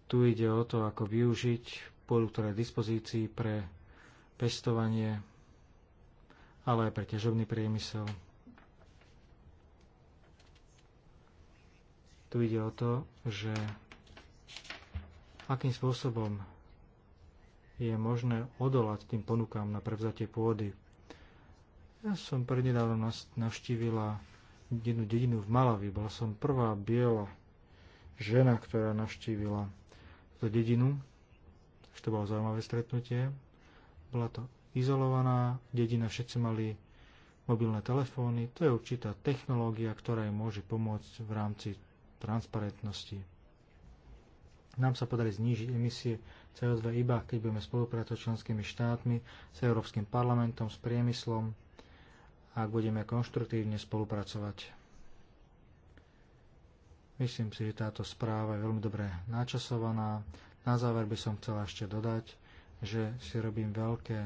Tu ide o to, ako využiť pôdu, ktorá je v dispozícii pre pestovanie, ale aj pre ťažobný priemysel. Tu ide o to, že akým spôsobom je možné odolať tým ponukám na prevzatie pôdy. Ja som prednedávno navštívila jednu dedinu v Malavi. Bola som prvá biela žena, ktorá navštívila túto dedinu že to bolo zaujímavé stretnutie. Bola to izolovaná dedina, všetci mali mobilné telefóny. To je určitá technológia, ktorá im môže pomôcť v rámci transparentnosti. Nám sa podarí znížiť emisie CO2 iba, keď budeme spolupracovať s členskými štátmi, s Európskym parlamentom, s priemyslom, ak budeme konštruktívne spolupracovať. Myslím si, že táto správa je veľmi dobre načasovaná. Na záver by som chcel ešte dodať, že si robím veľké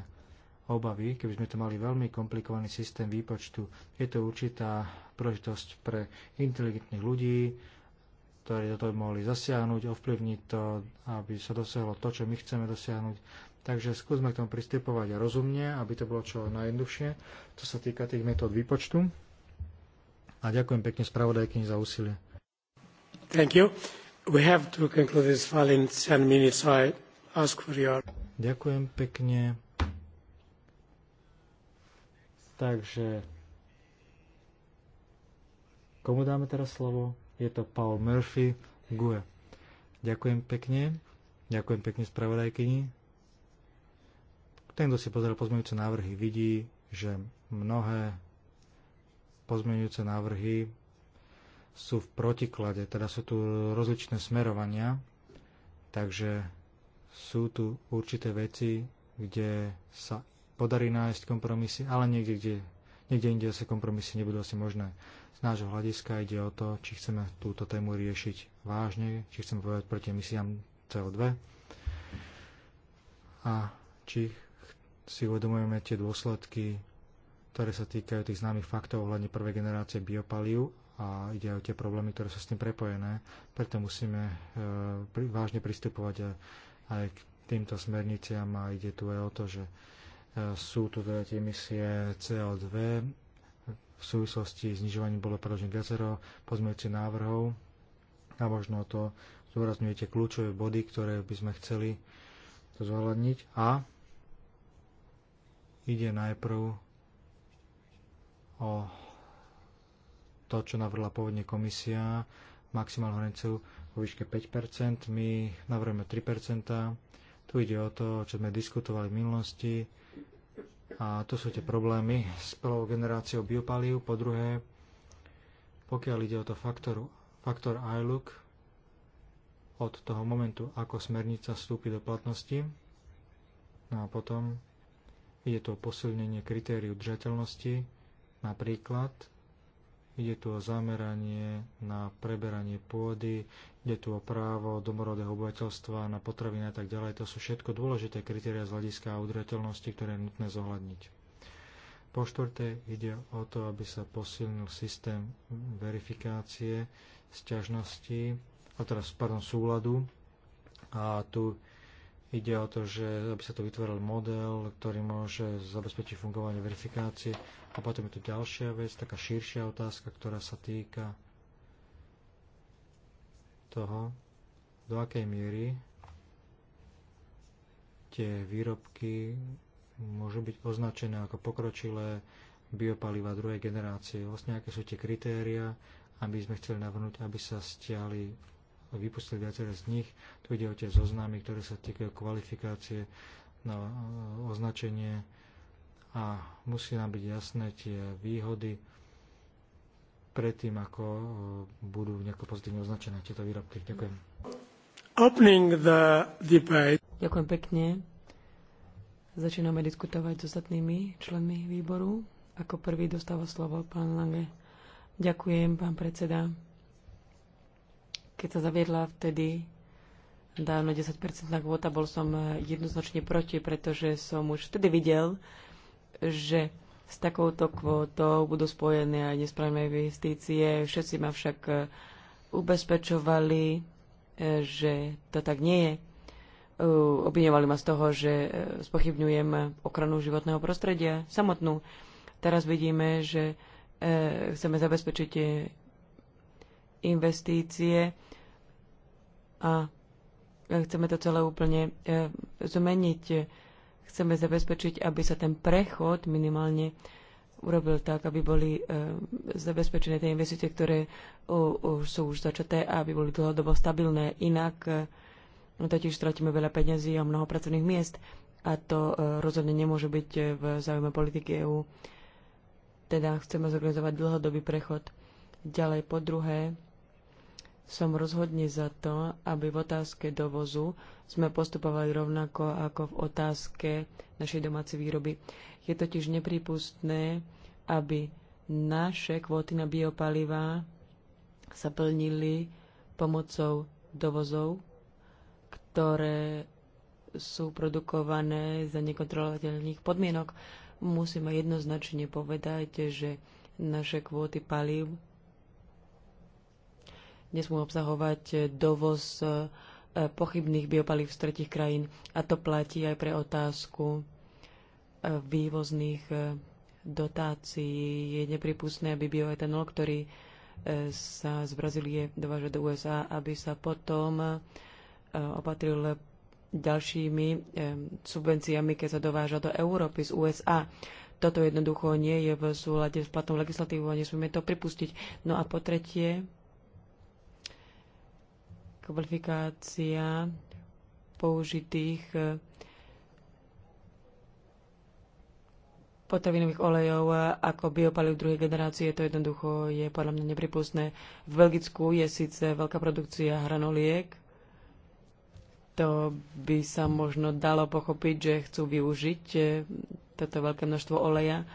obavy, keby sme to mali veľmi komplikovaný systém výpočtu. Je to určitá prožitosť pre inteligentných ľudí, ktorí do toho mohli zasiahnuť, ovplyvniť to, aby sa dosiahlo to, čo my chceme dosiahnuť. Takže skúsme k tomu pristupovať rozumne, aby to bolo čo najjednoduchšie, čo sa týka tých metód výpočtu. A ďakujem pekne spravodajkyni za úsilie. Thank you. We have to conclude this file in 10 minutes. I ask for your... Ďakujem pekne. Takže komu dáme teraz slovo? Je to Paul Murphy, GUE. Ďakujem pekne. Ďakujem pekne spravodajkyni. Ten, kto si pozrel pozmeňujúce návrhy, vidí, že mnohé pozmeňujúce návrhy sú v protiklade, teda sú tu rozličné smerovania, takže sú tu určité veci, kde sa podarí nájsť kompromisy, ale niekde, kde, niekde inde sa kompromisy nebudú asi možné. Z nášho hľadiska ide o to, či chceme túto tému riešiť vážne, či chceme povedať proti emisiám CO2 a či si uvedomujeme tie dôsledky, ktoré sa týkajú tých známych faktov ohľadne prvej generácie biopalív a ide aj o tie problémy, ktoré sú s tým prepojené. Preto musíme e, vážne pristupovať aj k týmto smerniciam a ide tu aj o to, že e, sú tu teda tie emisie CO2. V súvislosti s znižovaním bolo predložených viacero pozmeňujúcich návrhov a možno to zdôrazňujete kľúčové body, ktoré by sme chceli to zohľadniť a ide najprv o to, čo navrhla pôvodne komisia, maximálnu hranicu vo výške 5 my navrhujeme 3 Tu ide o to, čo sme diskutovali v minulosti a to sú tie problémy s prvou generáciou biopalív. Po druhé, pokiaľ ide o to faktoru, faktor ilook, od toho momentu, ako smernica vstúpi do platnosti. No a potom ide to o posilnenie kritériu držateľnosti, napríklad Ide tu o zameranie na preberanie pôdy, ide tu o právo domorodého obyvateľstva na potraviny a tak ďalej. To sú všetko dôležité kritéria z hľadiska udržateľnosti, ktoré je nutné zohľadniť. Po štvrté ide o to, aby sa posilnil systém verifikácie sťažností, a teraz, pardon, súladu. A tu Ide o to, že aby sa tu vytvoril model, ktorý môže zabezpečiť fungovanie verifikácie. A potom je tu ďalšia vec, taká širšia otázka, ktorá sa týka toho, do akej miery tie výrobky môžu byť označené ako pokročilé biopaliva druhej generácie. Vlastne aké sú tie kritéria, aby sme chceli navrhnúť, aby sa stiali vypustili viaceré z nich. Tu ide o tie zoznámy, ktoré sa týkajú kvalifikácie na e, označenie a musí nám byť jasné tie výhody predtým, ako e, budú nejako pozitívne označené tieto výrobky. Ďakujem. Ďakujem pekne. Začíname diskutovať s ostatnými členmi výboru. Ako prvý dostáva slovo pán Lange. Ďakujem, pán predseda. Keď sa zaviedla vtedy dávno 10-percentná bol som jednoznačne proti, pretože som už vtedy videl, že s takouto kvótou budú spojené aj nesprávne investície. Všetci ma však e, ubezpečovali, e, že to tak nie je. E, obviňovali ma z toho, že spochybňujem ochranu životného prostredia samotnú. Teraz vidíme, že chceme zabezpečiť investície a e, chceme to celé úplne e, zmeniť. Chceme zabezpečiť, aby sa ten prechod minimálne urobil tak, aby boli e, zabezpečené tie investície, ktoré sú už začaté a aby boli dlhodobo stabilné. Inak no totiž stratíme veľa peňazí a mnoho pracovných miest a to rozhodne nemôže byť v záujme politiky EÚ. Teda chceme zorganizovať dlhodobý prechod. Ďalej po druhé, som rozhodne za to, aby v otázke dovozu sme postupovali rovnako ako v otázke našej domácej výroby. Je totiž neprípustné, aby naše kvóty na biopalivá sa plnili pomocou dovozov, ktoré sú produkované za nekontrolovateľných podmienok. Musíme jednoznačne povedať, že naše kvóty palív nesmú obsahovať eh, dovoz eh, eh, pochybných biopalív z tretich krajín. A to platí aj pre otázku vývozných dotácií. Je nepripustné, aby bioetanol, ktorý sa z Brazílie dováža do USA, aby sa potom opatril ďalšími subvenciami, keď sa dováža do Európy z USA. Toto jednoducho nie je v súlade s platnou legislatívou a nesmieme to pripustiť. No a po tretie, kvalifikácia použitých e, potravinových olejov ako biopaliv druhej generácie, to jednoducho je podľa mňa nepripustné. V Belgicku je síce veľká produkcia hranoliek, to by sa možno dalo pochopiť, že chcú využiť e, toto veľké množstvo oleja,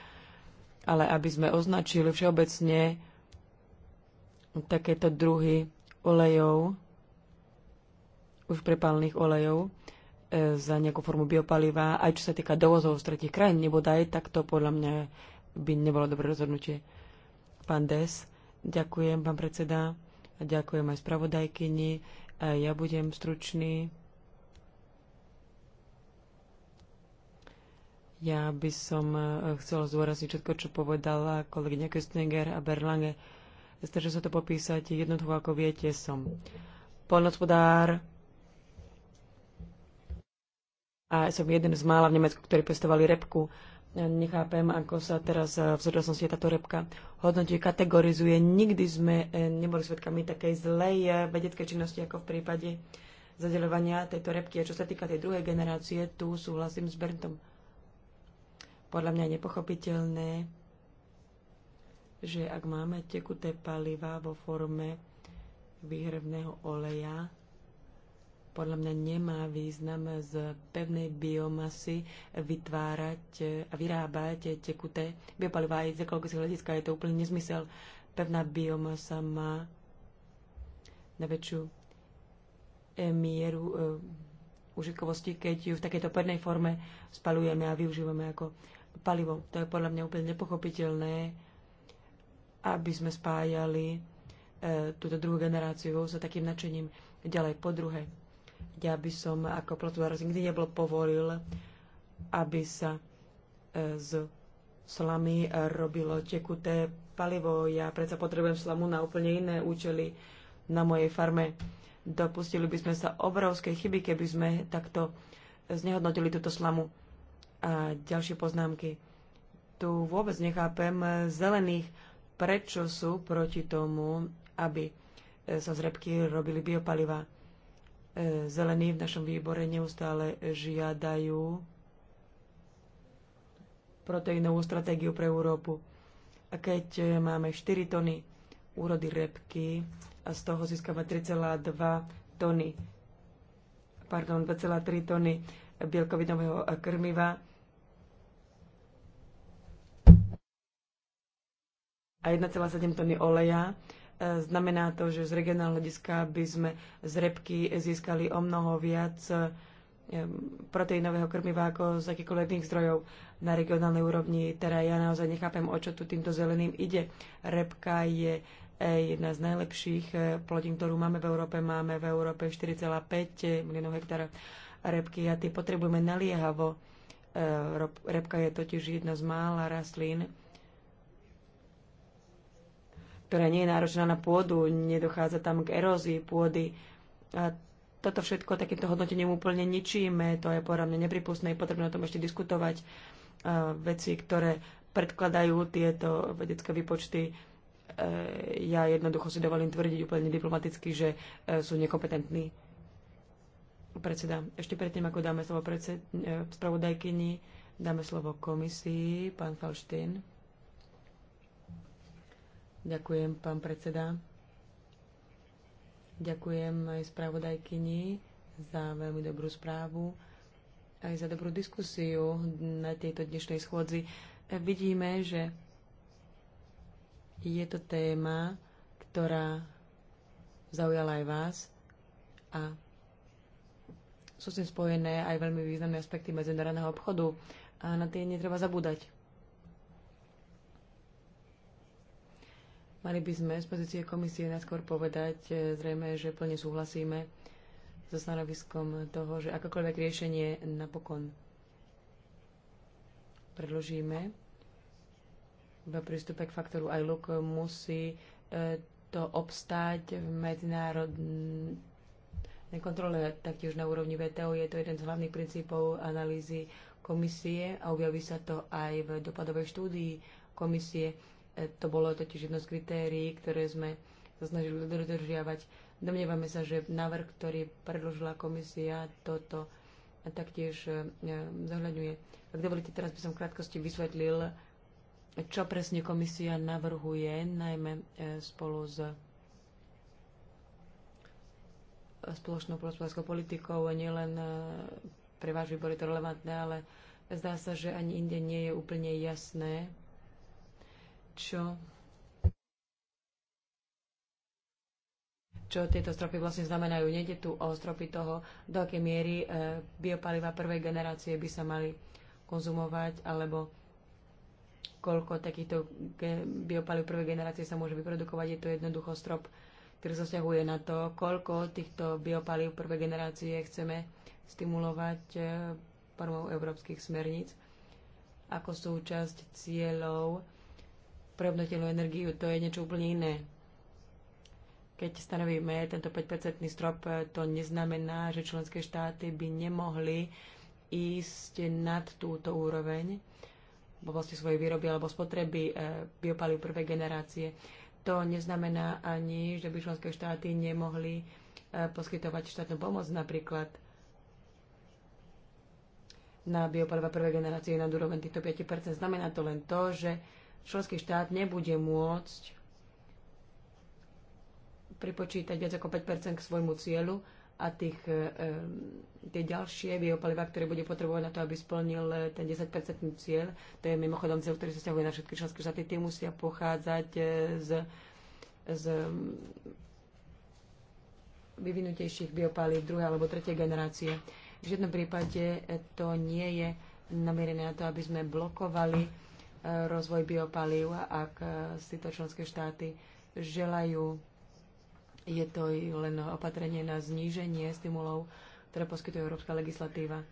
ale aby sme označili všeobecne takéto druhy olejov, už prepálených olejov e, za nejakú formu biopaliva, aj čo sa týka dovozov z tretich krajín, daj, tak to podľa mňa by nebolo dobré rozhodnutie. Pán Des, ďakujem, pán predseda, a ďakujem aj spravodajkyni. A ja budem stručný. Ja by som e, chcel zdôrazniť všetko, čo povedala kolegyňa Köstinger a Berlange. Stačí sa to popísať jednoducho, ako viete, som polnospodár, a som jeden z mála v Nemecku, ktorí pestovali repku. Nechápem, ako sa teraz eh, v súčasnosti táto repka hodnotí, kategorizuje. Nikdy sme eh, neboli svedkami takej zlej eh, vedeckej činnosti, ako v prípade zadeľovania tejto repky. A čo sa týka tej druhej generácie, tu súhlasím s Berntom. Podľa mňa je nepochopiteľné, že ak máme tekuté paliva vo forme výhrevného oleja, podľa mňa nemá význam z pevnej biomasy vytvárať e, a vyrábať tekuté biopalivá. Aj z ekologického hľadiska je to úplne nezmysel. Pevná biomasa má na väčšiu e, mieru e, užitkovosti, keď ju v takejto pevnej forme spalujeme a využívame ako palivo. To je podľa mňa úplne nepochopiteľné, aby sme spájali túto druhú generáciu sa takým nadšením ďalej po druhé ja by som ako plotvároz nikdy nebol povolil, aby sa z e, slamy robilo tekuté palivo. Ja predsa potrebujem slamu na úplne iné účely na mojej farme. Dopustili by sme sa obrovskej chyby, keby sme takto znehodnotili túto slamu. A ďalšie poznámky. Tu vôbec nechápem zelených, prečo sú proti tomu, aby e, sa z repky robili biopaliva zelení v našom výbore neustále žiadajú proteínovú stratégiu pre Európu. A keď máme 4 tony úrody repky a z toho získame 3,2 tony, pardon, 2,3 tony bielkovinového krmiva, a 1,7 tony oleja, E, znamená to, že z regionálneho hľadiska by sme z repky získali o mnoho viac e, proteínového krmiva ako z akýkoľvek zdrojov na regionálnej úrovni. Teda ja naozaj nechápem, o čo tu týmto zeleným ide. Repka je e, jedna z najlepších plodín, ktorú máme v Európe. Máme v Európe 4,5 miliónov hektárov repky a tie potrebujeme naliehavo. Repka je totiž jedna z mála rastlín, ktorá nie je náročná na pôdu, nedochádza tam k erózii pôdy. A toto všetko takýmto hodnotením úplne ničíme, to je podľa mňa nepripustné, je potrebné o tom ešte diskutovať. A veci, ktoré predkladajú tieto vedecké výpočty, e, ja jednoducho si dovolím tvrdiť úplne diplomaticky, že e, sú nekompetentní. Predseda, ešte predtým, ako dáme slovo predsed, e, spravodajkyni, dáme slovo komisii, pán Falštín. Ďakujem, pán predseda. Ďakujem aj spravodajkyni za veľmi dobrú správu, aj za dobrú diskusiu na tejto dnešnej schôdzi. Vidíme, že je to téma, ktorá zaujala aj vás a sú s tým spojené aj veľmi významné aspekty medzinárodného obchodu a na tie netreba zabúdať. Mali by sme z pozície komisie najskôr povedať, e, zrejme, že plne súhlasíme so stanoviskom toho, že akokoľvek riešenie napokon predložíme v prístupe k faktoru aj look musí e, to obstáť v medzinárodnej kontrole, taktiež na úrovni VTO. Je to jeden z hlavných princípov analýzy komisie a objaví sa to aj v dopadovej štúdii komisie E, to bolo totiž jedno z kritérií, ktoré sme sa snažili dodržiavať. Domnievame sa, že návrh, ktorý predložila komisia, toto taktiež e, e, zohľadňuje. Ak dovolíte, teraz by som v krátkosti vysvetlil, čo presne komisia navrhuje, najmä spolu s spoločnou polospodárskou politikou, nielen pre váš výbor je to relevantné, ale zdá sa, že ani inde nie je úplne jasné, čo čo tieto stropy vlastne znamenajú. Nede tu o stropy toho, do akej miery e, biopaliva prvej generácie by sa mali konzumovať, alebo koľko takýchto biopaliv prvej generácie sa môže vyprodukovať. Je to jednoducho strop, ktorý sa vzťahuje na to, koľko týchto biopaliv prvej generácie chceme stimulovať e, formou európskych smerníc ako súčasť cieľov preobnoviteľnú energiu, to je niečo úplne iné. Keď stanovíme tento 5-percentný strop, to neznamená, že členské štáty by nemohli ísť nad túto úroveň v oblasti svojej výroby alebo spotreby eh, biopalív prvej generácie. To neznamená ani, že by členské štáty nemohli eh, poskytovať štátnu pomoc napríklad na biopaliva prvej generácie na úroveň týchto 5%. Znamená to len to, že členský štát nebude môcť pripočítať viac ako 5 k svojmu cieľu a tých, e, e, tie ďalšie biopaliva, ktoré bude potrebovať na to, aby splnil e, ten 10-percentný cieľ, to je mimochodom cieľ, ktorý sa stiahuje na všetky členské štáty, tie musia pochádzať z, z vyvinutejších biopaliv druhej alebo tretej generácie. V žiadnom prípade to nie je namierené na to, aby sme blokovali rozvoj biopalív, ak e, si to členské štáty želajú. Je to len opatrenie na zníženie stimulov, ktoré poskytuje európska legislatíva.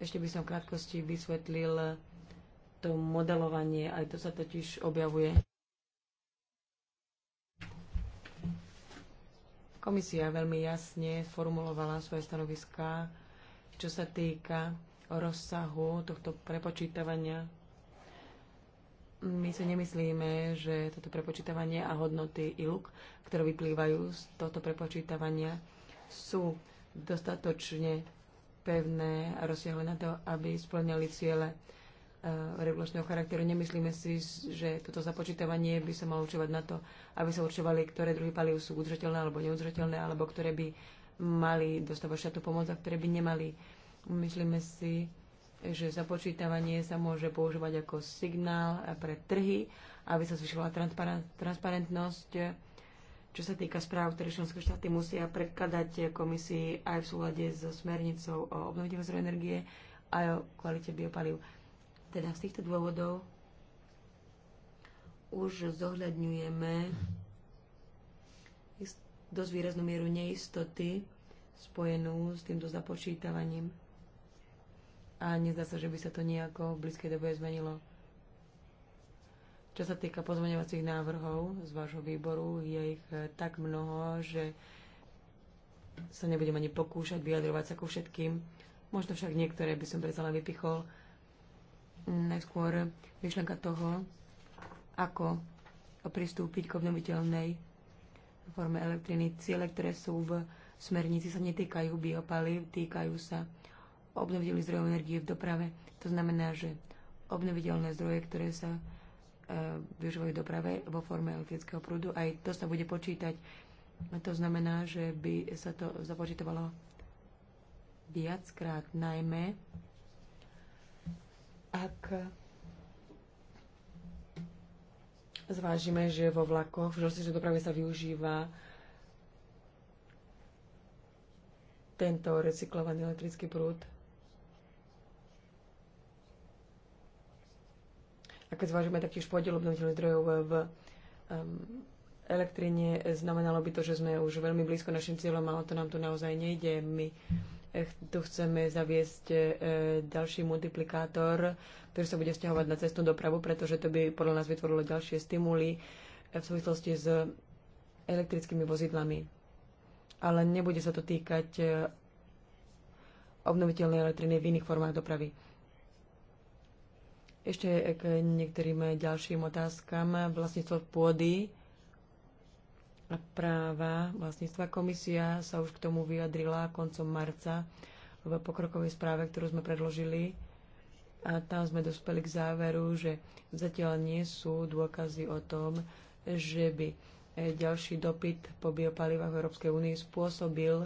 Ešte by som v krátkosti vysvetlil to modelovanie, aj to sa totiž objavuje. Komisia veľmi jasne formulovala svoje stanoviská, čo sa týka rozsahu tohto prepočítavania my si nemyslíme, že toto prepočítavanie a hodnoty ILUK, ktoré vyplývajú z tohto prepočítavania, sú dostatočne pevné a rozsiahle na to, aby splňali ciele e, regulačného charakteru. Nemyslíme si, že toto započítavanie by sa malo určovať na to, aby sa určovali, ktoré druhy palív sú udržateľné alebo neudržateľné, alebo ktoré by mali dostávať šatú pomoc a ktoré by nemali. Myslíme si, že započítavanie sa môže používať ako signál pre trhy, aby sa zvyšila transparentnosť. Čo sa týka správ, ktoré členské štáty musia predkladať komisii aj v súlade so smernicou o obnoviteľnej zdroje energie aj o kvalite biopalív. Teda z týchto dôvodov už zohľadňujeme dosť výraznú mieru neistoty spojenú s týmto započítavaním a nezdá sa, že by sa to nejako v blízkej dobe zmenilo. Čo sa týka pozmeňovacích návrhov z vášho výboru, je ich eh, tak mnoho, že sa nebudem ani pokúšať vyjadrovať sa ku všetkým. Možno však niektoré by som predsa len vypichol. Najskôr myšlenka toho, ako pristúpiť k obnoviteľnej forme elektriny. Ciele, ktoré sú v smernici, sa netýkajú biopaliv, týkajú sa obnoviteľných zdrojov energie v doprave. To znamená, že obnoviteľné zdroje, ktoré sa e, využívajú v doprave vo forme elektrického prúdu, aj to sa bude počítať. to znamená, že by sa to započítovalo viackrát, najmä ak zvážime, že vo vlakoch v železničnej doprave sa využíva tento recyklovaný elektrický prúd A keď zvážime taktiež podiel obnoviteľných zdrojov v um, elektrine, znamenalo by to, že sme už veľmi blízko našim cieľom, ale to nám tu naozaj nejde. My eh, tu chceme zaviesť eh, ďalší multiplikátor, ktorý sa bude vzťahovať na cestnú dopravu, pretože to by podľa nás vytvorilo ďalšie stimuly eh, v súvislosti s elektrickými vozidlami. Ale nebude sa to týkať obnoviteľnej elektriny v iných formách dopravy. Ešte k niektorým ďalším otázkam. Vlastníctvo pôdy a práva vlastníctva. Komisia sa už k tomu vyjadrila koncom marca v pokrokovej správe, ktorú sme predložili. A tam sme dospeli k záveru, že zatiaľ nie sú dôkazy o tom, že by ďalší dopyt po biopalivách v Európskej únii spôsobil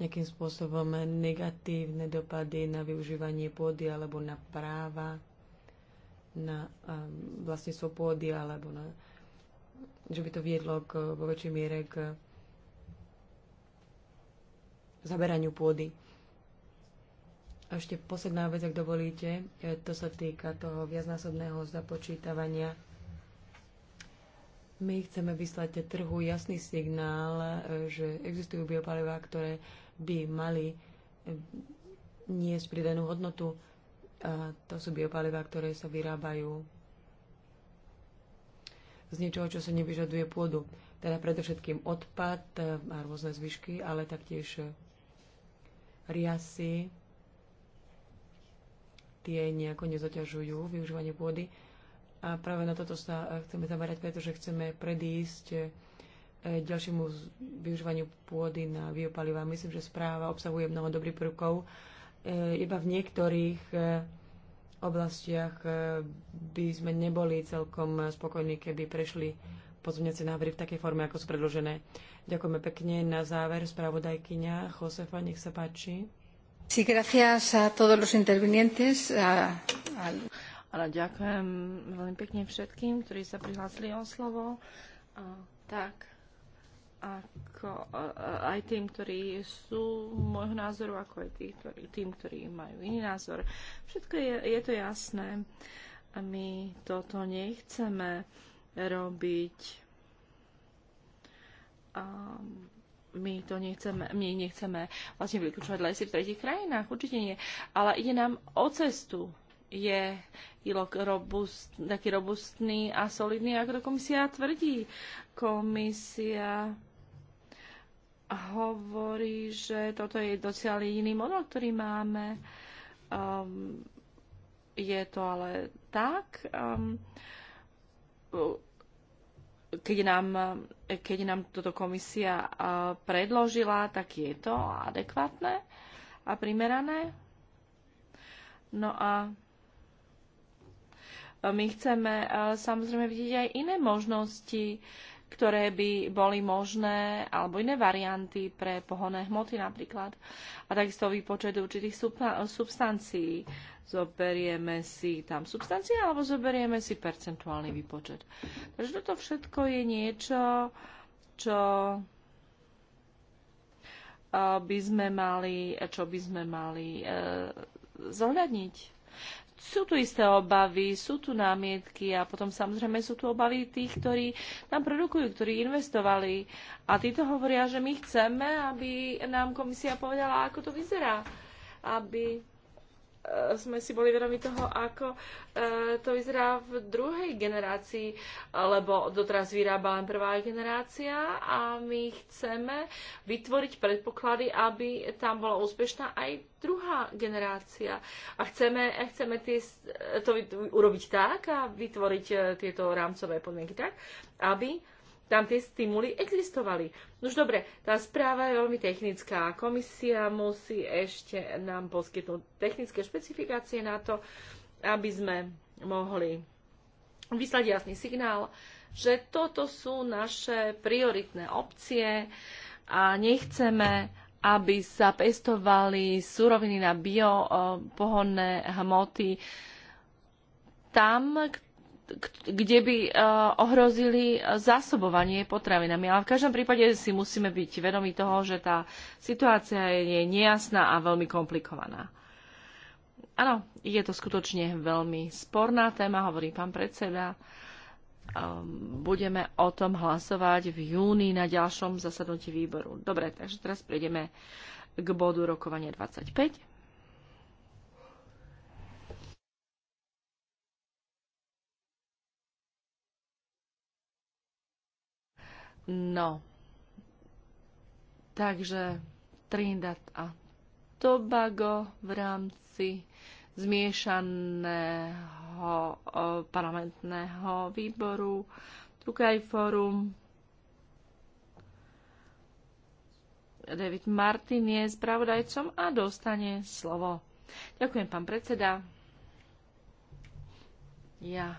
nejakým spôsobom negatívne dopady na využívanie pôdy alebo na práva, na um, vlastníctvo pôdy alebo na, že by to viedlo k, vo väčšej miere k zaberaniu pôdy. A ešte posledná vec, ak dovolíte, e, to sa týka toho viacnásobného započítavania my chceme vyslať trhu jasný signál, e, že existujú biopalivá, ktoré by mali e, niesť pridanú hodnotu. A to sú biopalivá, ktoré sa vyrábajú z niečoho, čo sa nevyžaduje pôdu. Teda predovšetkým odpad e, a rôzne zvyšky, ale taktiež riasy. Tie nejako nezaťažujú využívanie pôdy a práve na toto sa chceme zamerať, pretože chceme predísť e, ďalšiemu využívaniu pôdy na biopaliva. Myslím, že správa obsahuje mnoho dobrých prvkov. E, iba v niektorých e, oblastiach by sme neboli celkom spokojní, keby prešli pozmeňacie návrhy v takej forme, ako sú predložené. Ďakujeme pekne. Na záver spravodajkyňa Josefa, nech sa páči. Sí, gracias a todos los intervinientes. A, a... Ale ďakujem veľmi pekne všetkým, ktorí sa prihlásili o slovo. A, tak, ako aj tým, ktorí sú môjho názoru, ako aj tým, ktorí, tým, ktorí majú iný názor. Všetko je, je to jasné. A my toto nechceme robiť. A my to nechceme, my nechceme vlastne vyklúčovať lesy v tretich krajinách, určite nie. Ale ide nám o cestu, je ILOK robust, taký robustný a solidný, ako to komisia tvrdí. Komisia hovorí, že toto je docela jediný model, ktorý máme. Um, je to ale tak. Um, keď nám, keď nám toto komisia uh, predložila, tak je to adekvátne a primerané. No a my chceme e, samozrejme vidieť aj iné možnosti, ktoré by boli možné, alebo iné varianty pre pohonné hmoty napríklad. A takisto výpočet určitých substancií. Zoberieme si tam substancie alebo zoberieme si percentuálny výpočet. Takže toto všetko je niečo, čo e, by sme mali, čo by sme mali e, zohľadniť sú tu isté obavy, sú tu námietky a potom samozrejme sú tu obavy tých, ktorí nám produkujú, ktorí investovali. A títo hovoria, že my chceme, aby nám komisia povedala, ako to vyzerá. Aby Eh, sme si boli vedomi toho, ako eh, to vyzerá v druhej generácii, lebo doteraz vyrába len prvá generácia a my chceme vytvoriť predpoklady, aby tam bola úspešná aj druhá generácia. A chceme, a chceme tie, eh, to urobiť tak a vytvoriť tieto rámcové podmienky tak, aby tam tie stimuly existovali. Už dobre, tá správa je veľmi technická. Komisia musí ešte nám poskytnúť technické špecifikácie na to, aby sme mohli vyslať jasný signál, že toto sú naše prioritné opcie a nechceme, aby sa pestovali suroviny na biopohonné hmoty tam, kde by e, ohrozili zásobovanie potravinami. Ale v každom prípade si musíme byť vedomi toho, že tá situácia je nejasná a veľmi komplikovaná. Áno, je to skutočne veľmi sporná téma, hovorí pán predseda. E, budeme o tom hlasovať v júni na ďalšom zasadnutí výboru. Dobre, takže teraz prejdeme k bodu rokovania 25. No, takže Trinidad a Tobago v rámci zmiešaného parlamentného výboru Tukaj fórum David Martin je spravodajcom a dostane slovo. Ďakujem, pán predseda. Ja e,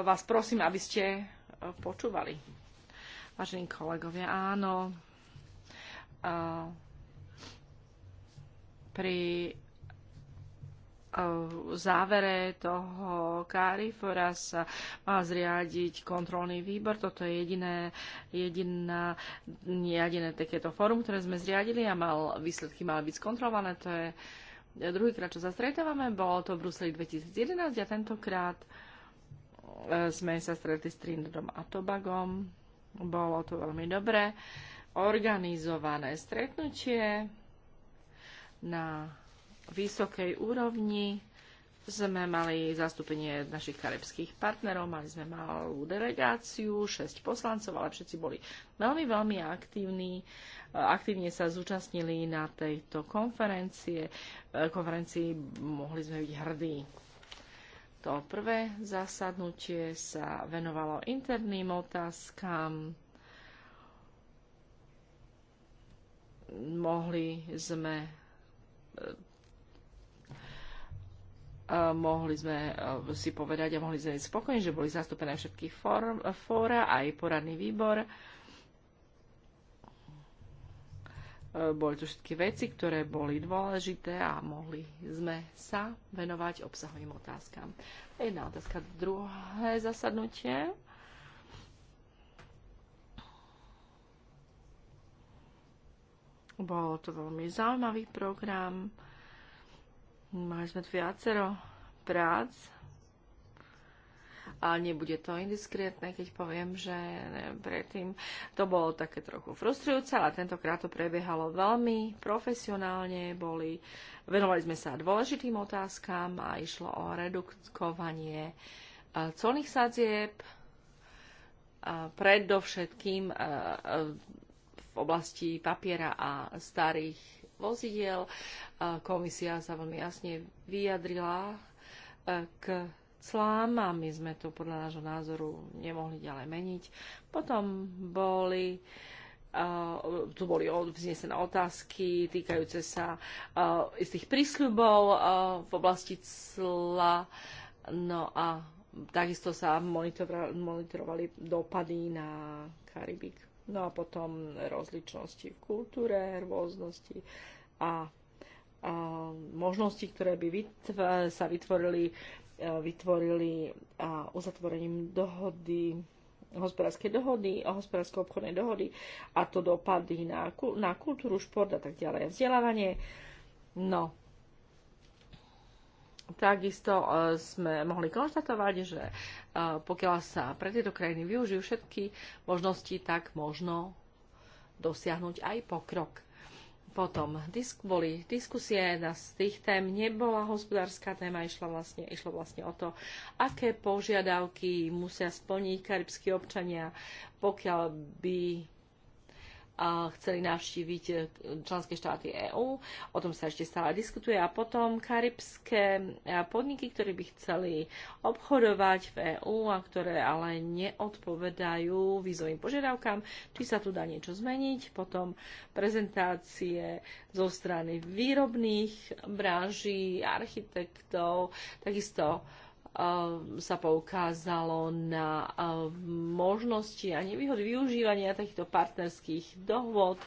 vás prosím, aby ste e, počúvali. Vážení kolegovia, áno. pri závere toho Karifora sa má zriadiť kontrolný výbor. Toto je jediné, jediná, jediné takéto fórum, ktoré sme zriadili a mal, výsledky mali byť skontrolované. To je druhýkrát, čo sa stretávame. Bolo to v Bruseli 2011 a tentokrát e, sme sa stretli s Trindom a Tobagom bolo to veľmi dobré organizované stretnutie na vysokej úrovni. Sme mali zastúpenie našich karibských partnerov, mali sme malú delegáciu, šesť poslancov, ale všetci boli veľmi, veľmi aktívni. Aktívne sa zúčastnili na tejto konferencie. Konferencii mohli sme byť hrdí to prvé zasadnutie sa venovalo interným otázkam. Mohli sme e, e, mohli sme e, si povedať a mohli sme byť spokojní, že boli zastúpené všetky fóra, aj poradný výbor. Boli to všetky veci, ktoré boli dôležité a mohli sme sa venovať obsahovým otázkam. Jedna otázka, druhé zasadnutie. Bol to veľmi zaujímavý program. Mali sme tu viacero prác ale nebude to indiskrétne, keď poviem, že neviem, predtým to bolo také trochu frustrujúce, ale tentokrát to prebiehalo veľmi profesionálne, boli, venovali sme sa dôležitým otázkam a išlo o redukovanie e, colných sadzieb, e, predovšetkým e, v oblasti papiera a starých vozidiel. Komisia sa veľmi jasne vyjadrila k clám a my sme to podľa nášho názoru nemohli ďalej meniť. Potom boli Uh, tu boli vznesené otázky týkajúce sa uh, istých prísľubov uh, v oblasti cla. No a takisto sa monitorovali dopady na Karibik. No a potom rozličnosti v kultúre, rôznosti a, uh, možnosti, ktoré by vytv- sa vytvorili E, vytvorili uzatvorením dohody hospodárskej dohody, hospodárskej obchodnej dohody a to dopady na, na kultúru, šport a tak ďalej, vzdelávanie. No, Takisto e, sme mohli konštatovať, že e, pokiaľ sa pre tieto krajiny využijú všetky možnosti, tak možno dosiahnuť aj pokrok. Potom disk, boli diskusie, jedna z tých tém nebola hospodárska téma, išlo vlastne, išlo vlastne o to, aké požiadavky musia splniť karibskí občania, pokiaľ by chceli navštíviť e, členské štáty EÚ. O tom sa ešte stále diskutuje. A potom karibské e, podniky, ktoré by chceli obchodovať v EÚ a ktoré ale neodpovedajú vízovým požiadavkám, či sa tu dá niečo zmeniť. Potom prezentácie zo strany výrobných branží, architektov, takisto Eh, sa poukázalo na eh, možnosti a nevýhody využívania takýchto partnerských dohôd.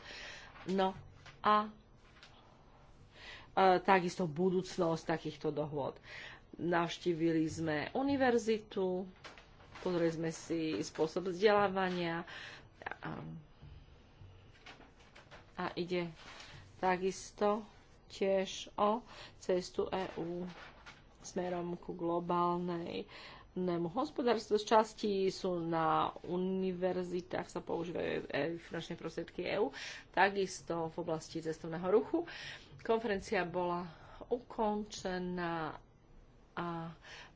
No a eh, takisto budúcnosť takýchto dohôd. Navštívili sme univerzitu, pozreli sme si spôsob vzdelávania a, a ide takisto tiež o cestu EÚ smerom ku globálnej nému hospodárstvu. Z časti sú na univerzitách sa používajú e finančné prostriedky EÚ, takisto v oblasti cestovného ruchu. Konferencia bola ukončená a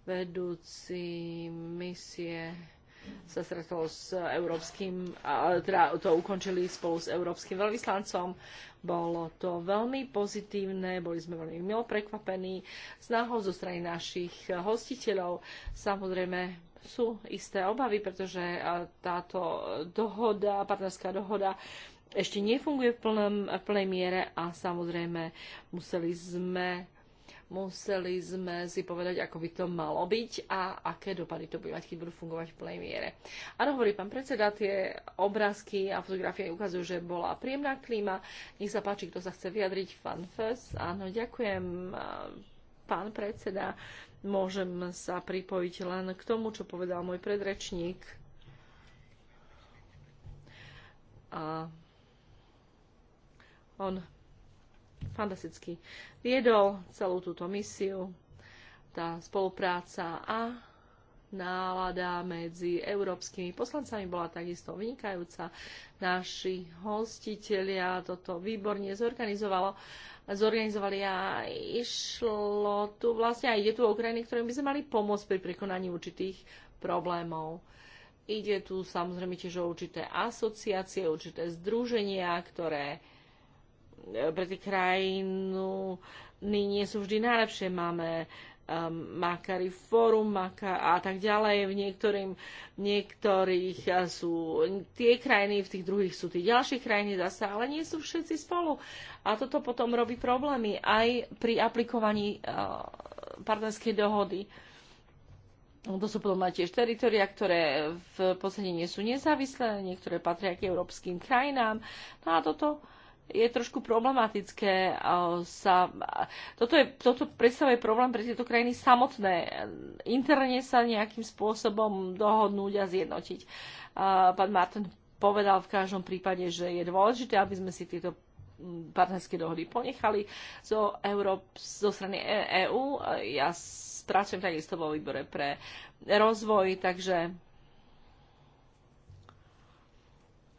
vedúci misie sa stretol s európskym, teda to ukončili spolu s európskym veľvyslancom. Bolo to veľmi pozitívne, boli sme veľmi milo prekvapení snahou zo strany našich hostiteľov. Samozrejme sú isté obavy, pretože táto dohoda, partnerská dohoda ešte nefunguje v, plnom, v plnej miere a samozrejme museli sme Museli sme si povedať, ako by to malo byť a aké dopady to bude mať, keď budú fungovať v plnej miere. Áno, hovorí pán predseda, tie obrázky a fotografie ukazujú, že bola príjemná klíma. Nech sa páči, kto sa chce vyjadriť. fanfest. Áno, ďakujem, pán predseda. Môžem sa pripojiť len k tomu, čo povedal môj predrečník. A on fantasticky viedol celú túto misiu. Tá spolupráca a nálada medzi európskymi poslancami bola takisto vynikajúca. Naši hostitelia toto výborne zorganizovalo, zorganizovali a išlo tu vlastne a ide tu o krajiny, ktorým by sme mali pomôcť pri prekonaní určitých problémov. Ide tu samozrejme tiež o určité asociácie, určité združenia, ktoré pre tých krajinu nie sú vždy najlepšie. Máme um, Makary Forum Maka a tak ďalej. V niektorým, niektorých uh, sú tie krajiny, v tých druhých sú tie ďalšie krajiny zase, ale nie sú všetci spolu. A toto potom robí problémy aj pri aplikovaní uh, partnerskej dohody. To sú potom aj tiež teritoria, ktoré v podstate nie sú nezávislé, niektoré patria k európskym krajinám. No a toto uh, je trošku problematické sa... Toto, je, toto predstavuje problém pre tieto krajiny samotné. Interne sa nejakým spôsobom dohodnúť a zjednotiť. Pán Martin povedal v každom prípade, že je dôležité, aby sme si tieto partnerské dohody ponechali zo, Európ, zo strany EÚ. E ja pracujem takisto vo výbore pre rozvoj, takže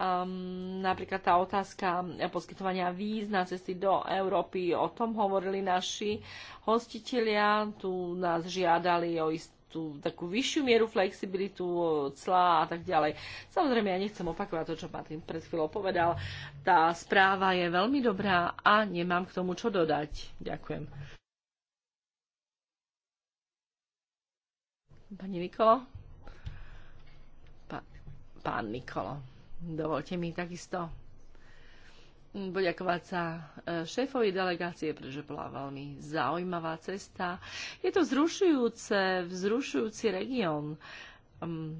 Um, napríklad tá otázka poskytovania víz na cesty do Európy, o tom hovorili naši hostitelia, tu nás žiadali o istú takú vyššiu mieru flexibilitu, clá a tak ďalej. Samozrejme, ja nechcem opakovať to, čo Martin pred chvíľou povedal. Tá správa je veľmi dobrá a nemám k tomu čo dodať. Ďakujem. Pani Nikolo? Pa, pán Nikolo. Dovolte mi takisto poďakovať sa e, šéfovi delegácie, pretože bola veľmi zaujímavá cesta. Je to vzrušujúce, vzrušujúci región mm,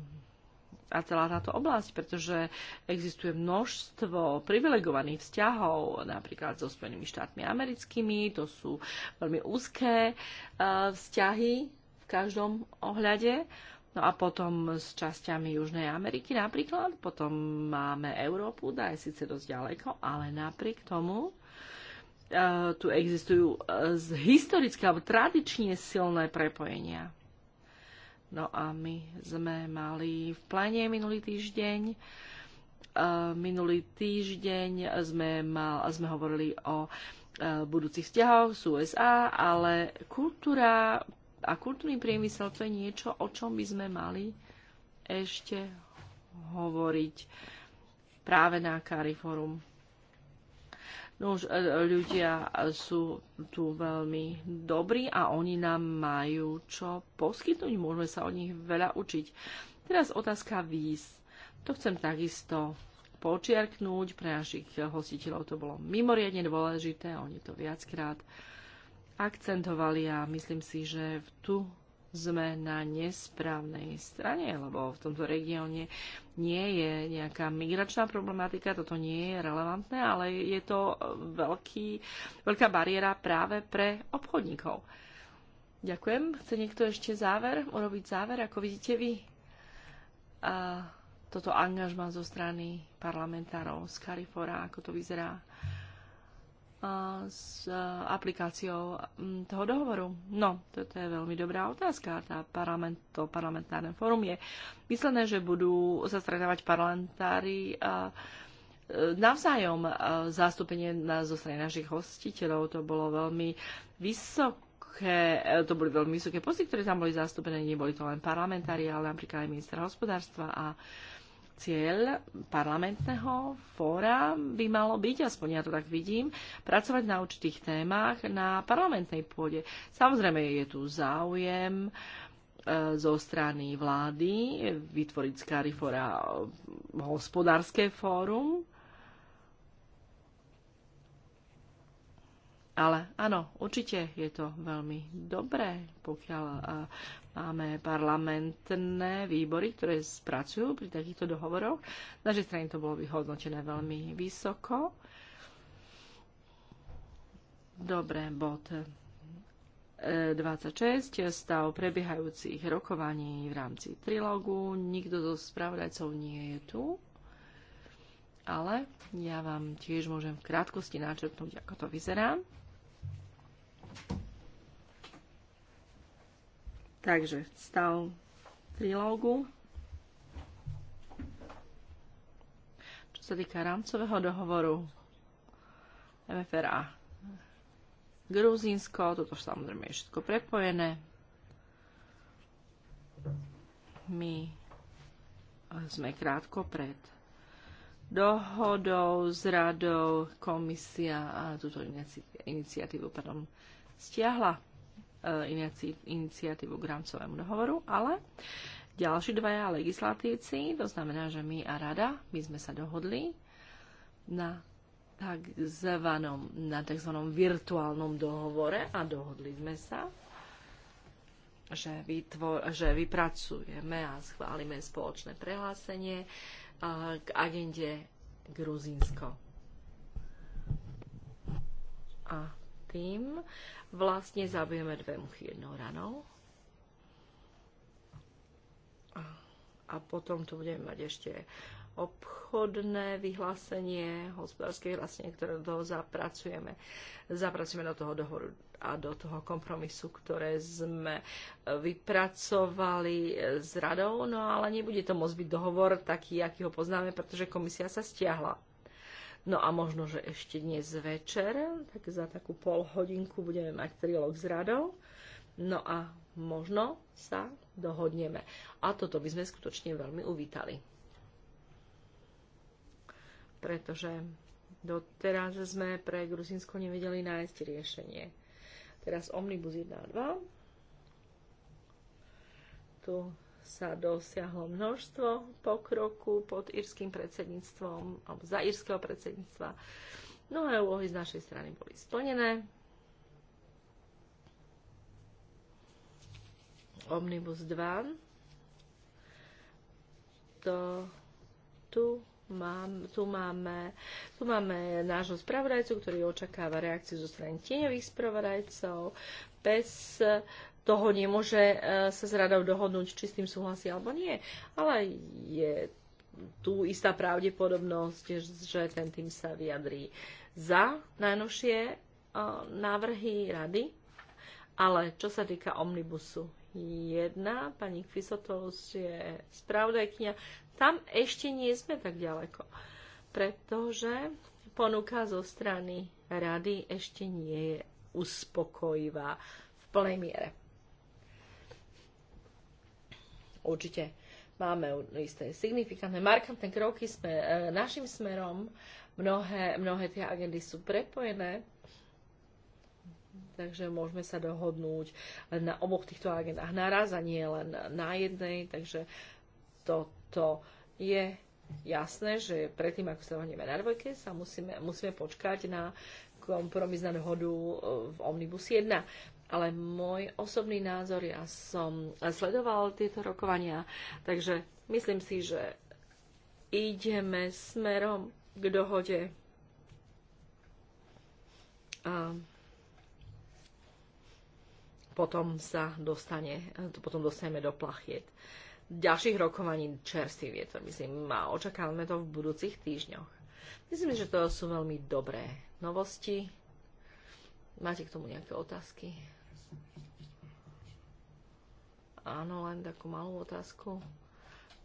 a celá táto oblasť, pretože existuje množstvo privilegovaných vzťahov, napríklad so Spojenými štátmi americkými, to sú veľmi úzké e, vzťahy v každom ohľade. No a potom s časťami Južnej Ameriky napríklad, potom máme Európu, dá je síce dosť ďaleko, ale napriek tomu e, tu existujú uh, historické alebo tradične silné prepojenia. No a my sme mali v plene minulý týždeň e, minulý týždeň sme, mal, sme hovorili o budúcich vzťahov z USA, ale kultúra a kultúrny priemysel to je niečo, o čom by sme mali ešte hovoriť práve na Cariforum. No už e, ľudia sú tu veľmi dobrí a oni nám majú čo poskytnúť. Môžeme sa od nich veľa učiť. Teraz otázka víz. To chcem takisto počiarknúť. Pre našich hostiteľov to bolo mimoriadne dôležité. Oni to viackrát uh, akcentovali a myslím si, že tu sme na nesprávnej strane, lebo v tomto regióne nie je nejaká migračná problematika, toto nie je relevantné, ale je to veľký, veľká bariéra práve pre obchodníkov. Ďakujem. Chce niekto ešte záver, urobiť záver, ako vidíte vy? A toto angažma zo strany parlamentárov z Karifora, ako to vyzerá? s aplikáciou toho dohovoru? No, toto je veľmi dobrá otázka. Tá parlament, to parlamentárne fórum je myslené, že budú sa stretávať parlamentári a e, navzájom zastúpenie na, zo strany našich hostiteľov. To bolo veľmi vysoké, e, to boli veľmi vysoké posty, ktoré tam boli zastúpené. Neboli to len parlamentári, ale napríklad aj minister hospodárstva a uh, cieľ parlamentného fóra by malo byť, aspoň ja to tak vidím, pracovať na určitých témach na parlamentnej pôde. Samozrejme je tu záujem e, zo strany vlády vytvoriť z Karifora hospodárske fórum, Ale áno, určite je to veľmi dobré, pokiaľ eh, máme parlamentné výbory, ktoré spracujú pri takýchto dohovoroch. Z našej strany to bolo vyhodnotené veľmi vysoko. Dobre, bod 26, eh, stav prebiehajúcich rokovaní v rámci trilógu. Nikto zo spravodajcov nie je tu, ale ja vám tiež môžem v krátkosti načrtnúť, ako to vyzerá. Takže stav trilógu. Čo sa týka rámcového dohovoru MFRA. Gruzínsko, toto samozrejme je všetko prepojené. My sme krátko pred dohodou s radou komisia a túto iniciatívu pardon, stiahla e, iniciatívu k rámcovému dohovoru, ale ďalší dvaja legislatívci, to znamená, že my a rada, my sme sa dohodli na takzvanom, na takzvanom virtuálnom dohovore a dohodli sme sa, že, vytvor, že vypracujeme a schválime spoločné prehlásenie e, k agende Gruzínsko. A tým vlastně zabijeme dve muchy jednou ranou. A potom tu budeme mať ešte obchodné vyhlásenie, hospodárske vyhlásenie, ktoré do toho zapracujeme. Zapracujeme do toho dohodu a do toho kompromisu, ktoré sme e, vypracovali e, s radou, no ale nebude to môcť byť dohovor taký, aký ho poznáme, pretože komisia sa stiahla. No a možno, že ešte dnes večer, tak za takú pol hodinku budeme mať trilog s radou. No a možno sa dohodneme. A toto by sme skutočne veľmi uvítali. Pretože doteraz sme pre Gruzinsko nevedeli nájsť riešenie. Teraz Omnibus 1 a 2. Tu sa dosiahlo množstvo pokroku pod írským predsedníctvom alebo za írskeho predsedníctva. Mnohé úlohy z našej strany boli splnené. Omnibus 2. To, tu, mám, tu, máme, tu máme nášho spravodajcu, ktorý očakáva reakciu zo strany tieňových spravodajcov bez toho nemôže e, sa s radou dohodnúť, či s tým súhlasí alebo nie. Ale je tu istá pravdepodobnosť, že ten tým sa vyjadrí za najnovšie e, návrhy rady. Ale čo sa týka omnibusu 1, pani Kvisotovs je spravodajkňa, tam ešte nie sme tak ďaleko, pretože ponuka zo strany rady ešte nie je uspokojivá v plnej miere. Určite máme isté signifikantné, markantné kroky sme, e, našim smerom. Mnohé, mnohé tie agendy sú prepojené, takže môžeme sa dohodnúť na oboch týchto agendách naraz a nie len na jednej, takže toto je jasné, že predtým, ako sa dohodneme na dvojke, sa musíme, musíme počkať na kompromis na dohodu e, v Omnibus 1 ale môj osobný názor, ja som sledoval tieto rokovania, takže myslím si, že ideme smerom k dohode. A potom sa dostane, potom dostaneme do plachiet. Ďalších rokovaní čerstvý vietor, myslím, a očakávame to v budúcich týždňoch. Myslím, že to sú veľmi dobré novosti. Máte k tomu nejaké otázky? Áno, len takú malú otázku.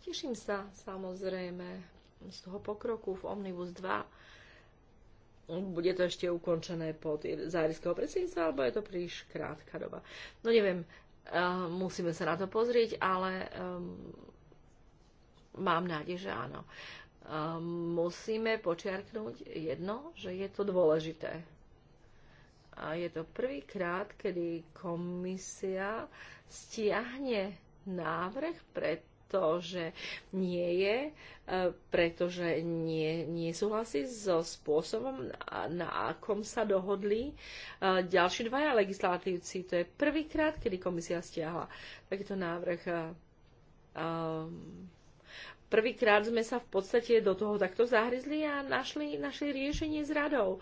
Teším sa samozrejme z toho pokroku v Omnibus 2. Bude to ešte ukončené pod zájrického predsedníctva, alebo je to príliš krátka doba? No neviem, uh, musíme sa na to pozrieť, ale um, mám nádej, že áno. Um, musíme počiarknúť jedno, že je to dôležité a je to prvýkrát, kedy komisia stiahne návrh, pretože nie je, e, pretože nie, súhlasí so spôsobom, na akom sa dohodli e, ďalší dvaja legislatívci. To je prvýkrát, kedy komisia stiahla takýto návrh. E, prvýkrát sme sa v podstate do toho takto zahryzli a našli, našli riešenie s radou.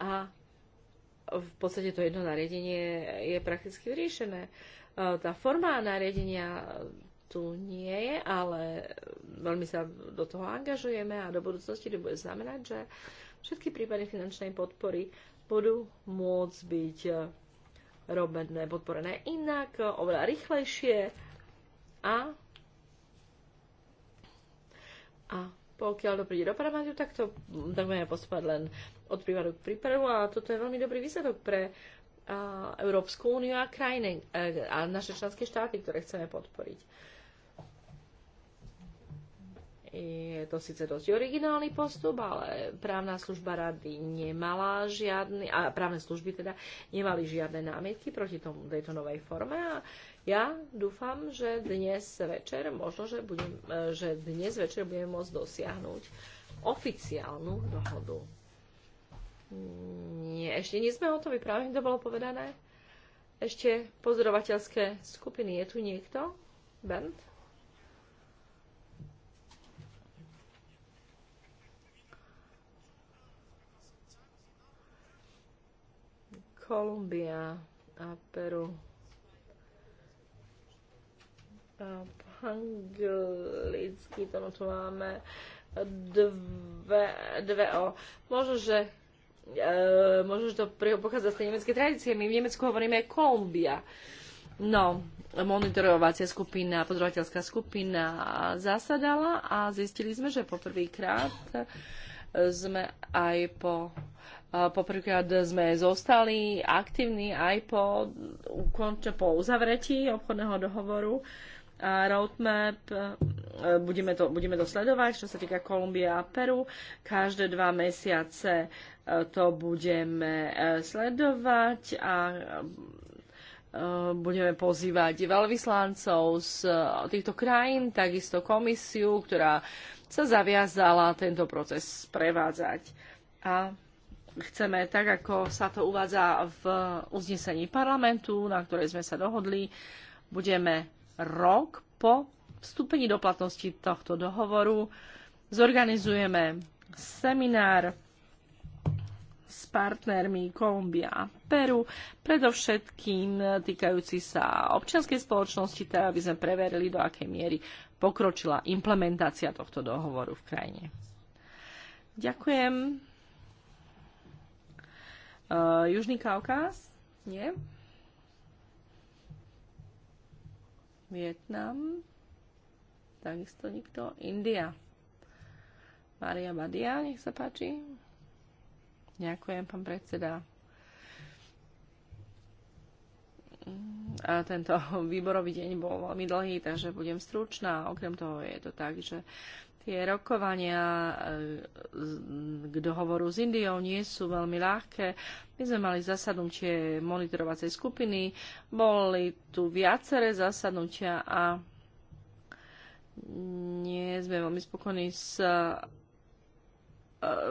A v podstate to jedno nariadenie je prakticky vyriešené. E, tá forma nariadenia tu nie je, ale veľmi sa do toho angažujeme a do budúcnosti to bude znamenať, že všetky prípady finančnej podpory budú môcť byť e, robené, podporené inak, e, oveľa rýchlejšie a a pokiaľ to príde do parlamentu, tak to tak budeme postupovať len od prípadu k prípadu a toto je veľmi dobrý výsledok pre a, Európsku úniu a krajiny e, a naše členské štáty, ktoré chceme podporiť. Je to síce dosť originálny postup, ale právna služba rady nemala žiadny, a právne služby teda nemali žiadne námietky proti tomu, tejto novej forme a ja dúfam, že dnes večer, možno, že, budem, e, že dnes večer budeme môcť dosiahnuť oficiálnu dohodu. Nie, ešte nie sme hotoví, práve to bolo povedané. Ešte pozorovateľské skupiny. Je tu niekto? Bernd? Kolumbia a Peru. A anglicky to no tu máme dve, dve o. Možno, že E, možno, že to pochádza z tej nemeckej tradície. My v Nemecku hovoríme Kolumbia. No, monitorovacia skupina, pozorovateľská skupina zasadala a zistili sme, že poprvýkrát e, sme aj po e, poprvýkrát sme zostali aktívni aj po, po uzavretí obchodného dohovoru roadmap, budeme to, budeme to sledovať, čo sa týka Kolumbia a Peru. Každé dva mesiace e, to budeme e, sledovať a e, budeme pozývať veľvyslancov z týchto krajín, takisto komisiu, ktorá sa zaviazala tento proces sprevádzať. A chceme, tak ako sa to uvádza v uznesení parlamentu, na ktorej sme sa dohodli, budeme rok po vstúpení do platnosti tohto dohovoru zorganizujeme seminár s partnermi Kolumbia a Peru, predovšetkým týkajúci sa občianskej spoločnosti, tak aby sme preverili, do akej miery pokročila implementácia tohto dohovoru v krajine. Ďakujem. Uh, Južný Kaukaz? Nie? Vietnam, takisto nikto. India. Maria Badia, nech sa páči. Ďakujem, pán predseda. A tento výborový deň bol veľmi dlhý, takže budem stručná. Okrem toho je to tak, že Tie rokovania e, k dohovoru s Indiou nie sú veľmi ľahké. My sme mali zasadnutie monitorovacej skupiny, boli tu viaceré zasadnutia a nie sme veľmi spokojní s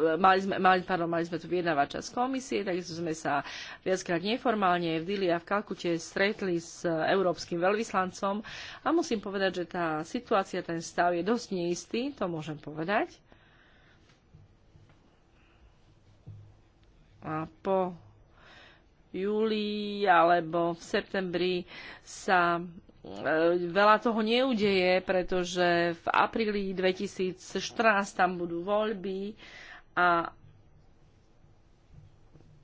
E, mali sme, mali, pardon, mali sme tu vyjednávača z komisie, takisto sme sa viackrát neformálne v Dili a v Kalkute stretli s európskym veľvyslancom a musím povedať, že tá situácia, ten stav je dosť neistý, to môžem povedať. A po júli alebo v septembri sa e, veľa toho neudeje, pretože v apríli 2014 tam budú voľby a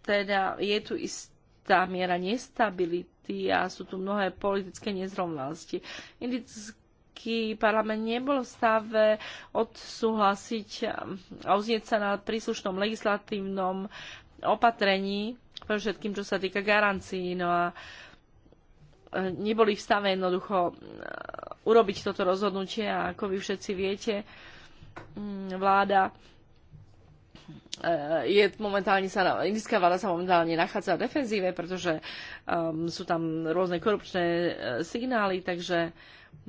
teda je tu istá miera nestability a sú tu mnohé politické nezrovnalosti. Indický parlament nebol v stave odsúhlasiť a uznieť sa na príslušnom legislatívnom opatrení, pre všetkým, čo sa týka garancií. No a e, neboli v stave jednoducho e, urobiť toto rozhodnutie a ako vy všetci viete, vláda Eh, je momentálne sa, indická vláda sa momentálne nachádza v defenzíve, pretože um, sú tam rôzne korupčné uh, signály, takže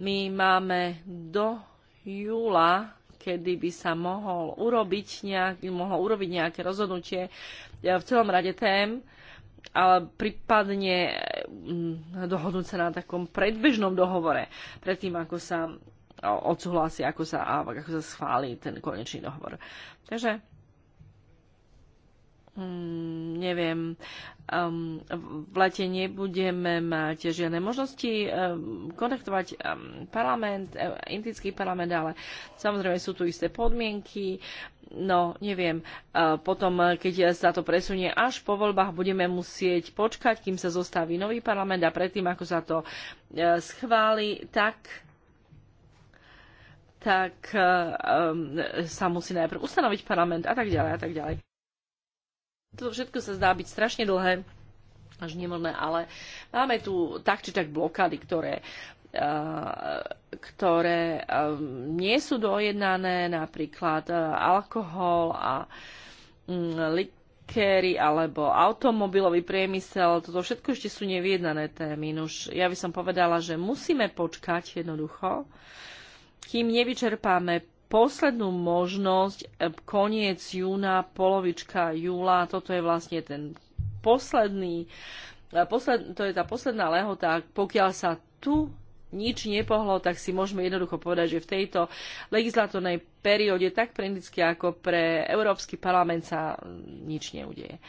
my máme do júla, kedy by sa mohol urobiť nejak, mohlo urobiť nejaké rozhodnutie eh, v celom rade tém, ale prípadne mm, dohodnúť sa na takom predbežnom dohovore, predtým ako sa odsúhlasí, ako sa, ako sa schváli ten konečný dohovor. Takže Mm, neviem, um, v lete nebudeme mať žiadne možnosti um, kontaktovať um, parlament, um, indický parlament, ale samozrejme sú tu isté podmienky. No, neviem, e, potom, keď sa to presunie až po voľbách, budeme musieť počkať, kým sa zostaví nový parlament a predtým, ako sa to e, schváli, tak tak um, sa musí najprv ustanoviť parlament a tak ďalej a tak ďalej. Toto všetko sa zdá byť strašne dlhé, až nemožné, ale máme tu tak či tak blokády, ktoré eh, ktoré eh, nie sú dojednané, napríklad eh, alkohol a mm, likéry alebo automobilový priemysel. Toto všetko ešte sú nevyjednané témy. Už ja by som povedala, že musíme počkať jednoducho, kým nevyčerpáme poslednú možnosť e, koniec júna, polovička júla. Toto je vlastne ten posledný, e, posled, to je tá posledná lehota, pokiaľ sa tu nič nepohlo, tak si môžeme jednoducho povedať, že v tejto legislatórnej perióde tak pre ako pre Európsky parlament sa nič neudeje.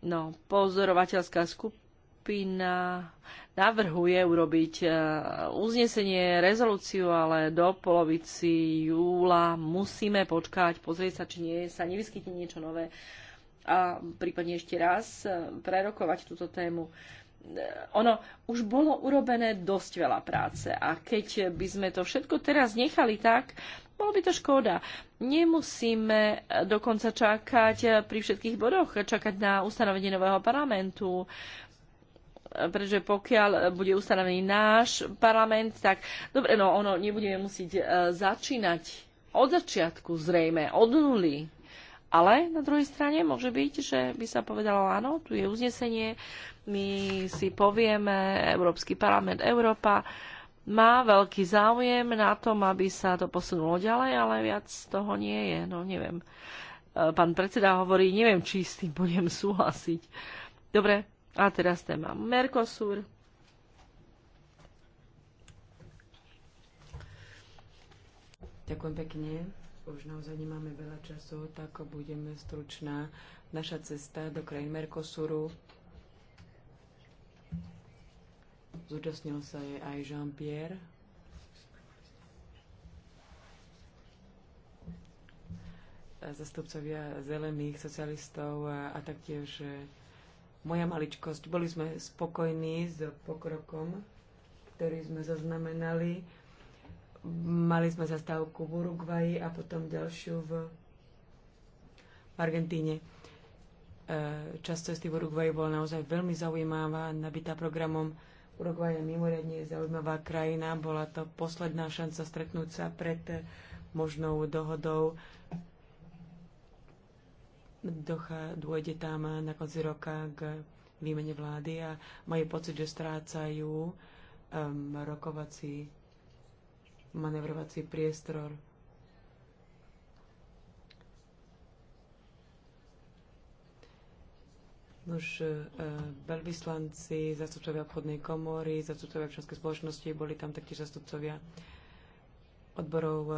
No, pozorovateľská skupina skupina navrhuje urobiť e, uznesenie, rezolúciu, ale do polovici júla musíme počkať, pozrieť sa, či nie, sa nevyskytne niečo nové a prípadne ešte raz e, prerokovať túto tému. E, ono už bolo urobené dosť veľa práce a keď by sme to všetko teraz nechali tak, bolo by to škoda. Nemusíme dokonca čakať pri všetkých bodoch, čakať na ustanovenie nového parlamentu. Uh, pretože pokiaľ bude ustanovený náš parlament, tak dobre, no ono nebudeme musieť e, začínať od začiatku zrejme, od nuly. Ale na druhej strane môže byť, že by sa povedalo, áno, tu je uznesenie, my si povieme, Európsky parlament, Európa má veľký záujem na tom, aby sa to posunulo ďalej, ale viac z toho nie je, no neviem. E, pán predseda hovorí, neviem, či s tým budem súhlasiť. Dobre, a teraz mám Mercosur. Ďakujem pekne. Už naozaj nemáme veľa času, tak budeme stručná. Naša cesta do krajín Mercosuru. Zúčastnil sa je aj Jean-Pierre. zastupcovia zelených socialistov a, a taktiež eh, moja maličkosť. Boli sme spokojní s pokrokom, ktorý sme zaznamenali. Mali sme zastávku v Uruguaji a potom ďalšiu v, v Argentíne. E, časť cesty v Uruguaji bola naozaj veľmi zaujímavá, nabitá programom. Uruguay je mimoriadne zaujímavá krajina. Bola to posledná šanca stretnúť sa pred možnou dohodou Docha, dôjde tam na konci roka k výmene vlády a majú pocit, že strácajú um, rokovací, manevrovací priestor. Už uh, veľvyslanci, zastupcovia obchodnej komory, zastupcovia občianskej spoločnosti, boli tam taktiež zastupcovia odborov uh,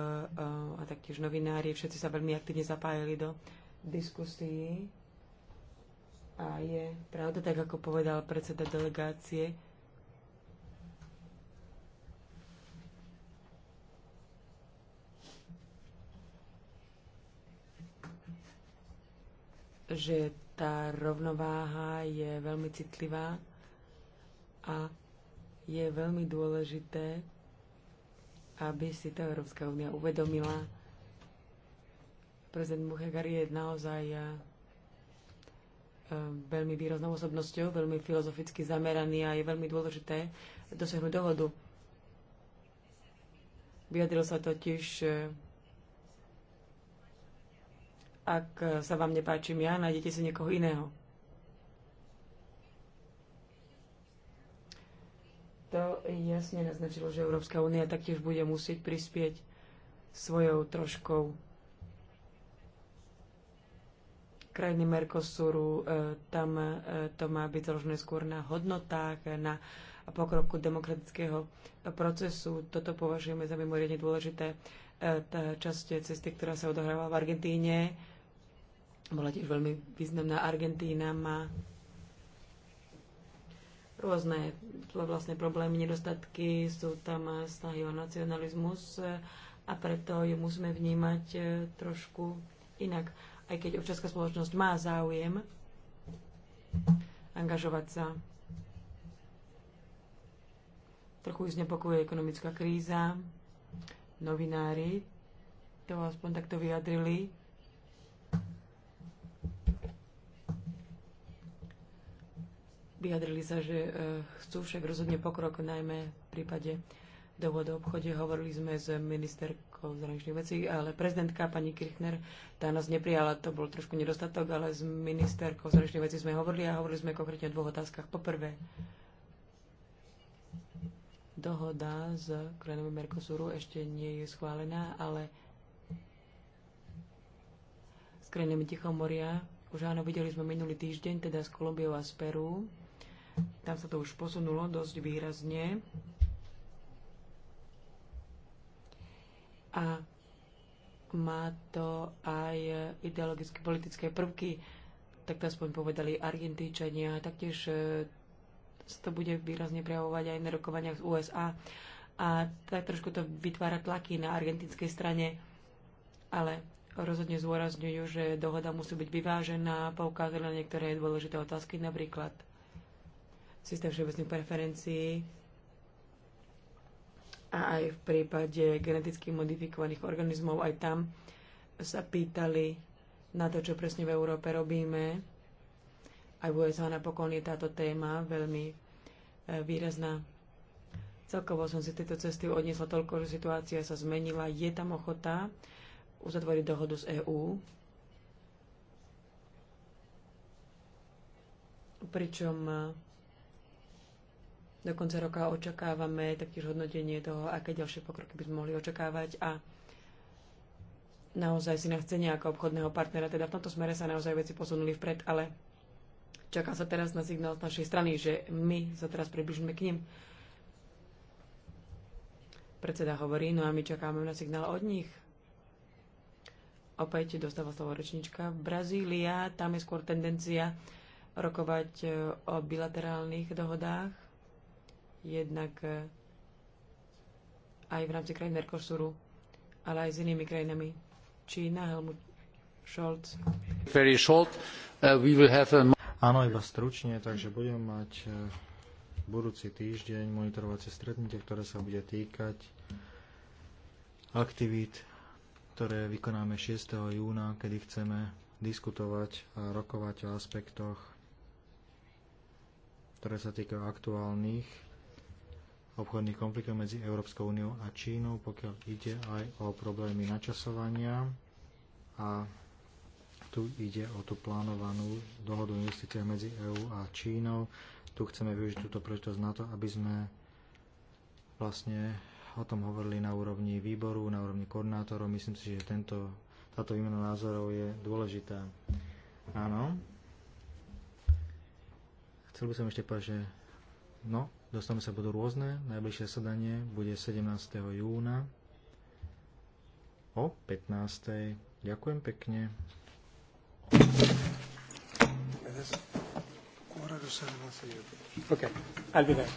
a taktiež novinári. Všetci sa veľmi aktívne zapájali do diskusii a je pravda, tak ako povedal predseda delegácie, že tá rovnováha je veľmi citlivá a je veľmi dôležité, aby si to Európska únia uvedomila Prezident Muhegar je naozaj eh, eh, veľmi výraznou osobnosťou, veľmi filozoficky zameraný a je veľmi dôležité dosiahnuť dohodu. Vyjadril sa totiž, eh, ak sa vám nepáčim ja, nájdete si niekoho iného. To jasne naznačilo, že Európska únia taktiež bude musieť prispieť svojou troškou krajiny Mercosuru. E, tam e, to má byť založené skôr na hodnotách, na pokroku demokratického procesu. Toto považujeme za mimoriadne dôležité. E, tá časť cesty, ktorá sa odohrávala v Argentíne, bola tiež veľmi významná. Argentína má rôzne vlastne problémy, nedostatky, sú tam snahy o nacionalizmus a preto ju musíme vnímať trošku inak aj keď občianská spoločnosť má záujem angažovať sa. Trochu znepokojuje ekonomická kríza. Novinári to aspoň takto vyjadrili. Vyjadrili sa, že e, chcú však rozhodne pokrok, najmä v prípade dohod o obchode. Hovorili sme s minister, ministrkou zahraničných vecí, ale prezidentka pani Kirchner tá nás neprijala, to bol trošku nedostatok, ale s ministerkou zahraničných vecí sme hovorili a hovorili sme konkrétne o dvoch otázkach. Poprvé, dohoda s krajinami Mercosuru ešte nie je schválená, ale s krajinami Tichomoria už áno, videli sme minulý týždeň, teda s Kolumbiou a z Peru. Tam sa to už posunulo dosť výrazne a má to aj ideologické politické prvky, tak to aspoň povedali Argentínčania. Taktiež e, sa to bude výrazne prejavovať aj na rokovaniach z USA. A tak trošku to vytvára tlaky na argentínskej strane, ale rozhodne zôrazňujú, že dohoda musí byť vyvážená, poukázali na niektoré dôležité otázky, napríklad systém všeobecných preferencií, a aj v prípade geneticky modifikovaných organizmov, aj tam sa pýtali na to, čo presne v Európe robíme. Aj v USA napokon je táto téma veľmi e, výrazná. Celkovo som si tejto cesty odniesla toľko, že situácia sa zmenila. Je tam ochota uzatvoriť dohodu z EÚ, pričom e, do konca roka očakávame taktiež hodnotenie toho, aké ďalšie pokroky by sme mohli očakávať a naozaj si nás cenia ako obchodného partnera. Teda v tomto smere sa naozaj veci posunuli vpred, ale čaká sa teraz na signál z našej strany, že my sa teraz približíme k ním. Predseda hovorí, no a my čakáme na signál od nich. Opäť dostáva slovo rečnička. Brazília, tam je skôr tendencia rokovať eh, o bilaterálnych dohodách jednak e, aj v rámci krajín Mercosuru, ale aj s inými krajinami. Čína, Helmut Scholz. Very short. Uh, we will have a... Áno, iba stručne, takže budem mať e, budúci týždeň monitorovacie stretnutie, ktoré sa bude týkať aktivít, ktoré vykonáme 6. júna, kedy chceme diskutovať a rokovať o aspektoch, ktoré sa týkajú aktuálnych obchodných konfliktov medzi Európskou úniou a Čínou, pokiaľ ide aj o problémy načasovania a tu ide o tú plánovanú dohodu o investíciách medzi EÚ a Čínou. Tu chceme využiť túto príležitosť na to, aby sme vlastne o tom hovorili na úrovni výboru, na úrovni koordinátorov. Myslím si, že tento, táto výmena názorov je dôležitá. Áno. Chcel by som ešte povedať, že no, Dostaneme sa budú rôzne. Najbližšie zasadanie bude 17. júna o 15. Ďakujem pekne. Okay, I'll be there.